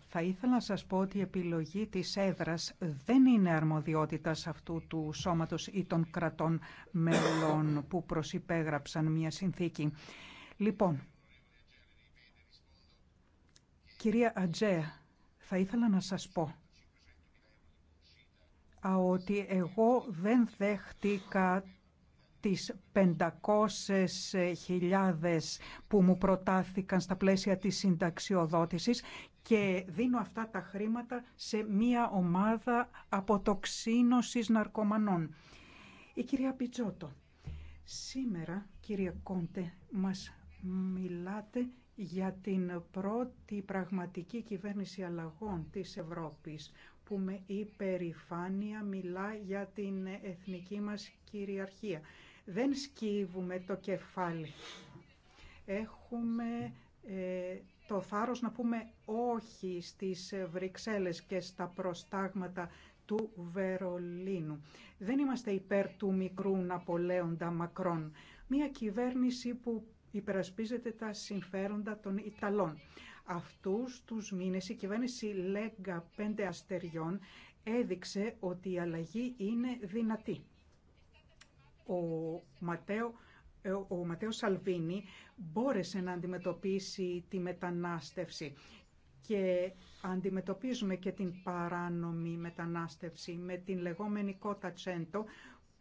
θα ήθελα να σας πω ότι η επιλογή της έδρας δεν είναι αρμοδιότητας αυτού του σώματος ή των κρατών μελών που προσυπέγραψαν μια συνθήκη. Λοιπόν, κυρία Ατζέα, θα ήθελα να σας πω ότι εγώ δεν δέχτηκα τις 500.000 που μου προτάθηκαν στα πλαίσια της συνταξιοδότησης και δίνω αυτά τα χρήματα σε μία ομάδα αποτοξίνωσης ναρκωμανών. Η κυρία Πιτζότο, σήμερα κύριε Κόντε μας μιλάτε για την πρώτη πραγματική κυβέρνηση αλλαγών της Ευρώπης που με υπερηφάνεια μιλά για την εθνική μας κυριαρχία. Δεν σκύβουμε το κεφάλι. Έχουμε ε, το θάρρος να πούμε όχι στις Βρυξέλλες και στα προστάγματα του Βερολίνου. Δεν είμαστε υπέρ του μικρού Ναπολέοντα Μακρόν. Μια κυβέρνηση που υπερασπίζεται τα συμφέροντα των Ιταλών. Αυτούς τους μήνες η κυβέρνηση Λέγκα Πέντε Αστεριών έδειξε ότι η αλλαγή είναι δυνατή. Ο Ματέο, ε, ο Ματέο Σαλβίνη μπόρεσε να αντιμετωπίσει τη μετανάστευση και αντιμετωπίζουμε και την παράνομη μετανάστευση με την λεγόμενη κότα τσέντο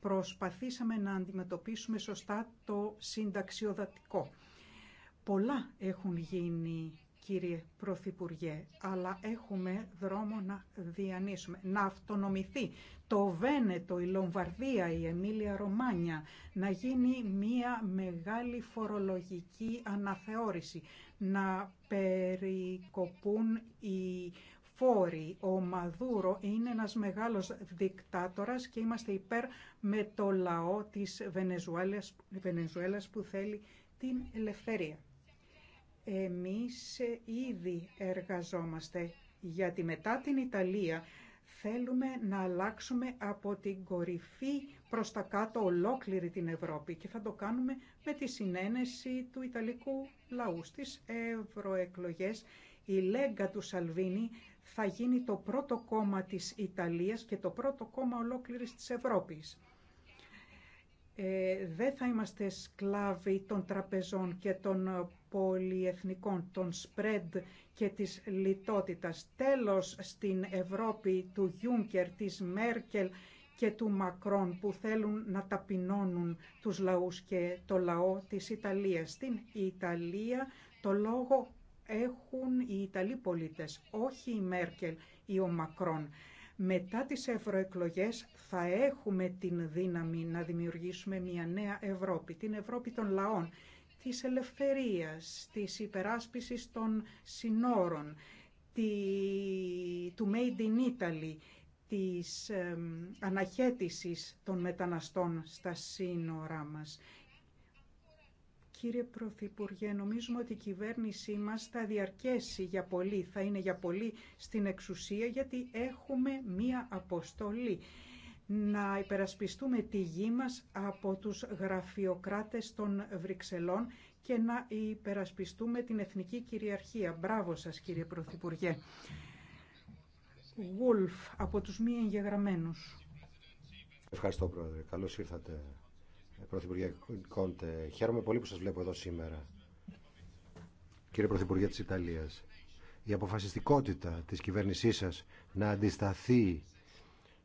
προσπαθήσαμε να αντιμετωπίσουμε σωστά το συνταξιοδατικό. Πολλά έχουν γίνει κύριε Πρωθυπουργέ, αλλά έχουμε δρόμο να διανύσουμε. Να αυτονομηθεί το Βένετο, η Λομβαρδία, η Εμίλια Ρωμάνια, να γίνει μία μεγάλη φορολογική αναθεώρηση, να περικοπούν οι φόροι. Ο Μαδούρο είναι ένας μεγάλος δικτάτορας και είμαστε υπέρ με το λαό της Βενεζουέλας, Βενεζουέλας που θέλει την ελευθερία. Εμείς ε, ήδη εργαζόμαστε γιατί μετά την Ιταλία θέλουμε να αλλάξουμε από την κορυφή προς τα κάτω ολόκληρη την Ευρώπη και θα το κάνουμε με τη συνένεση του Ιταλικού λαού στις ευρωεκλογές. Η Λέγκα του Σαλβίνη θα γίνει το πρώτο κόμμα της Ιταλίας και το πρώτο κόμμα ολόκληρης της Ευρώπης. Ε, δεν θα είμαστε σκλάβοι των τραπεζών και των πολιεθνικών, των σπρέντ και της λιτότητας. Τέλος στην Ευρώπη του Γιούνκερ, της Μέρκελ και του Μακρόν που θέλουν να ταπεινώνουν τους λαούς και το λαό της Ιταλίας. Στην Ιταλία το λόγο έχουν οι Ιταλοί πολίτες, όχι η Μέρκελ ή ο Μακρόν. Μετά τις ευρωεκλογές θα έχουμε την δύναμη να δημιουργήσουμε μια νέα Ευρώπη, την Ευρώπη των λαών της ελευθερίας, της υπεράσπισης των συνόρων, τη, του Made in Italy, της αναχέτησης των μεταναστών στα σύνορά μας. Κύριε Πρωθυπουργέ, νομίζουμε ότι η κυβέρνησή μας θα διαρκέσει για πολύ, θα είναι για πολύ στην εξουσία, γιατί έχουμε μία αποστολή να υπερασπιστούμε τη γη μας από τους γραφειοκράτες των Βρυξελών και να υπερασπιστούμε την εθνική κυριαρχία. Μπράβο σας κύριε Πρωθυπουργέ. Γουλφ από τους μη εγγεγραμμένους. Ευχαριστώ Πρόεδρε. Καλώς ήρθατε Πρωθυπουργέ Κόντε. Χαίρομαι πολύ που σας βλέπω εδώ σήμερα. Κύριε Πρωθυπουργέ της Ιταλίας, η αποφασιστικότητα της κυβέρνησής σας να αντισταθεί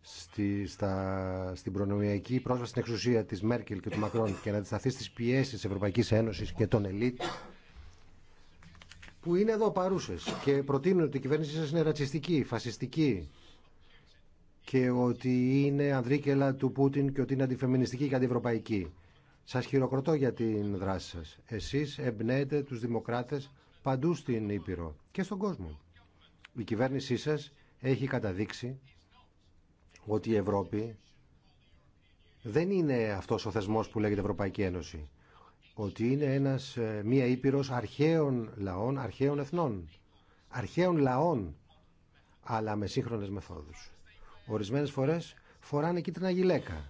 στη, στα, στην προνομιακή πρόσβαση στην εξουσία της Μέρκελ και του Μακρόν και να αντισταθεί στις πιέσεις της Ευρωπαϊκής Ένωσης και των ελίτ που είναι εδώ παρούσες και προτείνουν ότι η κυβέρνησή σας είναι ρατσιστική, φασιστική και ότι είναι ανδρίκελα του Πούτιν και ότι είναι αντιφεμινιστική και αντιευρωπαϊκή. Σας χειροκροτώ για την δράση σας. Εσείς εμπνέετε τους δημοκράτες παντού στην Ήπειρο και στον κόσμο. Η κυβέρνησή σας έχει καταδείξει ότι η Ευρώπη δεν είναι αυτός ο θεσμός που λέγεται Ευρωπαϊκή Ένωση. Ότι είναι ένας, ε, μία ήπειρος αρχαίων λαών, αρχαίων εθνών. Αρχαίων λαών, αλλά με σύγχρονες μεθόδους. Ορισμένες φορές φοράνε κίτρινα γυλαίκα.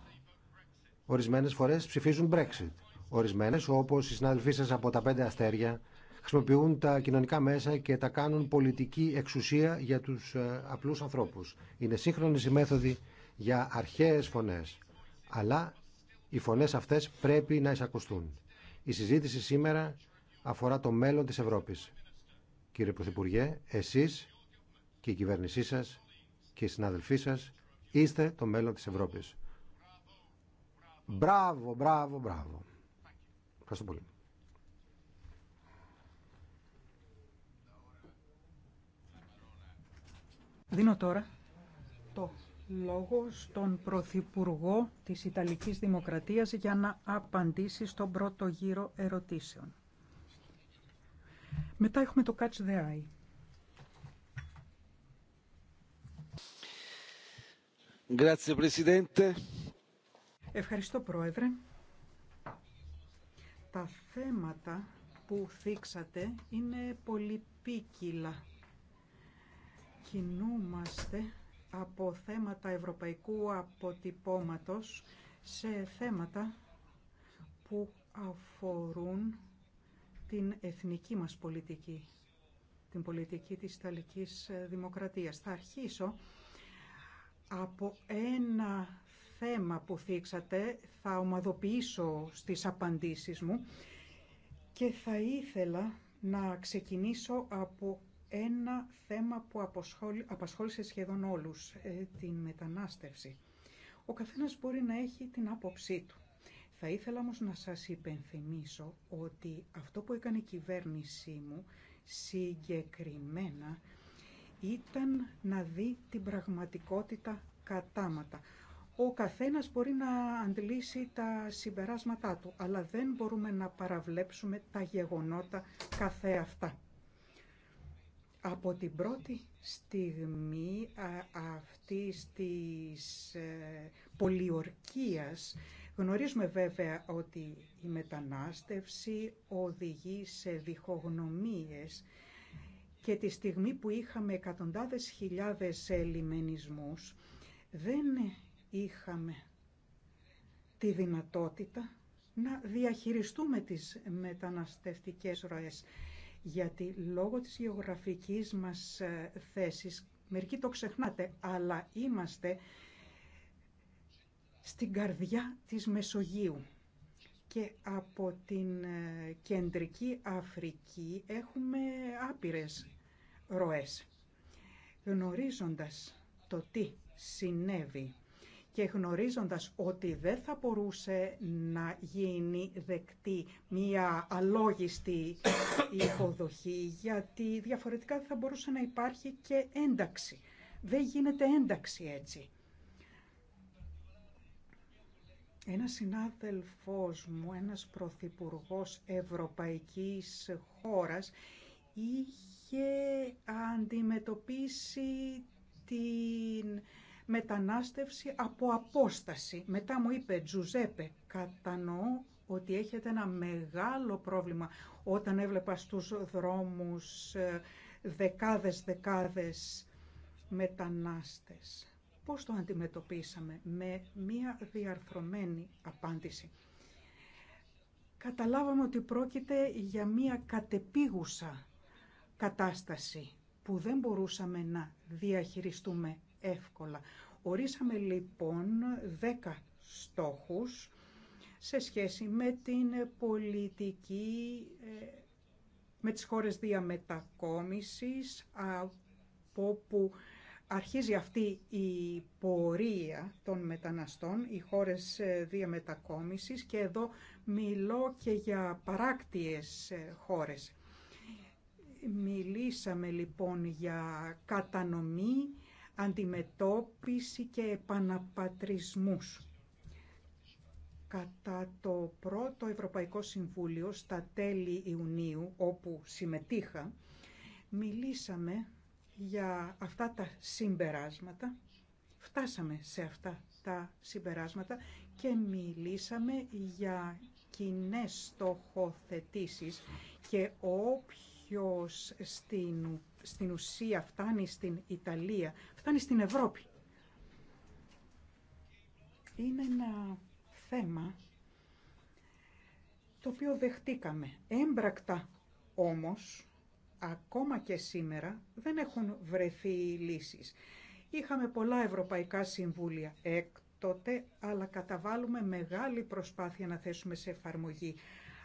Ορισμένες φορές ψηφίζουν Brexit. Ορισμένες, όπως οι συνάδελφοί σας από τα πέντε αστέρια, χρησιμοποιούν τα κοινωνικά μέσα και τα κάνουν πολιτική εξουσία για τους ε, απλούς ανθρώπους. Είναι σύγχρονες οι μέθοδοι για αρχαίες φωνές, αλλά οι φωνές αυτές πρέπει να εισακουστούν. Η συζήτηση σήμερα αφορά το μέλλον της Ευρώπης. Κύριε Πρωθυπουργέ, εσείς και η κυβέρνησή σας και οι συναδελφοί σας είστε το μέλλον της Ευρώπης. Μπράβο, μπράβο, μπράβο. Ευχαριστώ πολύ. Δίνω τώρα το λόγο στον Πρωθυπουργό της Ιταλικής Δημοκρατίας για να απαντήσει στον πρώτο γύρο ερωτήσεων. Μετά έχουμε το Catch the Eye. Ευχαριστώ, Πρόεδρε. Τα θέματα που θίξατε είναι ποικίλα κινούμαστε από θέματα ευρωπαϊκού αποτυπώματος σε θέματα που αφορούν την εθνική μας πολιτική, την πολιτική της Ιταλικής Δημοκρατίας. Θα αρχίσω από ένα θέμα που θίξατε, θα ομαδοποιήσω στις απαντήσεις μου και θα ήθελα να ξεκινήσω από ένα θέμα που απασχόλησε σχεδόν όλους, ε, την μετανάστευση. Ο καθένας μπορεί να έχει την άποψή του. Θα ήθελα όμως να σας υπενθυμίσω ότι αυτό που έκανε η κυβέρνησή μου συγκεκριμένα ήταν να δει την πραγματικότητα κατάματα. Ο καθένας μπορεί να αντλήσει τα συμπεράσματά του, αλλά δεν μπορούμε να παραβλέψουμε τα γεγονότα αυτά. Από την πρώτη στιγμή αυτής της ε, πολιορκίας γνωρίζουμε βέβαια ότι η μετανάστευση οδηγεί σε διχογνωμίες και τη στιγμή που είχαμε εκατοντάδες χιλιάδες ελιμενισμούς δεν είχαμε τη δυνατότητα να διαχειριστούμε τις μεταναστευτικές ροές γιατί λόγω της γεωγραφικής μας ε, θέσης, μερικοί το ξεχνάτε, αλλά είμαστε στην καρδιά της Μεσογείου και από την ε, κεντρική Αφρική έχουμε άπειρες ροές. Γνωρίζοντας το τι συνέβη και γνωρίζοντας ότι δεν θα μπορούσε να γίνει δεκτή μία αλόγιστη υποδοχή γιατί διαφορετικά θα μπορούσε να υπάρχει και ένταξη. Δεν γίνεται ένταξη έτσι. Ένα συνάδελφός μου, ένας πρωθυπουργός ευρωπαϊκής χώρας, είχε αντιμετωπίσει την μετανάστευση από απόσταση. Μετά μου είπε Τζουζέπε, κατανοώ ότι έχετε ένα μεγάλο πρόβλημα όταν έβλεπα στους δρόμους ε, δεκάδες δεκάδες μετανάστες. Πώς το αντιμετωπίσαμε με μία διαρθρωμένη απάντηση. Καταλάβαμε ότι πρόκειται για μία κατεπίγουσα κατάσταση που δεν μπορούσαμε να διαχειριστούμε εύκολα. Ορίσαμε λοιπόν 10 στόχους σε σχέση με την πολιτική, ε, με τις χώρες διαμετακόμισης, από που αρχίζει αυτή η πορεία των μεταναστών, οι χώρες ε, διαμετακόμισης και εδώ μιλώ και για παράκτιες ε, χώρες. Μιλήσαμε λοιπόν για κατανομή αντιμετώπιση και επαναπατρισμούς. Κατά το πρώτο Ευρωπαϊκό Συμβούλιο στα τέλη Ιουνίου, όπου συμμετείχα, μιλήσαμε για αυτά τα συμπεράσματα, φτάσαμε σε αυτά τα συμπεράσματα και μιλήσαμε για κοινές στοχοθετήσεις και όποιος στην στην ουσία φτάνει στην Ιταλία, φτάνει στην Ευρώπη. Είναι ένα θέμα το οποίο δεχτήκαμε. Έμπρακτα όμως, ακόμα και σήμερα, δεν έχουν βρεθεί λύσεις. Είχαμε πολλά ευρωπαϊκά συμβούλια έκτοτε, αλλά καταβάλουμε μεγάλη προσπάθεια να θέσουμε σε εφαρμογή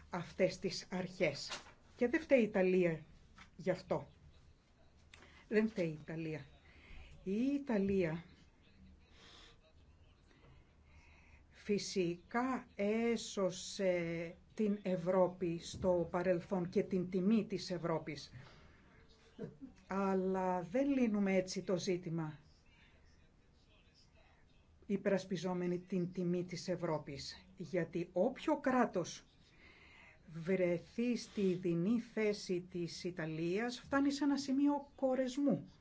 αυτές τις αρχές. Και δεν φταίει η Ιταλία γι' αυτό. Δεν φταίει η Ιταλία. Η Ιταλία φυσικά έσωσε την Ευρώπη στο παρελθόν και την τιμή της Ευρώπης. Αλλά δεν λύνουμε έτσι το ζήτημα υπερασπιζόμενη την τιμή της Ευρώπης. Γιατί όποιο κράτος βρεθεί στη δινή θέση της Ιταλίας φτάνει σε ένα σημείο κορεσμού.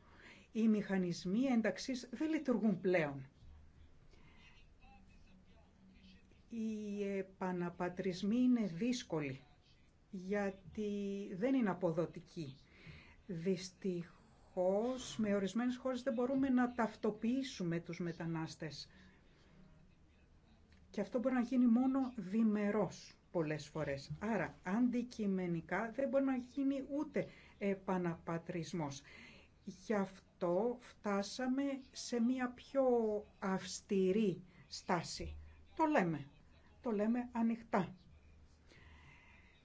Οι μηχανισμοί ένταξης δεν λειτουργούν πλέον. Οι επαναπατρισμοί είναι δύσκολοι γιατί δεν είναι αποδοτικοί. Δυστυχώς με ορισμένες χώρες δεν μπορούμε να ταυτοποιήσουμε τους μετανάστες. Και αυτό μπορεί να γίνει μόνο διμερός πολλές φορές. Άρα, αντικειμενικά δεν μπορεί να γίνει ούτε επαναπατρισμός. Γι' αυτό φτάσαμε σε μια πιο αυστηρή στάση. Το λέμε. Το λέμε ανοιχτά.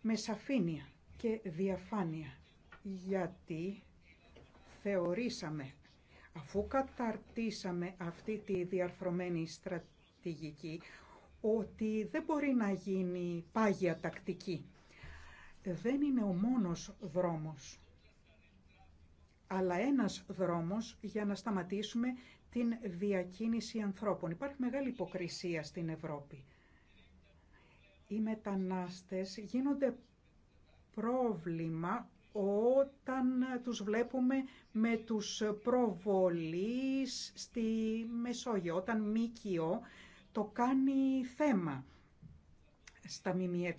Με σαφήνεια και διαφάνεια. Γιατί θεωρήσαμε, αφού καταρτήσαμε αυτή τη διαρθρωμένη στρατηγική, ότι δεν μπορεί να γίνει πάγια τακτική. Δεν είναι ο μόνος δρόμος, αλλά ένας δρόμος για να σταματήσουμε την διακίνηση ανθρώπων. Υπάρχει μεγάλη υποκρισία στην Ευρώπη. Οι μετανάστες γίνονται πρόβλημα όταν τους βλέπουμε με τους προβολείς στη Μεσόγειο, όταν μίκιο το κάνει θέμα στα ΜΜΕ.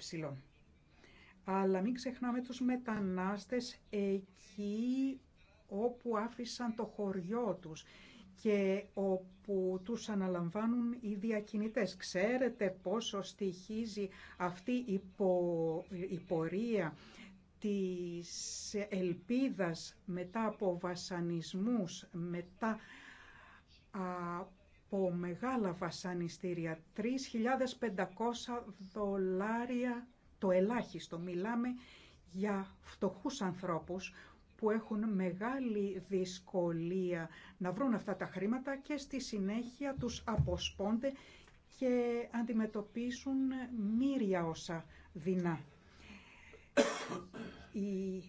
Αλλά μην ξεχνάμε τους μετανάστες εκεί όπου άφησαν το χωριό τους και όπου τους αναλαμβάνουν οι διακινητές. Ξέρετε πόσο στοιχίζει αυτή η, πο, πορεία της ελπίδας μετά από βασανισμούς, μετά από μεγάλα βασανιστήρια, 3.500 δολάρια το ελάχιστο. Μιλάμε για φτωχούς ανθρώπους που έχουν μεγάλη δυσκολία να βρουν αυτά τα χρήματα και στη συνέχεια τους αποσπώνται και αντιμετωπίσουν μύρια όσα δεινά. Η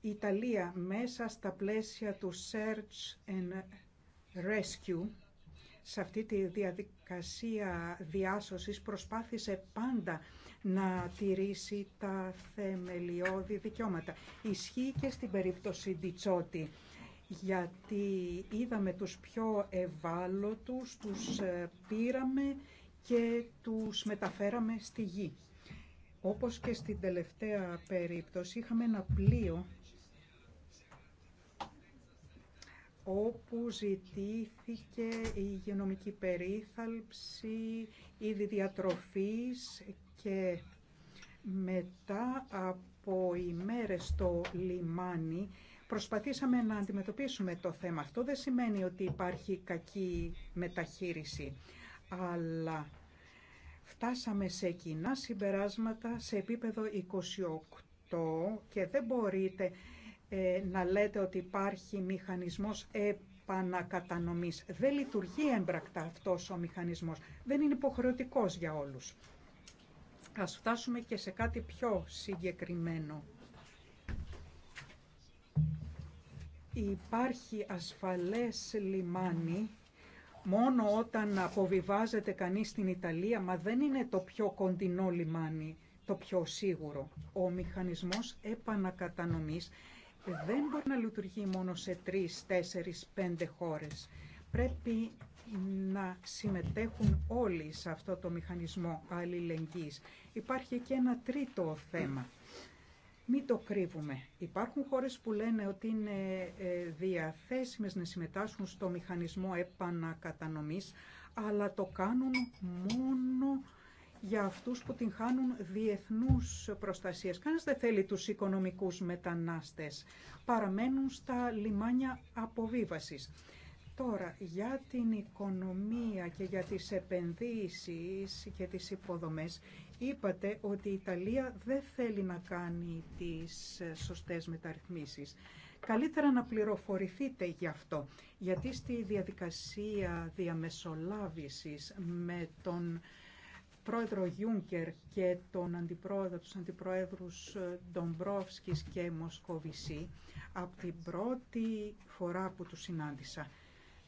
Ιταλία μέσα στα πλαίσια του Search and Rescue σε αυτή τη διαδικασία διάσωσης προσπάθησε πάντα να τηρήσει τα θεμελιώδη δικαιώματα. Ισχύει και στην περίπτωση Ντιτσότη, γιατί είδαμε τους πιο ευάλωτους, τους ε, πήραμε και τους μεταφέραμε στη γη. Όπως και στην τελευταία περίπτωση είχαμε ένα πλοίο όπου ζητήθηκε η υγειονομική περίθαλψη, είδη διατροφής και μετά από ημέρες στο λιμάνι προσπαθήσαμε να αντιμετωπίσουμε το θέμα. Αυτό δεν σημαίνει ότι υπάρχει κακή μεταχείριση, αλλά φτάσαμε σε κοινά συμπεράσματα σε επίπεδο 28 και δεν μπορείτε ε, να λέτε ότι υπάρχει μηχανισμός επανακατανομής. Δεν λειτουργεί έμπρακτα αυτός ο μηχανισμός. Δεν είναι υποχρεωτικός για όλους. Ας φτάσουμε και σε κάτι πιο συγκεκριμένο. Υπάρχει ασφαλές λιμάνι μόνο όταν αποβιβάζεται κανείς στην Ιταλία, μα δεν είναι το πιο κοντινό λιμάνι, το πιο σίγουρο. Ο μηχανισμός επανακατανομής δεν μπορεί να λειτουργεί μόνο σε τρεις, τέσσερις, πέντε χώρες. Πρέπει να συμμετέχουν όλοι σε αυτό το μηχανισμό αλληλεγγύης. Υπάρχει και ένα τρίτο θέμα. Μην το κρύβουμε. Υπάρχουν χώρες που λένε ότι είναι ε, διαθέσιμες να συμμετάσχουν στο μηχανισμό επανακατανομής, αλλά το κάνουν μόνο για αυτούς που την χάνουν διεθνούς προστασίες. Κανένας δεν θέλει τους οικονομικούς μετανάστες. Παραμένουν στα λιμάνια αποβίβασης. Τώρα, για την οικονομία και για τις επενδύσεις και τις υποδομές, είπατε ότι η Ιταλία δεν θέλει να κάνει τις σωστές μεταρρυθμίσεις. Καλύτερα να πληροφορηθείτε γι' αυτό, γιατί στη διαδικασία διαμεσολάβησης με τον πρόεδρο Γιούνκερ και τον αντιπρόεδρο, τους αντιπροέδρους ε, Ντομπρόφσκης και Μοσκοβισή από την πρώτη φορά που τους συνάντησα.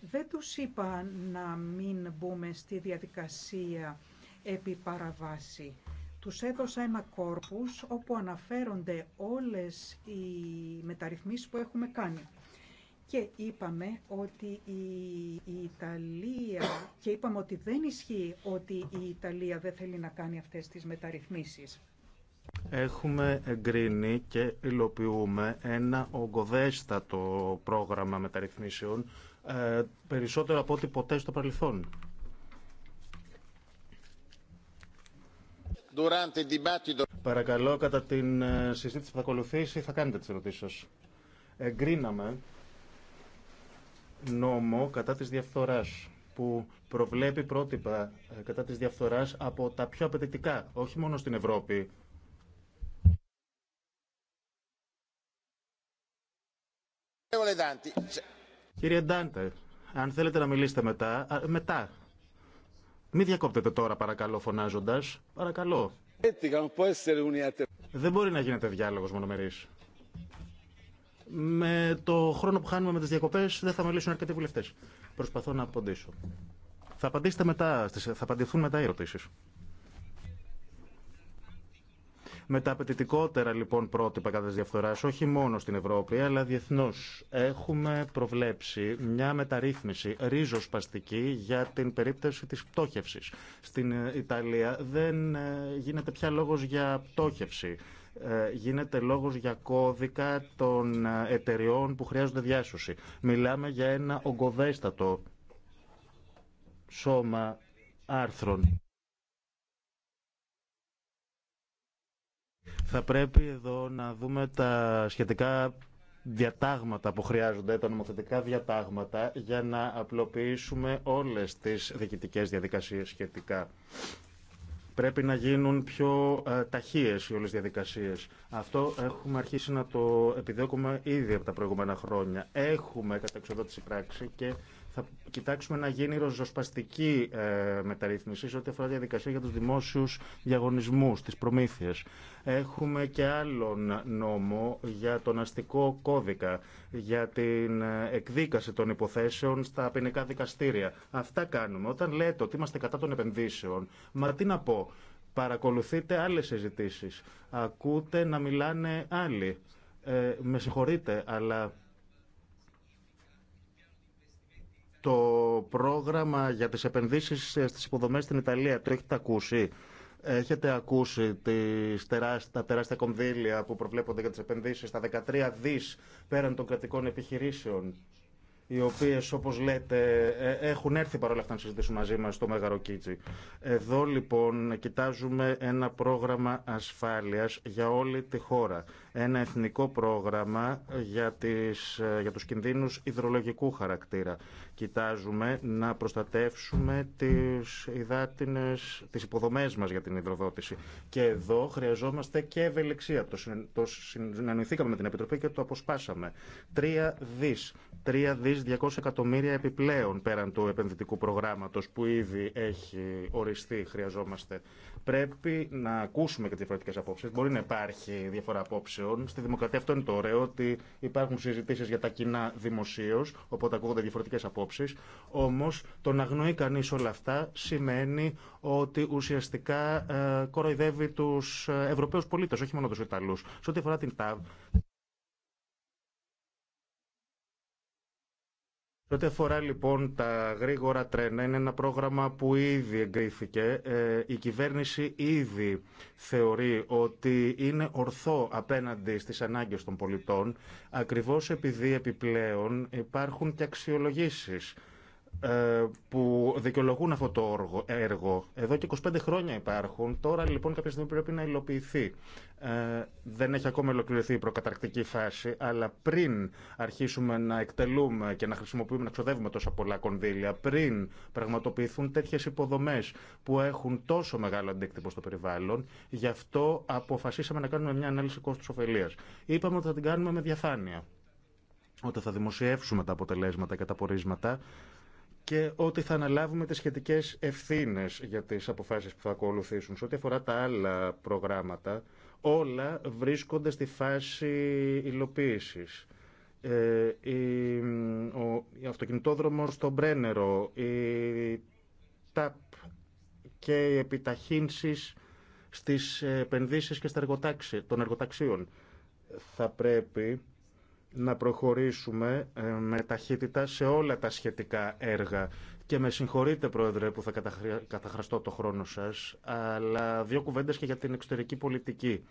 Δεν τους είπα να μην μπούμε στη διαδικασία επί παραβάση. Τους έδωσα ένα κόρπους όπου αναφέρονται όλες οι μεταρρυθμίσεις που έχουμε κάνει. Και είπαμε ότι η Ιταλία και είπαμε ότι δεν ισχύει ότι η Ιταλία δεν θέλει να κάνει αυτές τις μεταρρυθμίσεις. Έχουμε εγκρίνει και υλοποιούμε ένα ογκοδέστατο πρόγραμμα μεταρρυθμίσεων ε, περισσότερο από ό,τι ποτέ στο παρελθόν. Παρακαλώ, κατά την ε, συζήτηση που θα ακολουθήσει θα κάνετε τις ερωτήσεις σας. Εγκρίναμε νόμο κατά της διαφθοράς που προβλέπει πρότυπα ε, κατά της διαφθοράς από τα πιο απαιτητικά, όχι μόνο στην Ευρώπη. Κύριε Ντάντε, αν θέλετε να μιλήσετε μετά, μετά. Μην διακόπτετε τώρα, παρακαλώ, φωνάζοντας. Παρακαλώ. Δεν μπορεί να γίνεται διάλογος μονομερής με το χρόνο που χάνουμε με τι διακοπέ δεν θα μιλήσουν αρκετοί βουλευτέ. Προσπαθώ να απαντήσω. Θα, απαντήσετε μετά, θα απαντηθούν μετά οι ερωτήσει. Με τα απαιτητικότερα λοιπόν πρότυπα κατά τη διαφθορά, όχι μόνο στην Ευρώπη, αλλά διεθνώ, έχουμε προβλέψει μια μεταρρύθμιση ρίζοσπαστική για την περίπτωση τη πτώχευση. Στην ε, Ιταλία δεν ε, γίνεται πια λόγο για πτώχευση ε, γίνεται λόγος για κώδικα των ε, εταιριών που χρειάζονται διάσωση. Μιλάμε για ένα ογκοδέστατο σώμα άρθρων. Θα πρέπει εδώ να δούμε τα σχετικά διατάγματα που χρειάζονται, τα νομοθετικά διατάγματα, για να απλοποιήσουμε όλες τις διοικητικές διαδικασίες σχετικά. Πρέπει να γίνουν πιο ε, ταχείες οι όλες διαδικασίες. Αυτό έχουμε αρχίσει να το επιδιώκουμε ήδη από τα προηγούμενα χρόνια. Έχουμε καταξοδότηση πράξη και θα κοιτάξουμε να γίνει ροζοσπαστική ε, μεταρρύθμιση σε ό,τι αφορά τη διαδικασία για τους δημόσιους διαγωνισμούς, τις προμήθειες. Έχουμε και άλλον νόμο για τον αστικό κώδικα, για την ε, εκδίκαση των υποθέσεων στα ποινικά δικαστήρια. Αυτά κάνουμε. Όταν λέτε ότι είμαστε κατά των επενδύσεων, μα τι να πω, παρακολουθείτε άλλες συζητήσει. ακούτε να μιλάνε άλλοι. Ε, με συγχωρείτε, αλλά το πρόγραμμα για τις επενδύσεις στις υποδομές στην Ιταλία. Το έχετε ακούσει. Έχετε ακούσει τις τεράστα, τα τεράστια κονδύλια που προβλέπονται για τις επενδύσεις, τα 13 δις πέραν των κρατικών επιχειρήσεων, οι οποίες όπως λέτε ε, έχουν έρθει παρόλα αυτά να συζητήσουν μαζί μας στο Μέγαρο Εδώ λοιπόν κοιτάζουμε ένα πρόγραμμα ασφάλειας για όλη τη χώρα ένα εθνικό πρόγραμμα για, τις, για τους κινδύνους υδρολογικού χαρακτήρα. Κοιτάζουμε να προστατεύσουμε τις, υδάτινες, τις υποδομές μας για την υδροδότηση. Και εδώ χρειαζόμαστε και ευελιξία. Το, το συναντηθήκαμε με την Επιτροπή και το αποσπάσαμε. 3 δις. 3 δις 200 εκατομμύρια επιπλέον πέραν του επενδυτικού προγράμματος που ήδη έχει οριστεί χρειαζόμαστε. Πρέπει να ακούσουμε και τις διαφορετικές απόψεις. Μπορεί να υπάρχει διαφορά απόψεων Στη δημοκρατία αυτό είναι το ωραίο, ότι υπάρχουν συζητήσει για τα κοινά δημοσίω, οπότε ακούγονται διαφορετικέ απόψει. Όμω το να αγνοεί κανεί όλα αυτά σημαίνει ότι ουσιαστικά ε, κοροϊδεύει του ε, Ευρωπαίου πολίτε, όχι μόνο του Ιταλού. Σε ό,τι αφορά την ΤΑΒ, Σε αφορά λοιπόν τα γρήγορα τρένα, είναι ένα πρόγραμμα που ήδη εγκρίθηκε. Ε, η κυβέρνηση ήδη θεωρεί ότι είναι ορθό απέναντι στις ανάγκες των πολιτών, ακριβώς επειδή επιπλέον υπάρχουν και αξιολογήσεις ε, που δικαιολογούν αυτό το έργο. Εδώ και 25 χρόνια υπάρχουν. Τώρα λοιπόν κάποια στιγμή πρέπει να υλοποιηθεί. Ε, δεν έχει ακόμα ολοκληρωθεί η προκαταρκτική φάση, αλλά πριν αρχίσουμε να εκτελούμε και να χρησιμοποιούμε, να ξοδεύουμε τόσα πολλά κονδύλια, πριν πραγματοποιηθούν τέτοιε υποδομέ που έχουν τόσο μεγάλο αντίκτυπο στο περιβάλλον, γι' αυτό αποφασίσαμε να κάνουμε μια ανάλυση ωφελία. Είπαμε ότι θα την κάνουμε με διαφάνεια. Όταν θα δημοσιεύσουμε τα αποτελέσματα και τα πορίσματα, και ότι θα αναλάβουμε τις σχετικές ευθύνες για τις αποφάσεις που θα ακολουθήσουν. Σε ό,τι αφορά τα άλλα προγράμματα, όλα βρίσκονται στη φάση υλοποίησης. Ε, ο αυτοκινητόδρομος στο Μπρένερο, η ΤΑΠ και οι επιταχύνσεις στις επενδύσεις και στα των εργοταξίων θα πρέπει να προχωρήσουμε ε, με ταχύτητα σε όλα τα σχετικά έργα. Και με συγχωρείτε, Πρόεδρε, που θα καταχραστώ το χρόνο σας, αλλά δύο κουβέντες και για την εξωτερική πολιτική.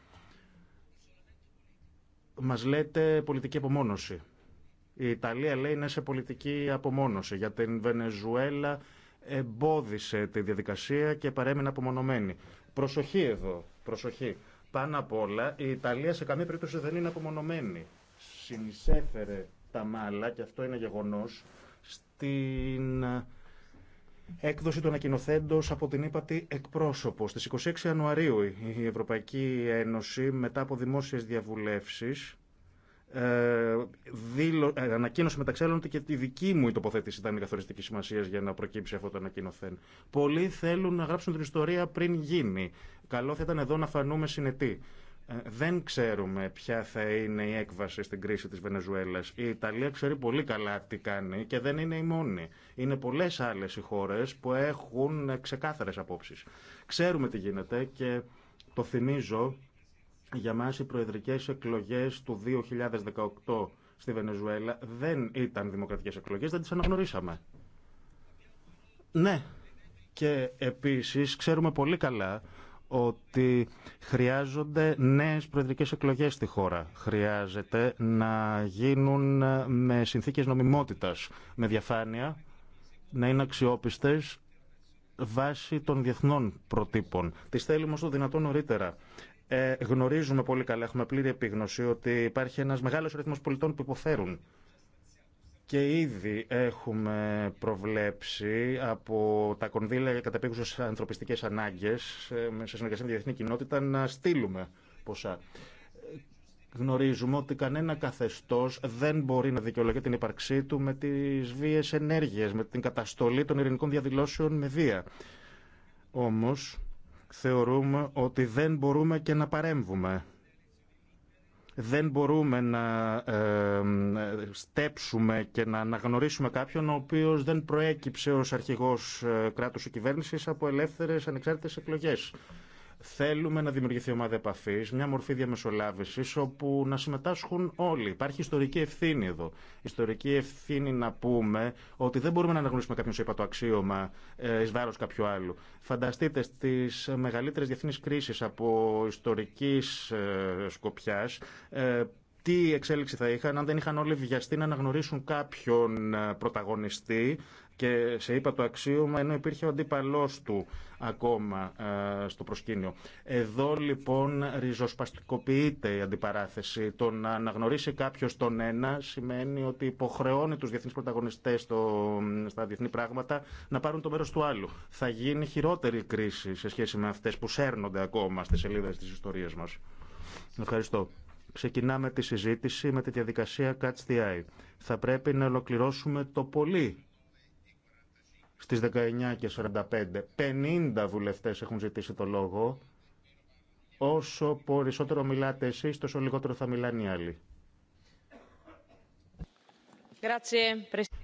Μας λέτε πολιτική απομόνωση. Η Ιταλία λέει είναι σε πολιτική απομόνωση. Για την Βενεζουέλα εμπόδισε τη διαδικασία και παρέμεινε απομονωμένη. Προσοχή εδώ, προσοχή. Πάνω απ' όλα, η Ιταλία σε καμία περίπτωση δεν είναι απομονωμένη συνεισέφερε τα μάλα, και αυτό είναι γεγονός, στην έκδοση των ανακοινοθέντων από την ύπατη εκπρόσωπο. Στις 26 Ιανουαρίου η Ευρωπαϊκή Ένωση, μετά από δημόσιες διαβουλεύσεις, ε, ε, ανακοίνωσε μεταξύ άλλων ότι και τη δική μου η τοποθέτηση ήταν η καθοριστική σημασία για να προκύψει αυτό το ανακοινοθέν. Πολλοί θέλουν να γράψουν την ιστορία πριν γίνει. Καλό θα ήταν εδώ να φανούμε συνετοί. Ε, δεν ξέρουμε ποια θα είναι η έκβαση στην κρίση της Βενεζουέλας. Η Ιταλία ξέρει πολύ καλά τι κάνει και δεν είναι η μόνη. Είναι πολλές άλλες οι χώρες που έχουν ξεκάθαρες απόψεις. Ξέρουμε τι γίνεται και το θυμίζω για μας οι προεδρικές εκλογές του 2018 στη Βενεζουέλα δεν ήταν δημοκρατικές εκλογές, δεν τις αναγνωρίσαμε. Ναι, και επίσης ξέρουμε πολύ καλά ότι χρειάζονται νέες προεδρικές εκλογές στη χώρα. Χρειάζεται να γίνουν με συνθήκες νομιμότητας, με διαφάνεια, να είναι αξιόπιστες βάσει των διεθνών προτύπων. Τις θέλουμε όσο δυνατόν νωρίτερα. Ε, γνωρίζουμε πολύ καλά, έχουμε πλήρη επίγνωση, ότι υπάρχει ένας μεγάλος ρυθμός πολιτών που υποφέρουν και ήδη έχουμε προβλέψει από τα κονδύλια για καταπήγουσε ανθρωπιστικές ανάγκες σε συνεργασία με τη διεθνή κοινότητα να στείλουμε ποσά. Γνωρίζουμε ότι κανένα καθεστώς δεν μπορεί να δικαιολογεί την ύπαρξή του με τις βίες ενέργειες, με την καταστολή των ειρηνικών διαδηλώσεων με βία. Όμως θεωρούμε ότι δεν μπορούμε και να παρέμβουμε δεν μπορούμε να ε, ε, στέψουμε και να αναγνωρίσουμε κάποιον ο οποίος δεν προέκυψε ως αρχηγός ε, κράτους ή κυβέρνησης από ελεύθερες ανεξάρτητες εκλογές. Θέλουμε να δημιουργηθεί ομάδα επαφή, μια μορφή διαμεσολάβηση όπου να συμμετάσχουν όλοι. Υπάρχει ιστορική ευθύνη εδώ. Ιστορική ευθύνη να πούμε ότι δεν μπορούμε να αναγνωρίσουμε κάποιον, σε το αξίωμα ε, ει βάρο κάποιου άλλου. Φανταστείτε στι μεγαλύτερε διεθνεί κρίσει από ιστορική ε, σκοπιά ε, τι εξέλιξη θα είχαν αν δεν είχαν όλοι βιαστεί να αναγνωρίσουν κάποιον πρωταγωνιστή και σε είπα το αξίωμα ενώ υπήρχε ο αντίπαλός του ακόμα ε, στο προσκήνιο. Εδώ λοιπόν ριζοσπαστικοποιείται η αντιπαράθεση. Το να αναγνωρίσει κάποιο τον ένα σημαίνει ότι υποχρεώνει του διεθνεί πρωταγωνιστέ στα διεθνή πράγματα να πάρουν το μέρο του άλλου. Θα γίνει χειρότερη κρίση σε σχέση με αυτέ που σέρνονται ακόμα στι σελίδε τη ιστορία μα. Ευχαριστώ. Ξεκινάμε τη συζήτηση με τη διαδικασία Catch the Eye. Θα πρέπει να ολοκληρώσουμε το πολύ στις 19 και 45. 50 βουλευτές έχουν ζητήσει το λόγο. Όσο περισσότερο μιλάτε εσείς, τόσο λιγότερο θα μιλάνε οι άλλοι.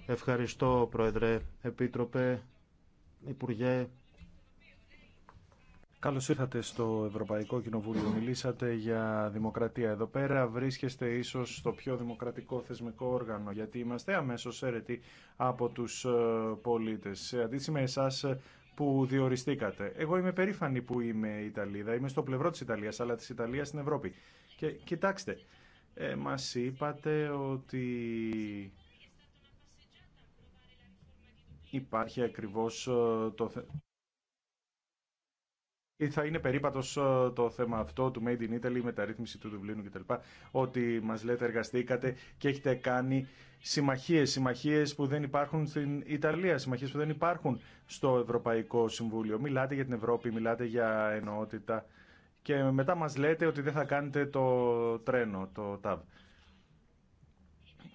Ευχαριστώ, Πρόεδρε, Επίτροπε, Υπουργέ. Καλώς ήρθατε στο Ευρωπαϊκό Κοινοβούλιο. Μιλήσατε για δημοκρατία. Εδώ πέρα βρίσκεστε ίσως στο πιο δημοκρατικό θεσμικό όργανο, γιατί είμαστε αμέσως έρετοι από τους ε, πολίτες. Σε αντίθεση με εσάς ε, που διοριστήκατε. Εγώ είμαι περήφανη που είμαι Ιταλίδα, είμαι στο πλευρό της Ιταλίας, αλλά της Ιταλίας στην Ευρώπη. Και κοιτάξτε, ε, μας είπατε ότι υπάρχει ακριβώς ε, το θα είναι περίπατος ε, το θέμα αυτό του Made in Italy, μεταρρύθμιση του Δουβλίνου κτλ. Ότι μας λέτε εργαστήκατε και έχετε κάνει συμμαχίες, συμμαχίες που δεν υπάρχουν στην Ιταλία, συμμαχίε που δεν υπάρχουν στο Ευρωπαϊκό Συμβούλιο. Μιλάτε για την Ευρώπη, μιλάτε για ενότητα και μετά μας λέτε ότι δεν θα κάνετε το τρένο, το TAV.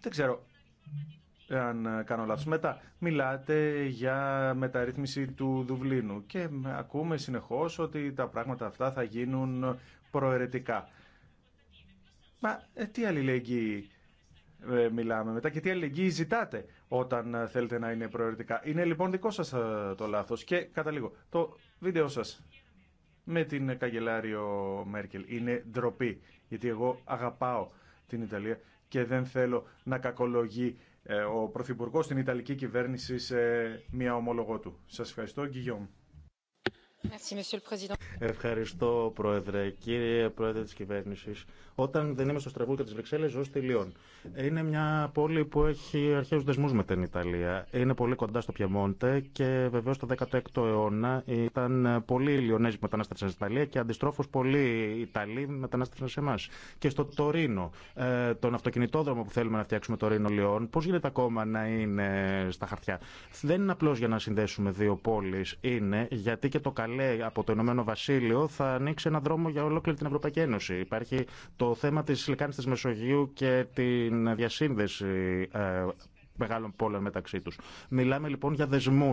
Δεν ξέρω αν ε, κάνω λάθος. Μετά μιλάτε για μεταρρύθμιση του Δουβλίνου και ακούμε συνεχώς ότι τα πράγματα αυτά θα γίνουν προαιρετικά. Μα ε, τι αλληλεγγύη ε, μιλάμε μετά και τι αλληλεγγύη ζητάτε όταν θέλετε να είναι προαιρετικά. Είναι λοιπόν δικό σας το λάθος και καταλήγω. Το βίντεο σας με την καγκελάριο Μέρκελ είναι ντροπή γιατί εγώ αγαπάω την Ιταλία και δεν θέλω να κακολογεί ε, ο Πρωθυπουργό στην Ιταλική κυβέρνηση σε μια ομολογό του. Σας ευχαριστώ, Γκυγιόμ. Ευχαριστώ, Πρόεδρε. Κύριε Πρόεδρε τη Κυβέρνηση, όταν δεν είμαι στο Στρασβούργο και τι Βρυξέλλε, ζω στη Λιόν. Είναι μια πόλη που έχει αρχαίου δεσμού με την Ιταλία. Είναι πολύ κοντά στο Πιεμόντε και βεβαίω το 16ο αιώνα ήταν πολλοί Λιονέζοι που μετανάστευσαν στην Ιταλία και αντιστρόφω πολλοί Ιταλοί μετανάστευσαν σε εμά. Και στο Τωρίνο, ε, τον αυτοκινητόδρομο που θέλουμε να φτιάξουμε Τωρίνο Λιόν, πώ γίνεται ακόμα να είναι στα χαρτιά. Δεν είναι απλώ για να συνδέσουμε δύο πόλει, είναι γιατί και το καλύτερο λέει από το Ηνωμένο Βασίλειο θα ανοίξει ένα δρόμο για ολόκληρη την Ευρωπαϊκή Ένωση. Υπάρχει το θέμα τη λεκάνη τη Μεσογείου και την διασύνδεση ε, μεγάλων πόλεων μεταξύ του. Μιλάμε λοιπόν για δεσμού.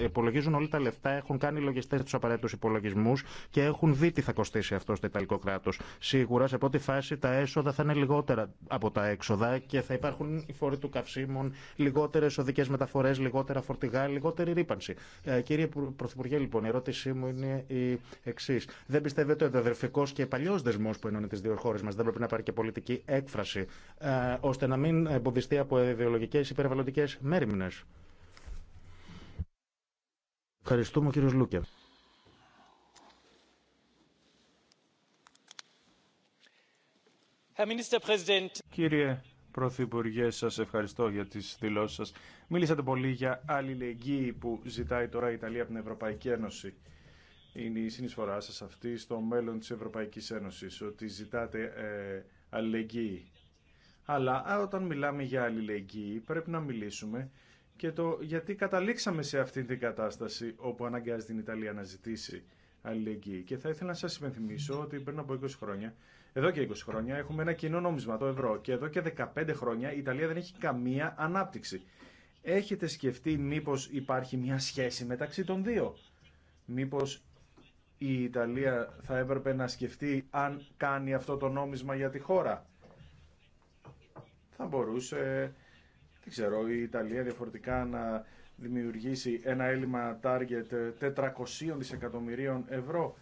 Ε, υπολογίζουν όλοι τα λεφτά, έχουν κάνει οι λογιστέ του απαραίτητου υπολογισμού και έχουν δει τι θα κοστίσει αυτό στο Ιταλικό κράτο. Σίγουρα σε πρώτη φάση τα έσοδα θα είναι λιγότερα από τα έξοδα και θα υπάρχουν οι φόροι του καυσίμων, λιγότερε οδικέ μεταφορέ, λιγότερα φορτηγά, λιγότερη ρήπανση. Ε, κύριε Πρωθυπουργέ, λοιπόν, η ερώτησή μου είναι η εξή. Δεν πιστεύετε ότι ο αδερφικό και παλιό δεσμό που ενώνει τι δύο χώρε μα δεν πρέπει να πάρει και πολιτική έκφραση, ε, ώστε να μην εμποδιστεί από ιδεολογικέ περιβαλλοντικές μέρημνε. Ευχαριστούμε κύριο Κύριε Πρωθυπουργέ, σα ευχαριστώ για τι δηλώσει σα. Μίλησατε πολύ για αλληλεγγύη που ζητάει τώρα η Ιταλία από την Ευρωπαϊκή Ένωση. Είναι η συνεισφορά σα αυτή στο μέλλον τη Ευρωπαϊκή Ένωση, ότι ζητάτε ε, αλληλεγγύη. Αλλά όταν μιλάμε για αλληλεγγύη πρέπει να μιλήσουμε και το γιατί καταλήξαμε σε αυτή την κατάσταση όπου αναγκάζει την Ιταλία να ζητήσει αλληλεγγύη. Και θα ήθελα να σας υπενθυμίσω ότι πριν από 20 χρόνια, εδώ και 20 χρόνια έχουμε ένα κοινό νόμισμα, το ευρώ. Και εδώ και 15 χρόνια η Ιταλία δεν έχει καμία ανάπτυξη. Έχετε σκεφτεί μήπως υπάρχει μια σχέση μεταξύ των δύο. Μήπως η Ιταλία θα έπρεπε να σκεφτεί αν κάνει αυτό το νόμισμα για τη χώρα θα μπορούσε, δεν ξέρω, η Ιταλία διαφορετικά να δημιουργήσει ένα έλλειμμα target 400 δισεκατομμυρίων ευρώ.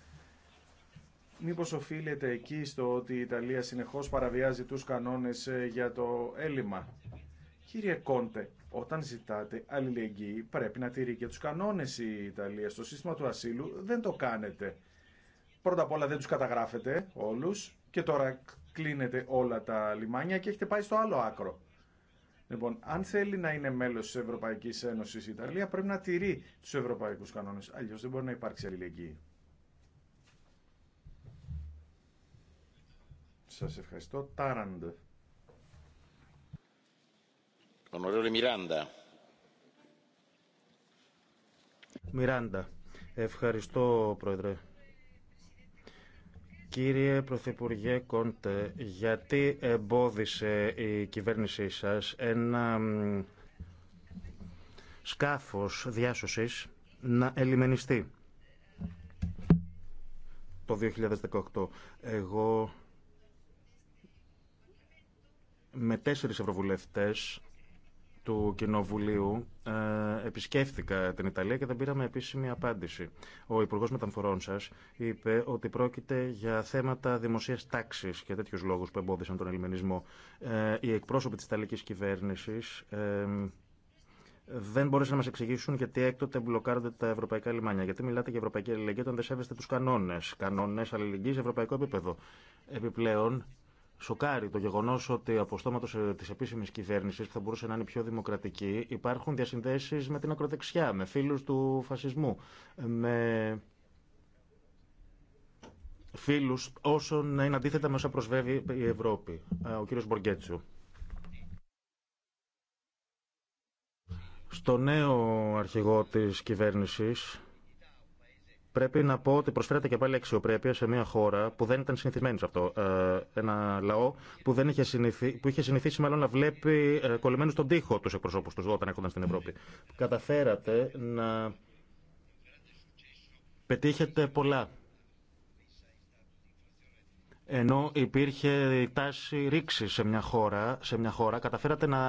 Μήπως οφείλεται εκεί στο ότι η Ιταλία συνεχώς παραβιάζει τους κανόνες ε, για το έλλειμμα. Κύριε Κόντε, όταν ζητάτε αλληλεγγύη πρέπει να τηρεί και τους κανόνες η Ιταλία. Στο σύστημα του ασύλου δεν το κάνετε. Πρώτα απ' όλα δεν τους καταγράφετε όλους και τώρα κλείνετε όλα τα λιμάνια και έχετε πάει στο άλλο άκρο. Λοιπόν, αν θέλει να είναι μέλο τη Ευρωπαϊκή Ένωση η Ιταλία, πρέπει να τηρεί του ευρωπαϊκού κανόνε. Αλλιώ δεν μπορεί να υπάρξει αλληλεγγύη. Σα ευχαριστώ. Τάραντ. Ονορεύει Μιράντα. Μιράντα. Ευχαριστώ, Πρόεδρε. Κύριε Πρωθυπουργέ Κόντε, γιατί εμπόδισε η κυβέρνησή σας ένα σκάφος διάσωσης να ελιμενιστεί το 2018. Εγώ με τέσσερις ευρωβουλευτές του Κοινοβουλίου ε, επισκέφθηκα την Ιταλία και δεν πήραμε επίσημη απάντηση. Ο Υπουργό Μεταφορών σα είπε ότι πρόκειται για θέματα δημοσία τάξη και τέτοιου λόγου που εμπόδισαν τον ελληνισμό. Ε, οι εκπρόσωποι τη Ιταλική κυβέρνηση ε, δεν μπορούσαν να μα εξηγήσουν γιατί έκτοτε μπλοκάρονται τα ευρωπαϊκά λιμάνια. Γιατί μιλάτε για ευρωπαϊκή αλληλεγγύη όταν δεν σέβεστε του κανόνε. Κανόνε αλληλεγγύη σε ευρωπαϊκό επίπεδο. Επιπλέον, σοκάρει το γεγονό ότι από στόματο τη ε, επίσημη κυβέρνηση, που θα μπορούσε να είναι πιο δημοκρατική, υπάρχουν διασυνδέσει με την ακροδεξιά, με φίλου του φασισμού, με φίλου όσων είναι αντίθετα με όσα προσβεύει η Ευρώπη. Ε, ο κύριο Μποργκέτσου. Στο νέο αρχηγό της κυβέρνησης, Πρέπει να πω ότι προσφέρεται και πάλι αξιοπρέπεια σε μια χώρα που δεν ήταν συνηθισμένη σε αυτό. Ε, ένα λαό που, δεν είχε, συνηθί, που είχε συνηθίσει μάλλον να βλέπει ε, κολλημένου στον τοίχο του εκπροσώπου του όταν έρχονταν στην Ευρώπη. Καταφέρατε να πετύχετε πολλά ενώ υπήρχε η τάση ρήξη σε μια χώρα, σε μια χώρα καταφέρατε να,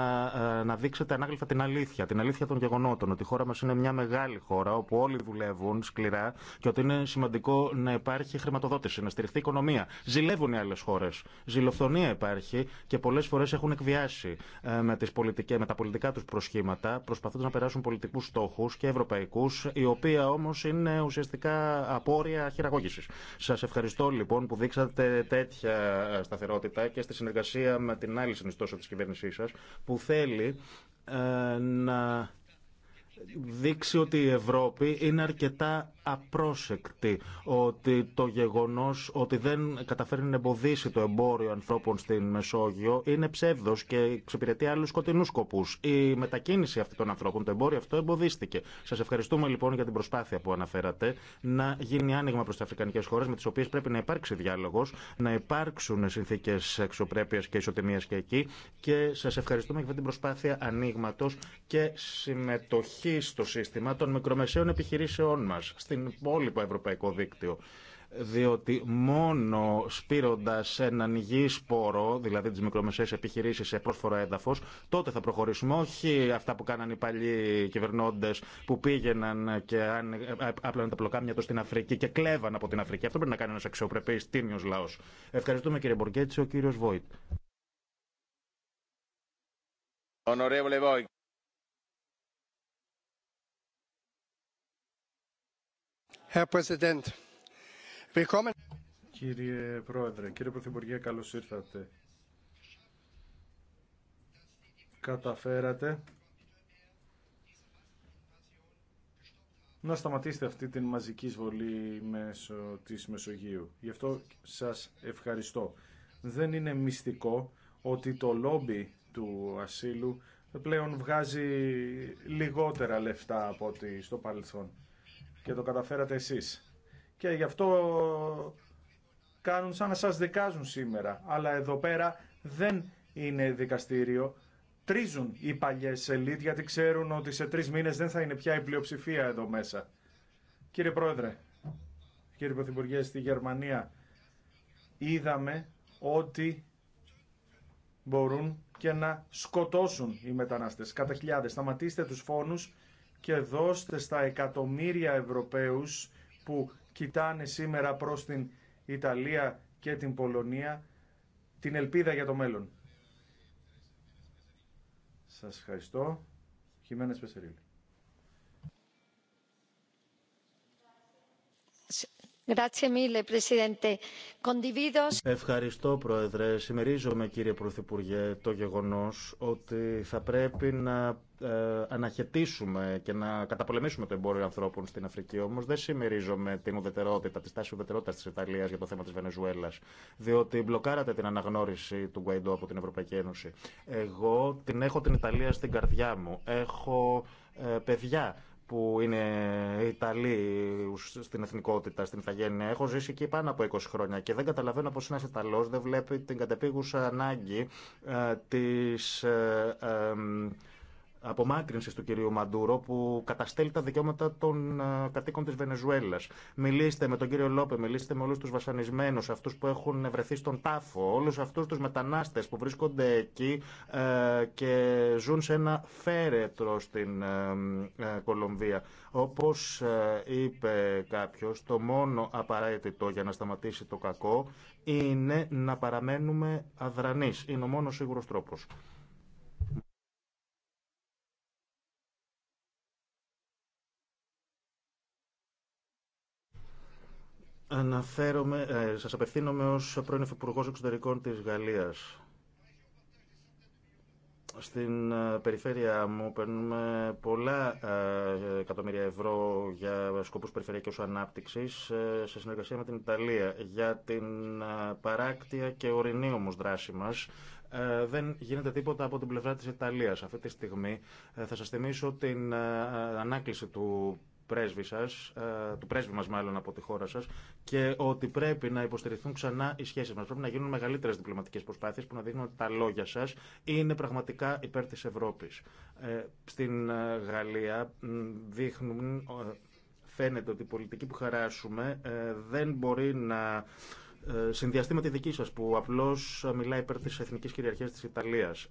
ε, να δείξετε ανάγλυφα την αλήθεια, την αλήθεια των γεγονότων, ότι η χώρα μας είναι μια μεγάλη χώρα όπου όλοι δουλεύουν σκληρά και ότι είναι σημαντικό να υπάρχει χρηματοδότηση, να στηριχθεί η οικονομία. Ζηλεύουν οι άλλες χώρες, ζηλοφθονία υπάρχει και πολλές φορές έχουν εκβιάσει ε, με, τις πολιτικές, με τα πολιτικά τους προσχήματα, προσπαθούν να περάσουν πολιτικούς στόχους και ευρωπαϊκούς, η οποία όμως είναι ουσιαστικά απόρρια χειραγώγησης. Σας ευχαριστώ λοιπόν που δείξατε τέτοια ε, σταθερότητα και στη συνεργασία με την άλλη συνιστόσα της κυβέρνησής σας που θέλει ε, να δείξει ότι η Ευρώπη είναι αρκετά απρόσεκτη, ότι το γεγονός ότι δεν καταφέρνει να εμποδίσει το εμπόριο ανθρώπων στην Μεσόγειο είναι ψεύδος και εξυπηρετεί άλλους σκοτεινούς σκοπούς. Η μετακίνηση αυτών των ανθρώπων, το εμπόριο αυτό εμποδίστηκε. Σας ευχαριστούμε λοιπόν για την προσπάθεια που αναφέρατε να γίνει άνοιγμα προς τις αφρικανικές χώρες με τις οποίες πρέπει να υπάρξει διάλογος, να υπάρξουν συνθήκες αξιοπρέπειας και ισοτιμίας και εκεί και σας ευχαριστούμε για την προσπάθεια ανοίγματο και συμμετοχή στο σύστημα των μικρομεσαίων επιχειρήσεών μας, στην υπόλοιπο ευρωπαϊκό δίκτυο διότι μόνο σπήροντας έναν υγιή σπόρο, δηλαδή τις μικρομεσαίες επιχειρήσεις σε πρόσφορο έδαφος, τότε θα προχωρήσουμε. Όχι αυτά που κάναν οι παλιοί κυβερνώντες που πήγαιναν και άπλαναν τα πλοκάμια του στην Αφρική και κλέβαν από την Αφρική. Αυτό πρέπει να κάνει ένας αξιοπρεπής τίμιος λαός. Ευχαριστούμε κύριε Μποργκέτσι, ο κύριο Βόιτ. Κύριε Πρόεδρε, κύριε Πρωθυπουργέ, καλώς ήρθατε. Καταφέρατε να σταματήσετε αυτή την μαζική εισβολή μέσω της Μεσογείου. Γι' αυτό σας ευχαριστώ. Δεν είναι μυστικό ότι το λόμπι του ασύλου πλέον βγάζει λιγότερα λεφτά από ό,τι στο παρελθόν και το καταφέρατε εσείς. Και γι' αυτό κάνουν σαν να σας δικάζουν σήμερα. Αλλά εδώ πέρα δεν είναι δικαστήριο. Τρίζουν οι παλιές ελίτ γιατί ξέρουν ότι σε τρεις μήνες δεν θα είναι πια η πλειοψηφία εδώ μέσα. Κύριε Πρόεδρε, κύριε Πρωθυπουργέ, στη Γερμανία είδαμε ότι μπορούν και να σκοτώσουν οι μετανάστες κατά χιλιάδες. Σταματήστε τους φόνους και δώστε στα εκατομμύρια Ευρωπαίους που κοιτάνε σήμερα προς την Ιταλία και την Πολωνία την ελπίδα για το μέλλον. Σας ευχαριστώ. Χιμένες Πεσερίλη. Ευχαριστώ, Πρόεδρε. Συμμερίζομαι, κύριε Πρωθυπουργέ, το γεγονός ότι θα πρέπει να ε, αναχαιτήσουμε και να καταπολεμήσουμε το εμπόριο ανθρώπων στην Αφρική. Όμω δεν συμμερίζομαι την ουδετερότητα, τη στάση ουδετερότητα τη Ιταλία για το θέμα τη Βενεζουέλα. Διότι μπλοκάρατε την αναγνώριση του Γκουαϊντό από την Ευρωπαϊκή Ένωση. Εγώ την έχω την Ιταλία στην καρδιά μου. Έχω ε, παιδιά που είναι Ιταλοί στην εθνικότητα, στην Ιθαγένεια. Έχω ζήσει εκεί πάνω από 20 χρόνια και δεν καταλαβαίνω πως ένας Ιταλός δεν βλέπει την κατεπίγουσα ανάγκη ε, της... Ε, απομάκρυνση του κυρίου Μαντούρο που καταστέλει τα δικαιώματα των ε, κατοίκων τη Βενεζουέλα. Μιλήστε με τον κύριο Λόπε, μιλήστε με όλου του βασανισμένου, αυτού που έχουν βρεθεί στον τάφο, όλου αυτού του μετανάστε που βρίσκονται εκεί ε, και ζουν σε ένα φέρετρο στην ε, Κολομβία. Όπω είπε κάποιο, το μόνο απαραίτητο για να σταματήσει το κακό είναι να παραμένουμε αδρανείς. Είναι ο μόνος σίγουρος τρόπος. Αναφέρομαι, ε, σας απευθύνομαι ως πρώην Υφυπουργός Εξωτερικών της Γαλλίας. Στην ε, περιφέρεια μου παίρνουμε πολλά ε, εκατομμύρια ευρώ για σκοπούς περιφερειακής ανάπτυξης σε συνεργασία με την Ιταλία για την παράκτεια και ορεινή όμως δράση μας. Δεν γίνεται τίποτα από την πλευρά της Ιταλίας. Αυτή τη στιγμή θα σας θυμίσω την ανάκληση του πρέσβη σας, ε, του πρέσβη μας μάλλον από τη χώρα σας και ότι πρέπει να υποστηριχθούν ξανά οι σχέσεις μας. Πρέπει να γίνουν μεγαλύτερες διπλωματικές προσπάθειες που να δείχνουν ότι τα λόγια σας είναι πραγματικά υπέρ της Ευρώπης. Ε, στην ε, Γαλλία δείχνουν, φαίνεται ότι η πολιτική που χαράσουμε δεν μπορεί να συνδυαστεί με τη δική σας που απλώς μιλάει υπέρ της εθνικής κυριαρχίας της Ιταλίας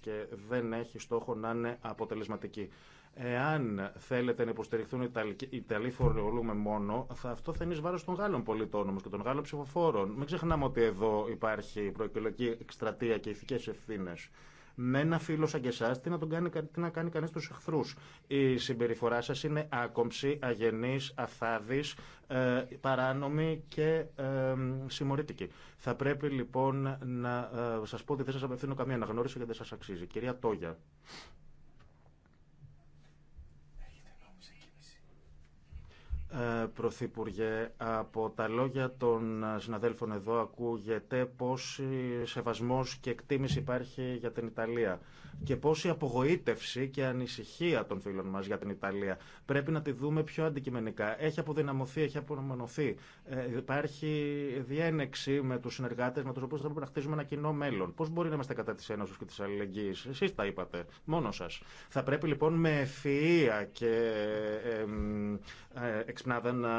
και δεν έχει στόχο να είναι αποτελεσματική. Εάν θέλετε να υποστηριχθούν οι Ιταλοί φορολογούμε μόνο, θα αυτό θα είναι ει βάρο των Γάλλων πολιτών όμω και των Γάλλων ψηφοφόρων. Μην ξεχνάμε ότι εδώ υπάρχει προεκλογική εκστρατεία και ηθικέ ευθύνε. Με ένα φίλο σαν και εσά, τι να, κάνει, τι να κάνει κανεί του εχθρού. Η συμπεριφορά σα είναι άκομψη, αγενή, αφθάδη, ε, παράνομη και ε, συμμορήτικη. Θα πρέπει λοιπόν να ε, σα πω ότι δεν σα απευθύνω καμία αναγνώριση γιατί δεν σα αξίζει. Κυρία Τόγια. Ε, Πρωθυπουργέ, από τα λόγια των συναδέλφων εδώ ακούγεται πόση σεβασμός και εκτίμηση υπάρχει για την Ιταλία και πόση απογοήτευση και ανησυχία των φίλων μας για την Ιταλία. Πρέπει να τη δούμε πιο αντικειμενικά. Έχει αποδυναμωθεί, έχει απομονωθεί. Ε, υπάρχει διένεξη με τους συνεργάτες με τους οποίους θα πρέπει να χτίζουμε ένα κοινό μέλλον. Πώς μπορεί να είμαστε κατά της Ένωσης και της αλληλεγγύης. Εσείς τα είπατε, μόνο σας. Θα πρέπει λοιπόν με ευφυΐα και ε, να, να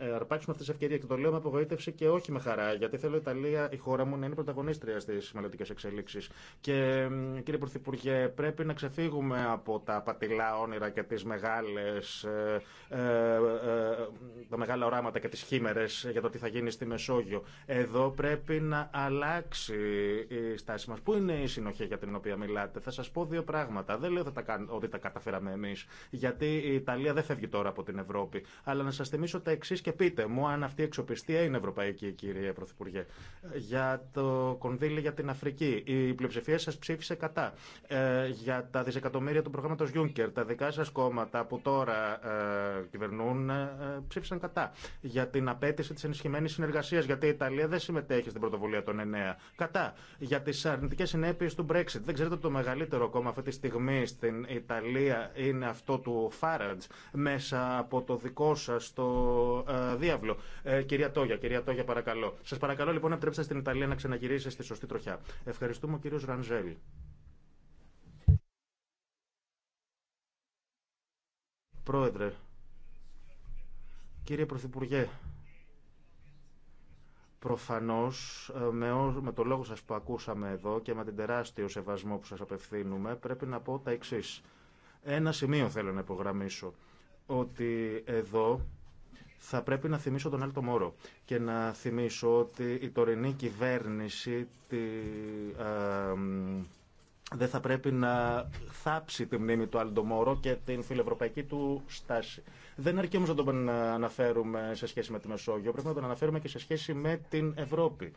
ε, ε, αρπάξουμε αυτή τη ευκαιρία. Και το λέω με απογοήτευση και όχι με χαρά, γιατί θέλω η Ιταλία, η χώρα μου, να είναι πρωταγωνίστρια στι μελλοντικέ εξελίξει. Και κύριε Πρωθυπουργέ, πρέπει να ξεφύγουμε από τα πατηλά όνειρα και τι μεγάλες, ε, ε, ε, τα μεγάλα οράματα και τις χήμερες για το τι θα γίνει στη Μεσόγειο. Εδώ πρέπει να αλλάξει η στάση μας. Πού είναι η συνοχή για την οποία μιλάτε. Θα σας πω δύο πράγματα. Δεν λέω ότι τα καταφέραμε εμείς, γιατί η Ιταλία δεν φεύγει τώρα από την Ευρώπη αλλά να σα θυμίσω τα εξή και πείτε μου αν αυτή η εξοπιστία είναι ευρωπαϊκή, κύριε Πρωθυπουργέ. Για το κονδύλι για την Αφρική, η πλειοψηφία σα ψήφισε κατά. Ε, για τα δισεκατομμύρια του προγράμματο Juncker, τα δικά σα κόμματα που τώρα ε, κυβερνούν ε, ψήφισαν κατά. Για την απέτηση τη ενισχυμένη συνεργασία, γιατί η Ιταλία δεν συμμετέχει στην πρωτοβουλία των 9. Κατά. Για τι αρνητικέ συνέπειε του Brexit. Δεν ξέρετε ότι το μεγαλύτερο κόμμα αυτή τη στιγμή στην Ιταλία είναι αυτό του Φάραντ μέσα από το δικό σα στο ε, διάβλο. Ε, κυρία Τόγια, κυρία Τόγια, παρακαλώ. Σα παρακαλώ λοιπόν να τρέψετε στην Ιταλία να ξαναγυρίσετε στη σωστή τροχιά. Ευχαριστούμε ο κύριο Ρανζέλη. Πρόεδρε, κύριε Πρωθυπουργέ, προφανώς ε, με, το λόγο σας που ακούσαμε εδώ και με την τεράστιο σεβασμό που σας απευθύνουμε πρέπει να πω τα εξής. Ένα σημείο θέλω να υπογραμμίσω ότι εδώ θα πρέπει να θυμίσω τον Άλτο Μόρο και να θυμίσω ότι η τωρινή κυβέρνηση τη, ε, δεν θα πρέπει να θάψει τη μνήμη του Μόρο και την φιλευρωπαϊκή του στάση. Δεν αρκεί όμω να τον αναφέρουμε σε σχέση με τη Μεσόγειο, πρέπει να τον αναφέρουμε και σε σχέση με την Ευρώπη.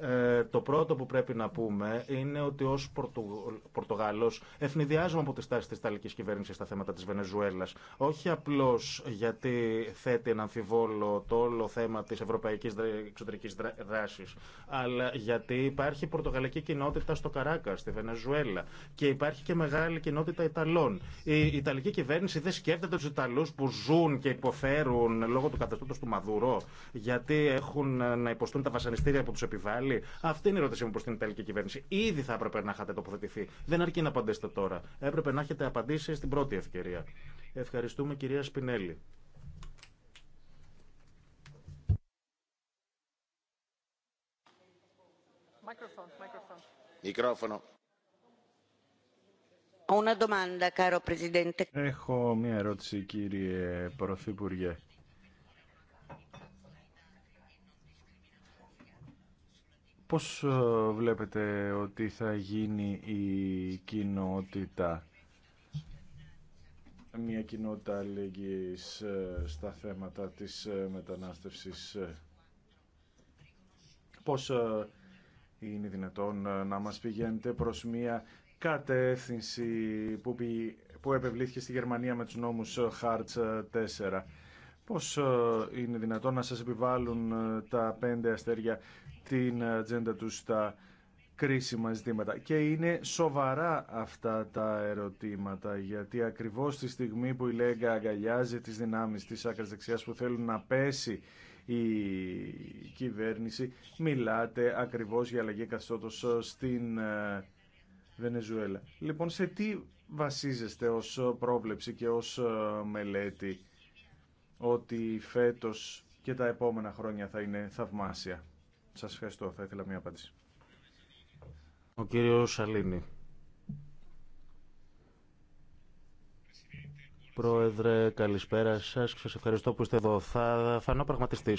Ε, το πρώτο που πρέπει να πούμε είναι ότι ω Πορτου... Πορτογάλο ευνηδιάζομαι από τη στάση τη Ιταλική κυβέρνηση στα θέματα τη Βενεζουέλα. Όχι απλώ γιατί θέτει ένα αμφιβόλο το όλο θέμα τη ευρωπαϊκή εξωτερική δράση, αλλά γιατί υπάρχει πορτογαλική κοινότητα στο Καράκα, στη Βενεζουέλα και υπάρχει και μεγάλη κοινότητα Ιταλών. Η Ιταλική κυβέρνηση δεν σκέφτεται του Ιταλού που ζουν και υποφέρουν λόγω του καθεστώτο του Μαδουρό, γιατί έχουν να υποστούν τα βασανιστήρια που του επιβάλλουν αυτή είναι η ερώτησή μου προ την Ιταλική κυβέρνηση. Ήδη θα έπρεπε να είχατε τοποθετηθεί. Δεν αρκεί να απαντήσετε τώρα. Έπρεπε να έχετε απαντήσει στην πρώτη ευκαιρία. Ευχαριστούμε κυρία Σπινέλη. Μικρόφωνο. Έχω μια ερώτηση κύριε Πρωθυπουργέ. Πώς ε, βλέπετε ότι θα γίνει η κοινότητα, μια κοινότητα αλληλεγγύης ε, στα θέματα της ε, μετανάστευσης, πώς είναι δυνατόν να μας πηγαίνετε προς μια κατεύθυνση που, που επευλήθηκε στη Γερμανία με τους νόμους Χάρτς 4. Πώς είναι δυνατόν να σας επιβάλλουν τα πέντε αστέρια την ατζέντα τους στα κρίσιμα ζητήματα. Και είναι σοβαρά αυτά τα ερωτήματα, γιατί ακριβώς τη στιγμή που η Λέγκα αγκαλιάζει τις δυνάμεις της άκρας δεξιάς που θέλουν να πέσει η κυβέρνηση, μιλάτε ακριβώς για αλλαγή καθόλου στην ε, Βενεζουέλα. Λοιπόν, σε τι βασίζεστε ως πρόβλεψη και ως ε, μελέτη ότι φέτος και τα επόμενα χρόνια θα είναι θαυμάσια. Σας ευχαριστώ. Θα ήθελα μια απάντηση. Ο κύριος Σαλίνη. Πρόεδρε, καλησπέρα σα. Σα ευχαριστώ που είστε εδώ. Θα φανώ πραγματιστή.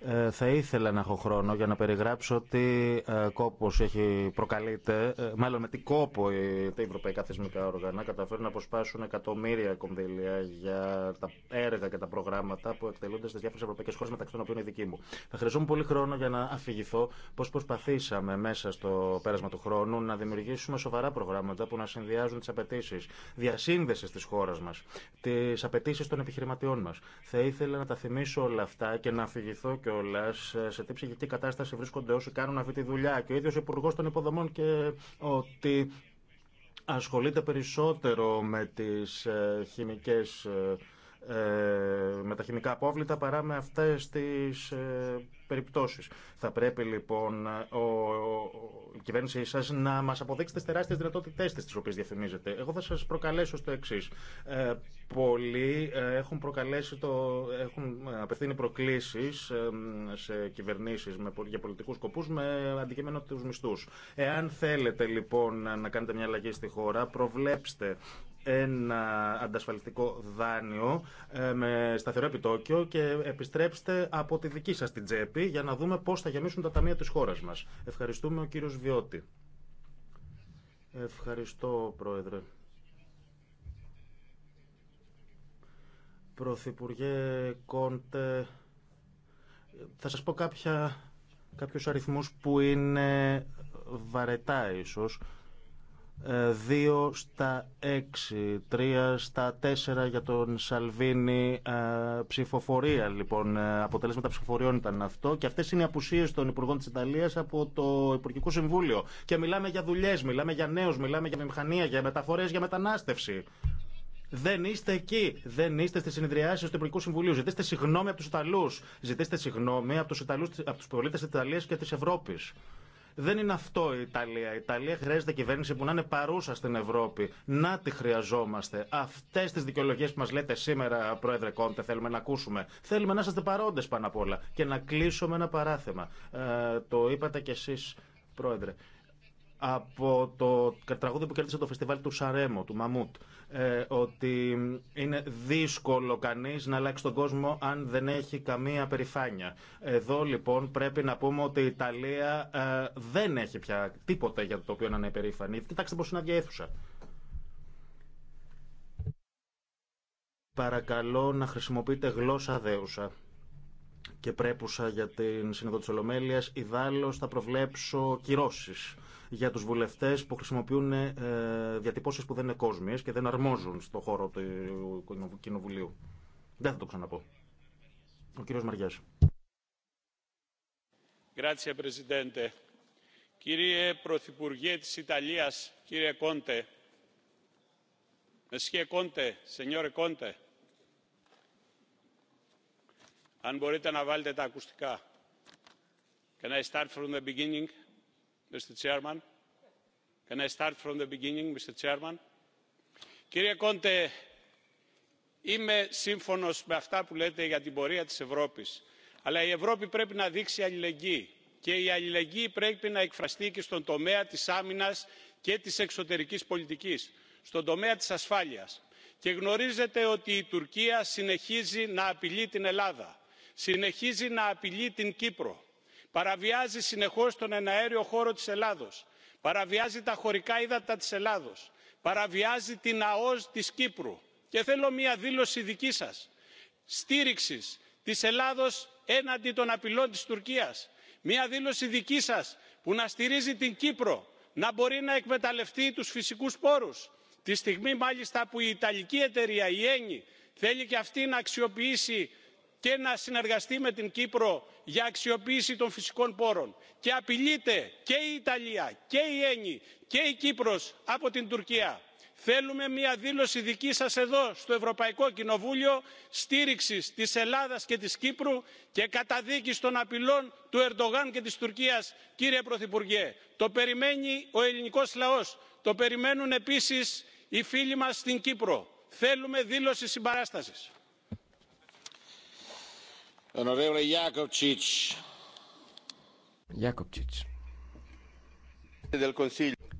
Ε, θα ήθελα να έχω χρόνο για να περιγράψω τι ε, κόπο έχει προκαλείται, ε, μάλλον με τι κόπο ε, τα ευρωπαϊκά θεσμικά όργανα καταφέρουν να αποσπάσουν εκατομμύρια κονδύλια για τα έργα και τα προγράμματα που εκτελούνται στι διάφορε ευρωπαϊκέ χώρε, μεταξύ των οποίων η δική μου. Θα χρειαζόμουν πολύ χρόνο για να αφηγηθώ πώ προσπαθήσαμε μέσα στο πέρασμα του χρόνου να δημιουργήσουμε σοβαρά προγράμματα που να συνδυάζουν τι απαιτήσει διασύνδεση τη χώρα μα τι απαιτήσει των επιχειρηματιών μα. Θα ήθελα να τα θυμίσω όλα αυτά και να αφηγηθώ κιόλα ε, σε τι ψυχική κατάσταση βρίσκονται όσοι κάνουν αυτή τη δουλειά. Και ο ίδιο Υπουργό των Υποδομών και ότι ασχολείται περισσότερο με τις ε, χημικές ε, με τα χημικά απόβλητα παρά με αυτές τις περιπτώσεις. Θα πρέπει λοιπόν ο, η κυβέρνησή σα να μας αποδείξει τι τεράστιε δυνατότητέ τη, τι οποίες διαφημίζετε. Εγώ θα σας προκαλέσω στο εξή. Ε, πολλοί ε, έχουν, προκαλέσει το, έχουν απευθύνει προκλήσεις ε, σε κυβερνήσεις για πολιτικού σκοπού με αντικείμενο του μισθού. Εάν θέλετε λοιπόν να κάνετε μια αλλαγή στη χώρα, προβλέψτε ένα αντασφαλιστικό δάνειο ε, με σταθερό επιτόκιο και επιστρέψτε από τη δική σας την τσέπη για να δούμε πώς θα γεμίσουν τα ταμεία της χώρας μας. Ευχαριστούμε ο κύριος Βιώτη. Ευχαριστώ, Πρόεδρε. Πρωθυπουργέ Κόντε, θα σας πω κάποια, κάποιους αριθμούς που είναι βαρετά ίσως 2 στα 6, 3 στα 4 για τον Σαλβίνη ε, ψηφοφορία λοιπόν. Ε, αποτελέσματα ψηφοφοριών ήταν αυτό και αυτές είναι οι απουσίες των Υπουργών της Ιταλίας από το Υπουργικό Συμβούλιο. Και μιλάμε για δουλειές, μιλάμε για νέους, μιλάμε για μηχανία, για μεταφορές, για μετανάστευση. Δεν είστε εκεί. Δεν είστε στι συνεδριάσει του Υπουργικού Συμβουλίου. Ζητήστε συγγνώμη από του Ιταλού. Ζητήστε συγγνώμη από από του πολίτε τη Ιταλία και τη Ευρώπη. Δεν είναι αυτό η Ιταλία. Η Ιταλία χρειάζεται κυβέρνηση που να είναι παρούσα στην Ευρώπη. Να τη χρειαζόμαστε. Αυτέ τι δικαιολογίε που μα λέτε σήμερα, Πρόεδρε Κόντε, θέλουμε να ακούσουμε. Θέλουμε να είστε παρόντε πάνω απ' όλα και να κλείσουμε ένα παράθεμα. Ε, το είπατε κι εσεί, Πρόεδρε από το τραγούδι που κέρδισε το φεστιβάλ του Σαρέμο, του Μαμούτ. Ε, ότι είναι δύσκολο κανείς να αλλάξει τον κόσμο αν δεν έχει καμία περηφάνεια. Εδώ λοιπόν πρέπει να πούμε ότι η Ιταλία ε, δεν έχει πια τίποτα για το οποίο να είναι περήφανη. Κοιτάξτε πώς είναι αδιαίθουσα. Παρακαλώ να χρησιμοποιείτε γλώσσα δέουσα και πρέπουσα για την Σύνοδο της Ολομέλειας. Ιδάλλως θα προβλέψω κυρώσεις για του βουλευτέ που χρησιμοποιούν ε, διατυπώσει που δεν είναι κόσμιε και δεν αρμόζουν στο χώρο του Κοινοβουλίου. Δεν θα το ξαναπώ. Ο κύριος Μαριάς. Κύριε Πρωθυπουργέ της Ιταλίας, κύριε Κόντε, Μεσχέ Κόντε, Σενιόρε Κόντε, αν μπορείτε να βάλετε τα ακουστικά. Can I start from the beginning? Κύριε Κόντε, είμαι σύμφωνος με αυτά που λέτε για την πορεία της Ευρώπης. Αλλά η Ευρώπη πρέπει να δείξει αλληλεγγύη. Και η αλληλεγγύη πρέπει να εκφραστεί και στον τομέα της άμυνας και της εξωτερικής πολιτικής, στον τομέα της ασφάλειας. Και γνωρίζετε ότι η Τουρκία συνεχίζει να απειλεί την Ελλάδα, συνεχίζει να απειλεί την Κύπρο παραβιάζει συνεχώς τον εναέριο χώρο της ελλάδος παραβιάζει τα χωρικά ύδατα της ελλάδος παραβιάζει την αοζ της κύπρου και θέλω μια δήλωση δική σας στήριξης της ελλάδος έναντι των απειλών της τουρκίας μια δήλωση δική σας που να στηρίζει την κύπρο να μπορεί να εκμεταλλευτεί τους φυσικούς πόρους τη στιγμή μάλιστα που η ιταλική εταιρεία η eni θέλει και αυτή να αξιοποιήσει και να συνεργαστεί με την κύπρο για αξιοποίηση των φυσικών πόρων και απειλείται και η ιταλία και η Έννη και η κύπρος από την τουρκία. θέλουμε μια δήλωση δική σας εδώ στο ευρωπαϊκό κοινοβούλιο στήριξης της ελλάδας και της κύπρου και καταδίκης των απειλών του ερντογάν και της τουρκίας κύριε πρωθυπουργέ. το περιμένει ο ελληνικός λαός το περιμένουν επίσης οι φίλοι μας στην κύπρο. θέλουμε δήλωση συμπαράστασης. Καλώ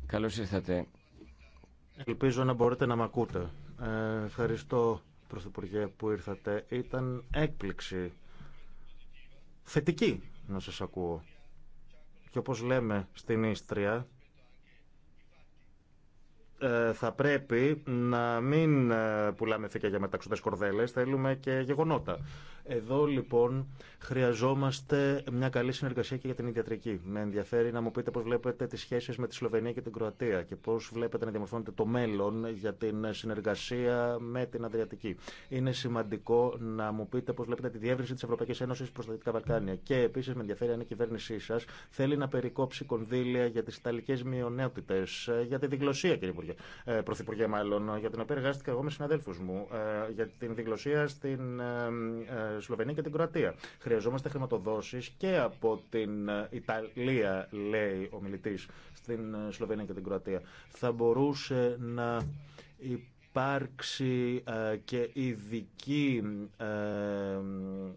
Καλώς ήρθατε. Ελπίζω να μπορείτε να με ακούτε. Ε, ευχαριστώ, Πρωθυπουργέ, που ήρθατε. Ήταν έκπληξη. Θετική να σας ακούω. Και όπως λέμε στην Ίστρια, ε, θα πρέπει να μην ε, πουλάμε θήκια για μεταξωτές κορδέλες, θέλουμε και γεγονότα. Εδώ λοιπόν χρειαζόμαστε μια καλή συνεργασία και για την ιδιατρική. Με ενδιαφέρει να μου πείτε πώς βλέπετε τις σχέσεις με τη Σλοβενία και την Κροατία και πώς βλέπετε να διαμορφώνετε το μέλλον για την συνεργασία με την Αδριατική. Είναι σημαντικό να μου πείτε πώς βλέπετε τη διεύρυνση της Ευρωπαϊκής Ένωσης προς τα Δυτικά Βαλκάνια. Και επίσης με ενδιαφέρει αν η κυβέρνησή σας θέλει να περικόψει κονδύλια για τις Ιταλικές μειονότητες, ε, για τη διγλωσία κύριε Υπουργέ. Ε, πρωθυπουργέ μάλλον, ε, για την οποία εργάστηκα εγώ με συναδέλφου μου, ε, για την διγλωσία στην Σλοβενία και την Κροατία. Χρειαζόμαστε χρηματοδόσει και από την Ιταλία, λέει ο μιλητή, στην Σλοβενία και την Κροατία. Θα μπορούσε να υπάρξει και ειδική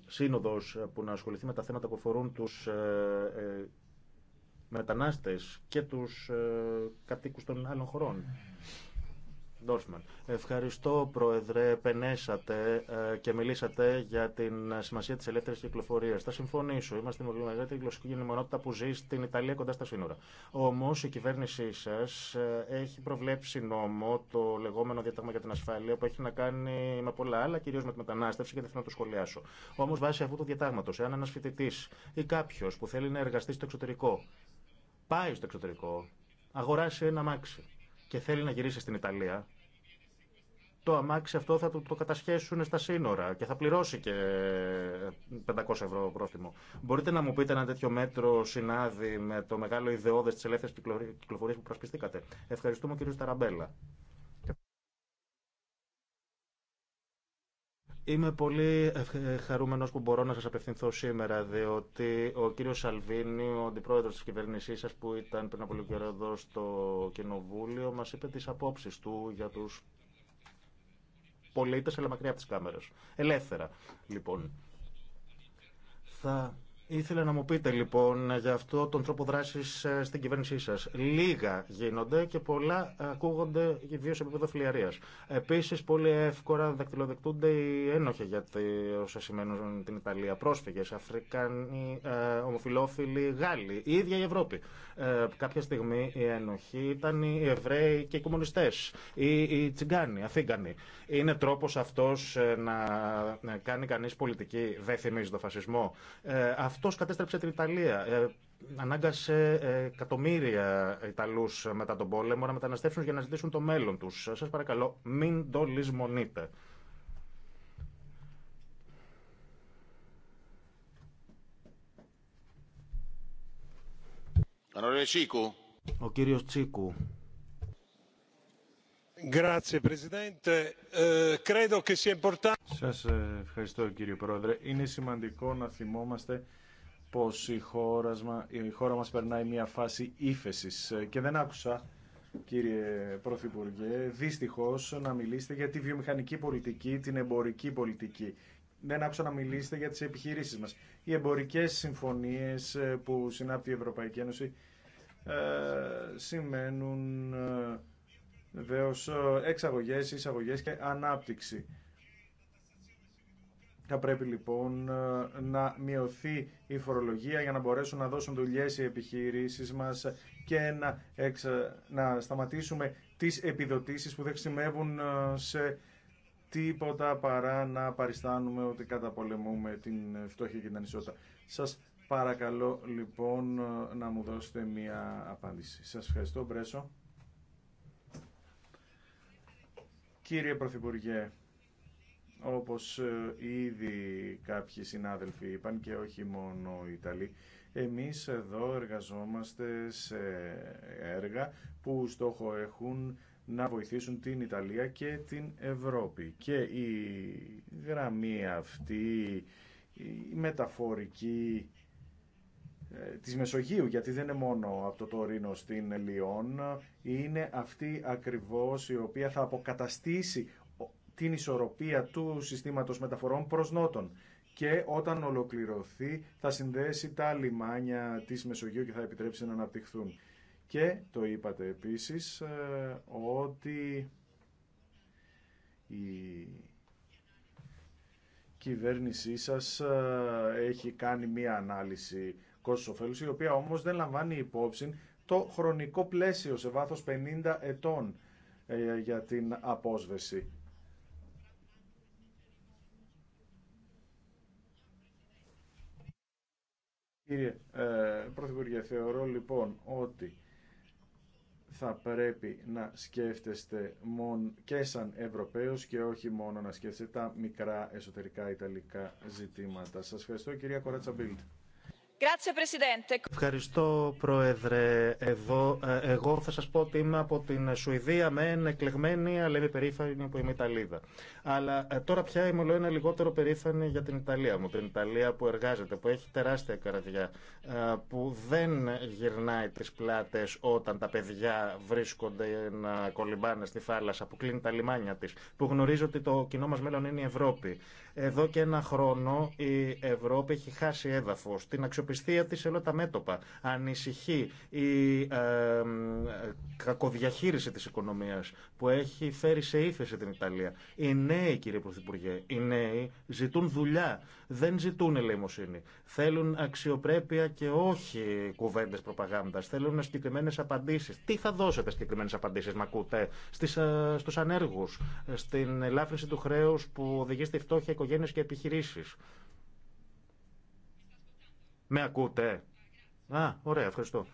σύνοδος που να ασχοληθεί με τα θέματα που αφορούν τους μετανάστες και τους ε, κατοίκους των άλλων χωρών. Ντόρφμαν. Ευχαριστώ, Πρόεδρε. Επενέσατε ε, και μιλήσατε για την σημασία τη ελεύθερη κυκλοφορία. Θα συμφωνήσω. Είμαστε η μεγαλύτερη γλωσσική μονότητα που ζει στην Ιταλία κοντά στα σύνορα. Όμως η κυβέρνησή σα ε, έχει προβλέψει νόμο, το λεγόμενο Διάταγμα για την Ασφάλεια, που έχει να κάνει με πολλά άλλα, κυρίω με τη μετανάστευση και δεν θέλω να το σχολιάσω. Όμω βάσει αυτού του διατάγματο, εάν ένα ή κάποιο που θέλει να εργαστεί στο εξωτερικό πάει στο εξωτερικό, αγοράσει ένα αμάξι και θέλει να γυρίσει στην Ιταλία, το αμάξι αυτό θα το, το κατασχέσουν στα σύνορα και θα πληρώσει και 500 ε, ευρώ πρόστιμο. Μπορείτε να μου πείτε ένα τέτοιο μέτρο συνάδει με το μεγάλο ιδεώδες της ελεύθερης κυκλοφορίας που προσπιστήκατε. Ευχαριστούμε κύριο Σταραμπέλα. Είμαι πολύ ε, χαρούμενο που μπορώ να σα απευθυνθώ σήμερα, διότι ο κύριο Σαλβίνη, ο αντιπρόεδρο τη κυβέρνησή σα, που ήταν πριν από λίγο καιρό εδώ στο Κοινοβούλιο, μα είπε τι απόψει του για του πολίτε, αλλά μακριά από τι κάμερε. Ελεύθερα, λοιπόν. Θα Ήθελα να μου πείτε λοιπόν για αυτό τον τρόπο δράση ε, στην κυβέρνησή σα. Λίγα γίνονται και πολλά ε, ακούγονται ιδίω σε επίπεδο φιλιαρία. Επίση, πολύ εύκολα δακτυλοδεκτούνται οι ένοχοι για όσα σημαίνουν την Ιταλία. Πρόσφυγε, Αφρικανοί, ε, ομοφυλόφιλοι, Γάλλοι, η ίδια η Ευρώπη. Ε, κάποια στιγμή οι ένοχοι ήταν οι Εβραίοι και οι κομμουνιστέ, ή οι Τσιγκάνοι, Αθήγανοι. Είναι τρόπο αυτό ε, να κάνει κανεί πολιτική. Δεν θυμίζει το φασισμό. Ε, αυτός κατέστρεψε την Ιταλία. Ε, ανάγκασε ε, εκατομμύρια Ιταλούς μετά τον πόλεμο να μεταναστεύσουν για να ζητήσουν το μέλλον τους. Σας παρακαλώ, μην το λησμονείτε. Ο κύριος Τσίκου. Ε, Σας ε, ευχαριστώ κύριε Πρόεδρε. Είναι σημαντικό να θυμόμαστε πως η χώρα, η μας περνάει μια φάση ύφεσης και δεν άκουσα κύριε Πρωθυπουργέ δυστυχώς να μιλήσετε για τη βιομηχανική πολιτική, την εμπορική πολιτική δεν άκουσα να μιλήσετε για τις επιχειρήσεις μας οι εμπορικές συμφωνίες ε, που συνάπτει η Ευρωπαϊκή Ένωση ε, σημαίνουν ε, ε εξαγωγές, εισαγωγές και ανάπτυξη θα πρέπει λοιπόν να μειωθεί η φορολογία για να μπορέσουν να δώσουν δουλειέ οι επιχειρήσει μα και να, να σταματήσουμε τι επιδοτήσει που δεν χρησιμεύουν ε, σε τίποτα παρά να παριστάνουμε ότι καταπολεμούμε την φτώχεια και την ανισότητα. Σας παρακαλώ λοιπόν να μου δώσετε μία απάντηση. Σας ευχαριστώ Μπρέσο. Κύριε Πρωθυπουργέ, όπως ε, ήδη κάποιοι συνάδελφοι είπαν και όχι μόνο οι Ιταλοί, εμείς εδώ εργαζόμαστε σε έργα που στόχο έχουν να βοηθήσουν την Ιταλία και την Ευρώπη. Και η γραμμή αυτή, η μεταφορική ε, της Μεσογείου, γιατί δεν είναι μόνο από το Τωρίνο στην Λιόν, είναι αυτή ακριβώς η οποία θα αποκαταστήσει την ισορροπία του συστήματος μεταφορών προς νότον και όταν ολοκληρωθεί θα συνδέσει τα λιμάνια της Μεσογείου και θα επιτρέψει να αναπτυχθούν. Και το είπατε επίσης ε, ότι η κυβέρνησή σας ε, έχει κάνει μία ανάλυση κόστος η οποία όμως δεν λαμβάνει υπόψη το χρονικό πλαίσιο σε βάθος 50 ετών ε, για την απόσβεση. Κύριε ε, Πρωθυπουργέ, θεωρώ λοιπόν ότι θα πρέπει να σκέφτεστε μόνο και σαν Ευρωπαίος και όχι μόνο να σκέφτεστε τα μικρά εσωτερικά ιταλικά ζητήματα. Σας ευχαριστώ κυρία Κοράτσα Μπίλτ. Ευχαριστώ, Πρόεδρε. Εδώ, ε, εγώ θα σας πω ότι είμαι από την Σουηδία, με εκλεγμένη, αλλά είμαι περήφανη που είμαι Ιταλίδα. Αλλά ε, τώρα πια είμαι όλο ένα λιγότερο περήφανη για την Ιταλία μου. Την Ιταλία που εργάζεται, που έχει τεράστια καρδιά, ε, που δεν γυρνάει τις πλάτες όταν τα παιδιά βρίσκονται να κολυμπάνε στη θάλασσα, που κλείνει τα λιμάνια της, που γνωρίζει ότι το κοινό μας μέλλον είναι η Ευρώπη. Εδώ και ένα χρόνο η Ευρώπη έχει χάσει έδαφος. Την αξιοπιστία τη σε όλα τα μέτωπα. Ανησυχεί η ε, κακοδιαχείριση της οικονομίας που έχει φέρει σε ύφεση την Ιταλία. Οι νέοι, κύριε Πρωθυπουργέ, οι νέοι ζητούν δουλειά. Δεν ζητούν ελεημοσύνη. Θέλουν αξιοπρέπεια και όχι κουβέντε προπαγάνδα. Θέλουν συγκεκριμένε απαντήσει. Τι θα δώσετε συγκεκριμένε απαντήσει, μα ακούτε, ε, στου ανέργου, στην ελάφρυνση του χρέου που οδηγεί στη φτώχεια οικογένεια οικογένειες και επιχειρήσεις. Με ακούτε. Α, ωραία, ευχαριστώ.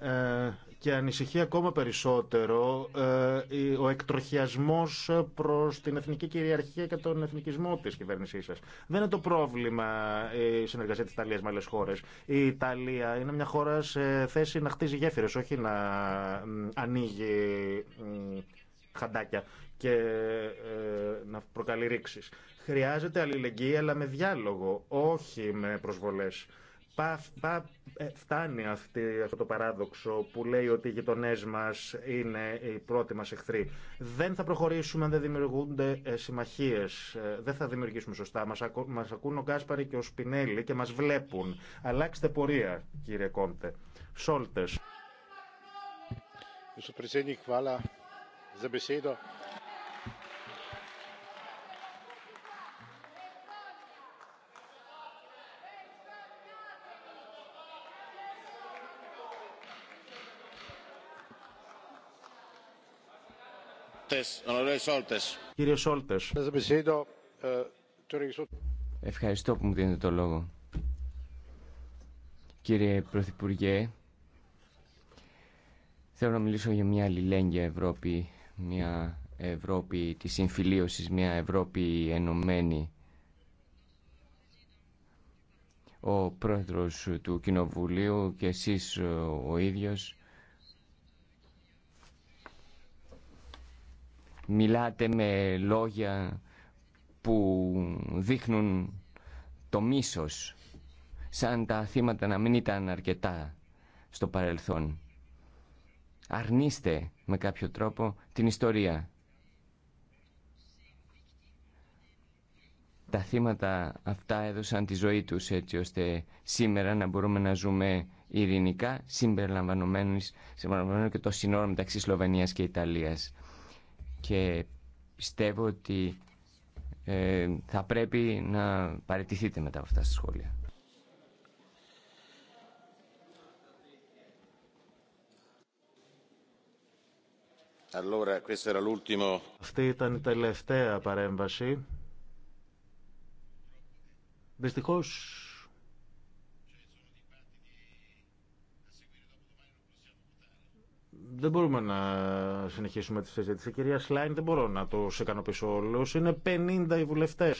Ε, και ανησυχεί ακόμα περισσότερο ε, ο εκτροχιασμός προς την εθνική κυριαρχία και τον εθνικισμό της κυβέρνησή σας. Δεν είναι το πρόβλημα η συνεργασία της Ιταλίας με άλλες χώρες. Η Ιταλία είναι μια χώρα σε θέση να χτίζει γέφυρες, όχι να ανοίγει χαντάκια και ε, να προκαλεί ρήξεις. Χρειάζεται αλληλεγγύη, αλλά με διάλογο, όχι με προσβολές. Πα, πα, ε, φτάνει αυτή, αυτό το παράδοξο που λέει ότι οι γειτονέ μα είναι οι πρώτοι μα εχθροί. Δεν θα προχωρήσουμε αν δεν δημιουργούνται ε, συμμαχίε. Ε, δεν θα δημιουργήσουμε σωστά. Μα μας ακούν ο Γκάσπαρη και ο Σπινέλη και μα βλέπουν. Αλλάξτε πορεία, κύριε Κόντε. Σόλτε. Κύριε Σόλτες. Ευχαριστώ που μου δίνετε το λόγο. Κύριε Πρωθυπουργέ, θέλω να μιλήσω για μια αλληλέγγυα Ευρώπη, μια Ευρώπη της συμφιλίωσης, μια Ευρώπη ενωμένη. Ο πρόεδρος του Κοινοβουλίου και εσείς ο ίδιος μιλάτε με λόγια που δείχνουν το μίσος σαν τα θύματα να μην ήταν αρκετά στο παρελθόν. Αρνείστε με κάποιο τρόπο την ιστορία. Τα θύματα αυτά έδωσαν τη ζωή τους έτσι ώστε σήμερα να μπορούμε να ζούμε ειρηνικά συμπεριλαμβανομένου και το σύνορο μεταξύ Σλοβενίας και Ιταλίας και πιστεύω ότι ε, θα πρέπει να παραιτηθείτε μετά από αυτά στα σχόλια. Αυτή ήταν η τελευταία παρέμβαση. Δυστυχώς Δεν μπορούμε να συνεχίσουμε τη συζήτηση. Κυρία Σλάιν, δεν μπορώ να του ικανοποιήσω όλου. Είναι 50 οι βουλευτέ.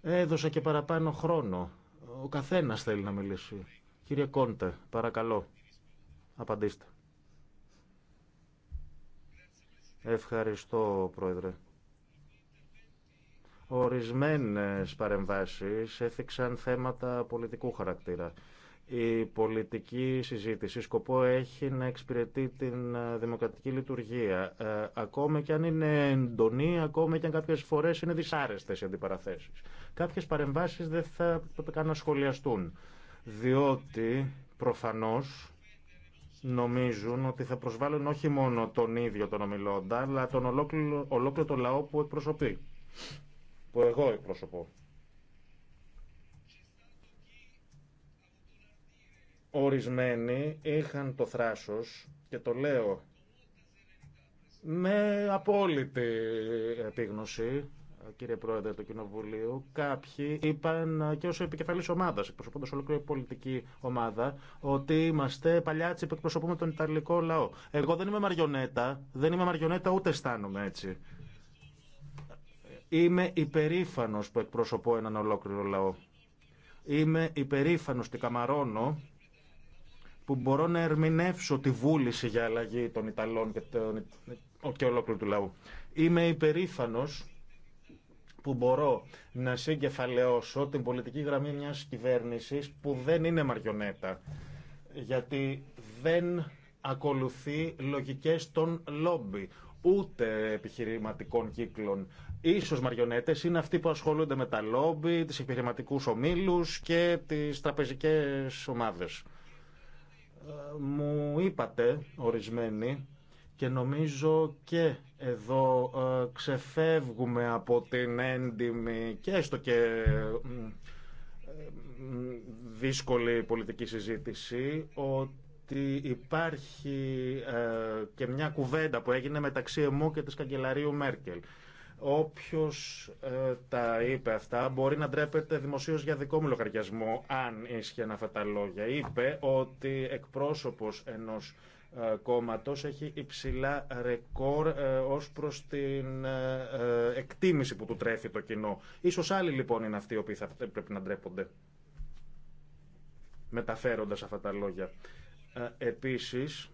Έδωσα και παραπάνω χρόνο. Ο καθένα θέλει να μιλήσει. Κύριε Κόντε, παρακαλώ. Απαντήστε. Ευχαριστώ, Πρόεδρε. Ορισμένες παρεμβάσεις έθιξαν θέματα πολιτικού χαρακτήρα. Η πολιτική συζήτηση σκοπό έχει να εξυπηρετεί την ε, δημοκρατική λειτουργία. Ε, ακόμα και αν είναι εντονή, ακόμα και αν κάποιες φορές είναι δυσάρεστες οι αντιπαραθέσεις. Κάποιες παρεμβάσεις δεν θα πρέπει καν να σχολιαστούν, διότι προφανώς νομίζουν ότι θα προσβάλλουν όχι μόνο τον ίδιο τον ομιλόντα αλλά τον ολόκληρο, ολόκληρο το λαό που εκπροσωπεί, που εγώ εκπροσωπώ. Ορισμένοι είχαν το θράσος, και το λέω με απόλυτη επίγνωση, κύριε Πρόεδρε του Κοινοβουλίου, κάποιοι είπαν και ως επικεφαλής ομάδας, εκπροσωπώντας ολόκληρη πολιτική ομάδα, ότι είμαστε παλιάτσι που εκπροσωπούμε τον Ιταλικό λαό. Εγώ δεν είμαι μαριονέτα, δεν είμαι μαριονέτα ούτε αισθάνομαι έτσι. Είμαι υπερήφανος που εκπροσωπώ έναν ολόκληρο λαό. Είμαι υπερήφανο και καμαρώνω που μπορώ να ερμηνεύσω τη βούληση για αλλαγή των Ιταλών και, των... ολόκληρου του λαού. Είμαι υπερήφανος που μπορώ να συγκεφαλαιώσω την πολιτική γραμμή μιας κυβέρνησης που δεν είναι μαριονέτα, γιατί δεν ακολουθεί λογικές των λόμπι, ούτε επιχειρηματικών κύκλων. Ίσως μαριονέτες είναι αυτοί που ασχολούνται με τα λόμπι, τις επιχειρηματικούς ομίλους και τις τραπεζικές ομάδες μου είπατε ορισμένοι και νομίζω και εδώ ε, ξεφεύγουμε από την έντιμη και έστω και ε, δύσκολη πολιτική συζήτηση ότι υπάρχει ε, και μια κουβέντα που έγινε μεταξύ εμού και της καγκελαρίου Μέρκελ Όποιο ε, τα είπε αυτά μπορεί να ντρέπεται δημοσίως για δικό μου λογαριασμό αν ίσχυαν αυτά τα λόγια. Είπε ότι εκπρόσωπος ενός ε, έχει υψηλά ρεκόρ ε, ως προς την ε, ε, εκτίμηση που του τρέφει το κοινό. Ίσως άλλοι λοιπόν είναι αυτοί οι οποίοι θα πρέπει να ντρέπονται μεταφέροντας αυτά τα λόγια. Επίσης,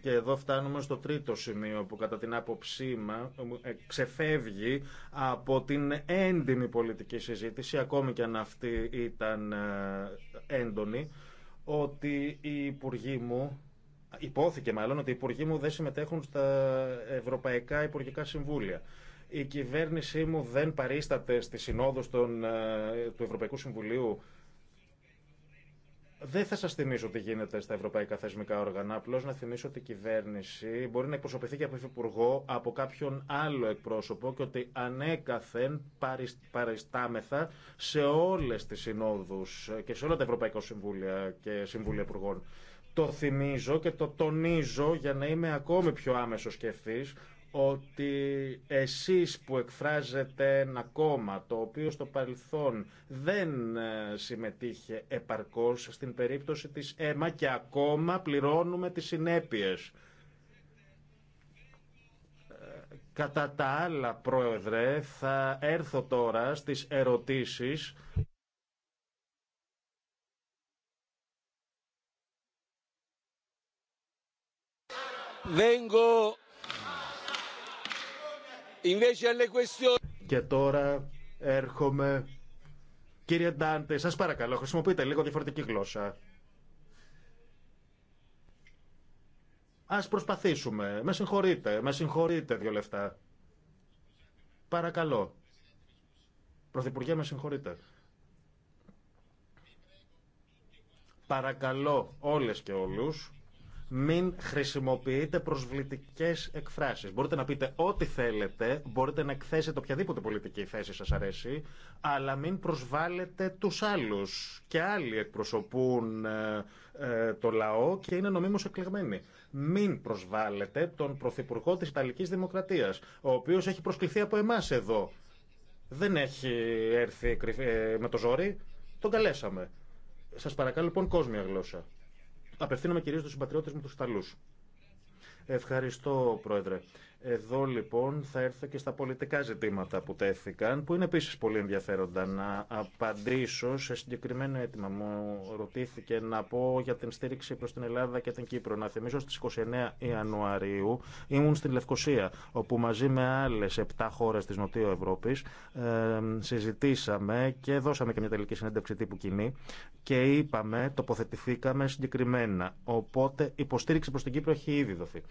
και εδώ φτάνουμε στο τρίτο σημείο που κατά την άποψή μα ε, ξεφεύγει από την έντιμη πολιτική συζήτηση, ακόμη και αν αυτή ήταν ε, έντονη, ότι οι υπουργοί μου, υπόθηκε μάλλον, ότι οι υπουργοί μου δεν συμμετέχουν στα Ευρωπαϊκά Υπουργικά Συμβούλια. Η κυβέρνησή μου δεν παρίσταται στη συνόδο ε, του Ευρωπαϊκού Συμβουλίου δεν θα σα θυμίσω τι γίνεται στα ευρωπαϊκά θεσμικά όργανα. Απλώ να θυμίσω ότι η κυβέρνηση μπορεί να εκπροσωπηθεί και από υφυπουργό, από κάποιον άλλο εκπρόσωπο και ότι ανέκαθεν παριστάμεθα σε όλε τι συνόδου και σε όλα τα ευρωπαϊκά συμβούλια και συμβούλια υπουργών. Το θυμίζω και το τονίζω για να είμαι ακόμη πιο άμεσο και ότι εσείς που εκφράζετε ένα κόμμα το οποίο στο παρελθόν δεν ε, συμμετείχε επαρκώς στην περίπτωση της ΕΜΑ και ακόμα πληρώνουμε τις συνέπειες. Ε, κατά τα άλλα, Πρόεδρε, θα έρθω τώρα στις ερωτήσεις. Vengo και τώρα έρχομαι. Κύριε Ντάντε, σας παρακαλώ, χρησιμοποιείτε λίγο διαφορετική γλώσσα. Ας προσπαθήσουμε. Με συγχωρείτε, με συγχωρείτε δύο λεφτά. Παρακαλώ. Πρωθυπουργέ, με συγχωρείτε. Παρακαλώ όλες και όλους μην χρησιμοποιείτε προσβλητικέ εκφράσει. Μπορείτε να πείτε ό,τι θέλετε, μπορείτε να εκθέσετε οποιαδήποτε πολιτική θέση σα αρέσει, αλλά μην προσβάλλετε του άλλου. Και άλλοι εκπροσωπούν ε, ε, το λαό και είναι νομίμω εκλεγμένοι. Μην προσβάλλετε τον Πρωθυπουργό τη Ιταλική Δημοκρατία, ο οποίο έχει προσκληθεί από εμά εδώ. Δεν έχει έρθει ε, με το ζόρι. Τον καλέσαμε. Σας παρακαλώ λοιπόν κόσμια γλώσσα. Απευθύνομαι κυρίω στου συμπατριώτες μου του Ιταλού. Ευχαριστώ, Πρόεδρε. Εδώ λοιπόν θα έρθω και στα πολιτικά ζητήματα που τέθηκαν, που είναι επίσης πολύ ενδιαφέροντα να απαντήσω σε συγκεκριμένο αίτημα. Μου ρωτήθηκε να πω για την στήριξη προς την Ελλάδα και την Κύπρο. Να θυμίσω στις 29 Ιανουαρίου ήμουν στην Λευκοσία, όπου μαζί με άλλες 7 χώρες της Νοτιού Ευρώπης ε, συζητήσαμε και δώσαμε και μια τελική συνέντευξη τύπου κοινή και είπαμε, τοποθετηθήκαμε συγκεκριμένα. Οπότε υποστήριξη προς την Κύπρο έχει ήδη δοθεί.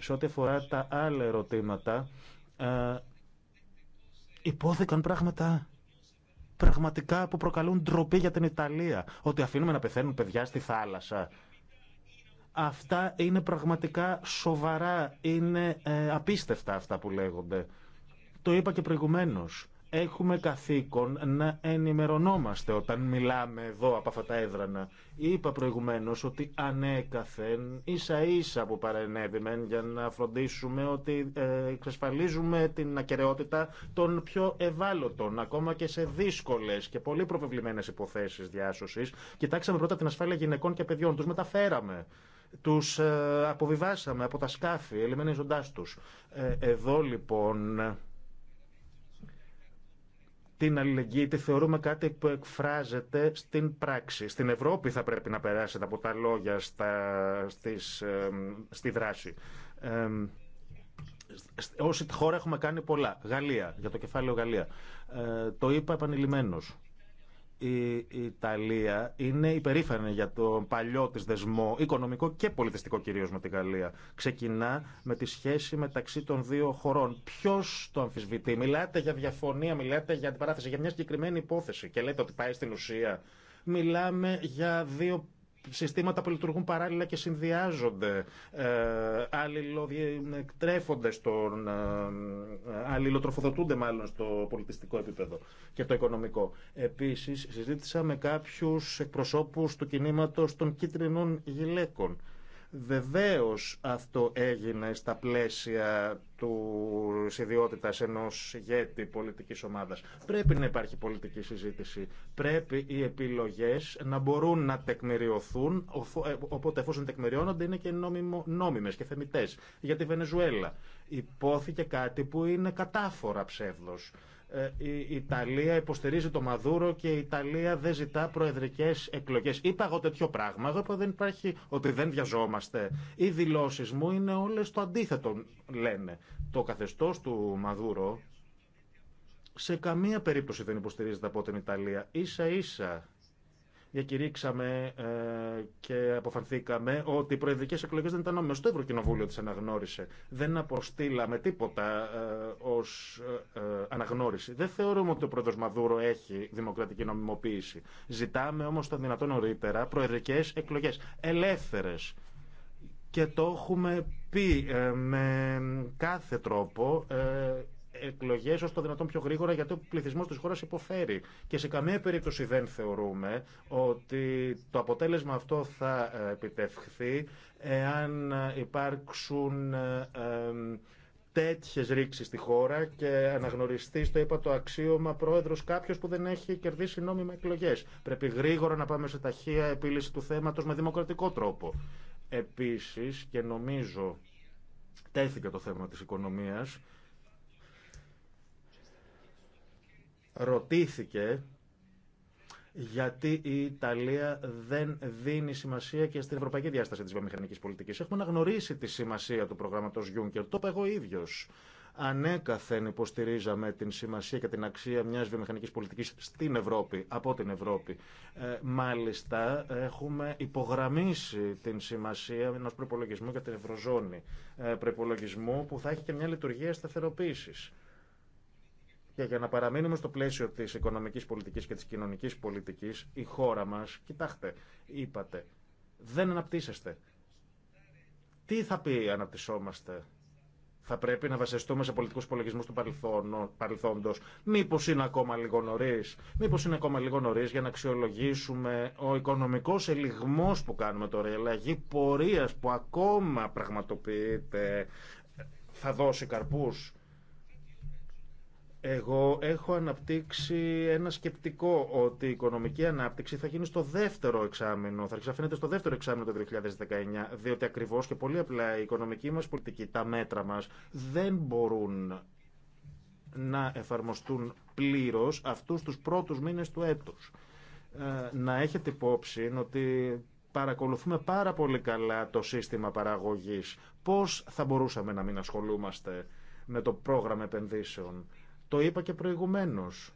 Σε ό,τι αφορά τα άλλα ερωτήματα, ε, υπόθηκαν πράγματα πραγματικά που προκαλούν ντροπή για την Ιταλία. Ότι αφήνουμε να πεθαίνουν παιδιά στη θάλασσα. Αυτά είναι πραγματικά σοβαρά, είναι ε, απίστευτα αυτά που λέγονται. Το είπα και προηγουμένως έχουμε καθήκον να ενημερωνόμαστε όταν μιλάμε εδώ από αυτά τα έδρανα. Είπα προηγουμένως ότι ανέκαθεν ίσα ίσα που παρενέβημεν για να φροντίσουμε ότι ε, εξασφαλίζουμε την ακαιρεότητα των πιο ευάλωτων ακόμα και σε δύσκολες και πολύ προβεβλημένες υποθέσεις διάσωσης. Κοιτάξαμε πρώτα την ασφάλεια γυναικών και παιδιών, τους μεταφέραμε. Τους ε, αποβιβάσαμε από τα σκάφη, ζωντά τους. Ε, εδώ λοιπόν την αλληλεγγύη τη θεωρούμε κάτι που εκφράζεται στην πράξη. Στην Ευρώπη θα πρέπει να περάσετε από τα λόγια στα, στις, στη δράση. Ε, Όσοι χώρα έχουμε κάνει πολλά. Γαλλία, για το κεφάλαιο Γαλλία. Ε, το είπα επανειλημμένος η Ιταλία είναι υπερήφανη για τον παλιό της δεσμό, οικονομικό και πολιτιστικό κυρίως με τη Γαλλία. Ξεκινά με τη σχέση μεταξύ των δύο χωρών. Ποιος το αμφισβητεί. Μιλάτε για διαφωνία, μιλάτε για αντιπαράθεση, για μια συγκεκριμένη υπόθεση και λέτε ότι πάει στην ουσία. Μιλάμε για δύο συστήματα που λειτουργούν παράλληλα και συνδυάζονται, ε, αλληλοδιεκτρέφονται στον, ε, αλληλοτροφοδοτούνται μάλλον στο πολιτιστικό επίπεδο και το οικονομικό. Επίσης, συζήτησα με κάποιους εκπροσώπους του κινήματος των κίτρινων γυλαίκων Βεβαίως αυτό έγινε στα πλαίσια του ιδιότητα ενός ηγέτη πολιτικής ομάδας. Πρέπει να υπάρχει πολιτική συζήτηση. Πρέπει οι επιλογές να μπορούν να τεκμηριωθούν, ε, οπότε εφόσον τεκμηριώνονται είναι και νόμιμε νόμιμες και θεμητές. Για τη Βενεζουέλα υπόθηκε κάτι που είναι κατάφορα ψεύδος. Ε, η Ιταλία υποστηρίζει το Μαδούρο και η Ιταλία δεν ζητά προεδρικέ εκλογέ. Είπα εγώ τέτοιο πράγμα. δεν υπάρχει, ότι δεν βιαζόμαστε. Οι δηλώσει μου είναι όλε το αντίθετο, λένε. Το καθεστώ του Μαδούρο σε καμία περίπτωση δεν υποστηρίζεται από την Ιταλία. σα ίσα διακηρύξαμε ε, και αποφανθήκαμε ότι οι προεδρικέ εκλογέ δεν ήταν νόμιμε. Το Ευρωκοινοβούλιο τι αναγνώρισε. Δεν αποστήλαμε τίποτα ε, ω ε, αναγνώριση. Δεν θεωρούμε ότι ο πρόεδρο Μαδούρο έχει δημοκρατική νομιμοποίηση. Ζητάμε όμω το δυνατόν νωρίτερα προεδρικέ εκλογέ. Ελεύθερε. Και το έχουμε πει με κάθε τρόπο εκλογέ ω το δυνατόν πιο γρήγορα, γιατί ο πληθυσμό τη χώρα υποφέρει. Και σε καμία περίπτωση δεν θεωρούμε ότι το αποτέλεσμα αυτό θα ε, επιτευχθεί εάν ε, υπάρξουν ε, τέτοιε ρήξει στη χώρα και αναγνωριστεί, το είπα, το αξίωμα πρόεδρο κάποιο που δεν έχει κερδίσει νόμιμα εκλογέ. Πρέπει γρήγορα να πάμε σε ταχεία επίλυση του θέματο με δημοκρατικό τρόπο. Επίση, και νομίζω τέθηκε το θέμα της οικονομίας ρωτήθηκε γιατί η Ιταλία δεν δίνει σημασία και στην ευρωπαϊκή διάσταση της βιομηχανικής πολιτικής. Έχουμε αναγνωρίσει τη σημασία του προγράμματος Juncker, το είπα εγώ ίδιος. Ανέκαθεν υποστηρίζαμε την σημασία και την αξία μιας βιομηχανικής πολιτικής στην Ευρώπη, από την Ευρώπη. Ε, μάλιστα, έχουμε υπογραμμίσει την σημασία ενός προπολογισμού για την Ευρωζώνη. Ε, προπολογισμού που θα έχει και μια λειτουργία σταθεροποίησης. Και για να παραμείνουμε στο πλαίσιο της οικονομικής πολιτικής και της κοινωνικής πολιτικής, η χώρα μας, κοιτάξτε, είπατε, δεν αναπτύσσεστε. Τι θα πει αναπτυσσόμαστε. Θα πρέπει να βασιστούμε σε πολιτικούς υπολογισμού του παρελθόντος. Μήπως είναι ακόμα λίγο νωρί. Μήπως είναι ακόμα λίγο νωρί για να αξιολογήσουμε ο οικονομικός ελιγμός που κάνουμε τώρα, η αλλαγή πορείας που ακόμα πραγματοποιείται, θα δώσει καρπούς. Εγώ έχω αναπτύξει ένα σκεπτικό ότι η οικονομική ανάπτυξη θα γίνει στο δεύτερο εξάμεινο, θα φαίνεται στο δεύτερο εξάμεινο το 2019, διότι ακριβώς και πολύ απλά η οικονομική μας πολιτική, τα μέτρα μας δεν μπορούν να εφαρμοστούν πλήρως αυτούς τους πρώτους μήνες του έτους. Ε, να έχετε υπόψη ότι παρακολουθούμε πάρα πολύ καλά το σύστημα παραγωγής. Πώς θα μπορούσαμε να μην ασχολούμαστε με το πρόγραμμα επενδύσεων το είπα και προηγουμένως.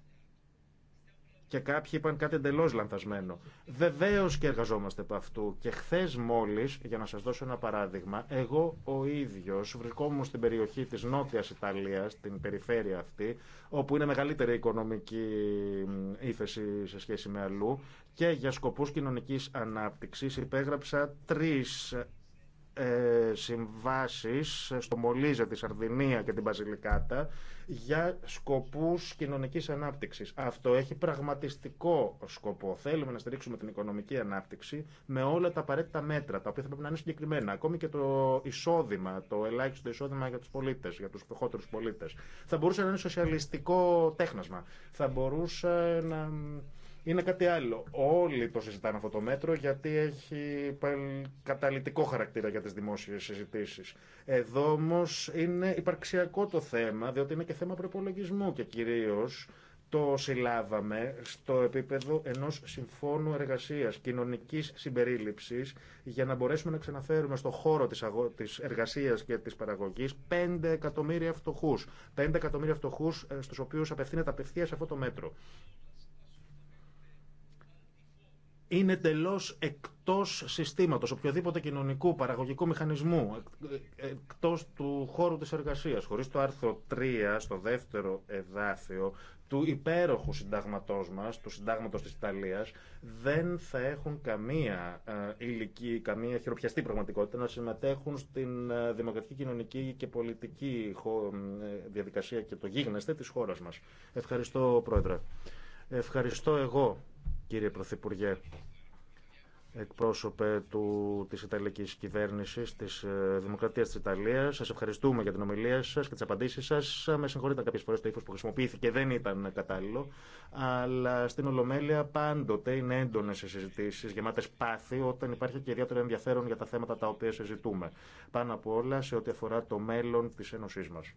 Και κάποιοι είπαν κάτι εντελώ λανθασμένο. Βεβαίω και εργαζόμαστε από αυτού. Και χθε μόλι, για να σα δώσω ένα παράδειγμα, εγώ ο ίδιο βρισκόμουν στην περιοχή τη Νότια Ιταλία, την περιφέρεια αυτή, όπου είναι μεγαλύτερη οικονομική ύφεση σε σχέση με αλλού, και για σκοπού κοινωνική ανάπτυξη υπέγραψα τρει ε, συμβάσεις στο Μολύζε, τη Σαρδινία και την Παζιλικάτα για σκοπούς κοινωνικής ανάπτυξης. Αυτό έχει πραγματιστικό σκοπό. Θέλουμε να στηρίξουμε την οικονομική ανάπτυξη με όλα τα απαραίτητα μέτρα, τα οποία θα πρέπει να είναι συγκεκριμένα. Ακόμη και το εισόδημα, το ελάχιστο εισόδημα για τους πολίτες, για τους φτωχότερους πολίτες. Θα μπορούσε να είναι σοσιαλιστικό τέχνασμα. Θα μπορούσε να είναι κάτι άλλο. Όλοι το συζητάνε αυτό το μέτρο γιατί έχει καταλητικό χαρακτήρα για τις δημόσιες συζητήσεις. Εδώ όμω είναι υπαρξιακό το θέμα, διότι είναι και θέμα προπολογισμού και κυρίως το συλλάβαμε στο επίπεδο ενός συμφώνου εργασίας, κοινωνικής συμπερίληψης, για να μπορέσουμε να ξαναφέρουμε στο χώρο της, αγο... της εργασίας και της παραγωγής 5 εκατομμύρια φτωχούς. 5 εκατομμύρια φτωχούς ε, στους οποίους απευθύνεται απευθείας αυτό το μέτρο είναι εντελώ εκτό συστήματο, οποιοδήποτε κοινωνικού παραγωγικού μηχανισμού, εκτό του χώρου τη εργασία. Χωρί το άρθρο 3, στο δεύτερο εδάφιο του υπέροχου συντάγματό μα, του συντάγματο τη Ιταλία, δεν θα έχουν καμία ε, ηλική, καμία χειροπιαστή πραγματικότητα να συμμετέχουν στην ε, δημοκρατική, κοινωνική και πολιτική ε, διαδικασία και το γίγνεσθε τη χώρα μα. Ευχαριστώ, Πρόεδρε. Ευχαριστώ εγώ κύριε Πρωθυπουργέ, εκπρόσωπε του, της Ιταλικής κυβέρνησης, της ε, Δημοκρατίας της Ιταλίας. Σας ευχαριστούμε για την ομιλία σας και τις απαντήσεις σας. Με συγχωρείτε κάποιες φορές το ύφος που χρησιμοποιήθηκε δεν ήταν κατάλληλο, αλλά στην Ολομέλεια πάντοτε είναι έντονες οι συζητήσεις, γεμάτες πάθη, όταν υπάρχει και ιδιαίτερο ενδιαφέρον για τα θέματα τα οποία συζητούμε. Πάνω από όλα σε ό,τι αφορά το μέλλον της Ένωσής μας.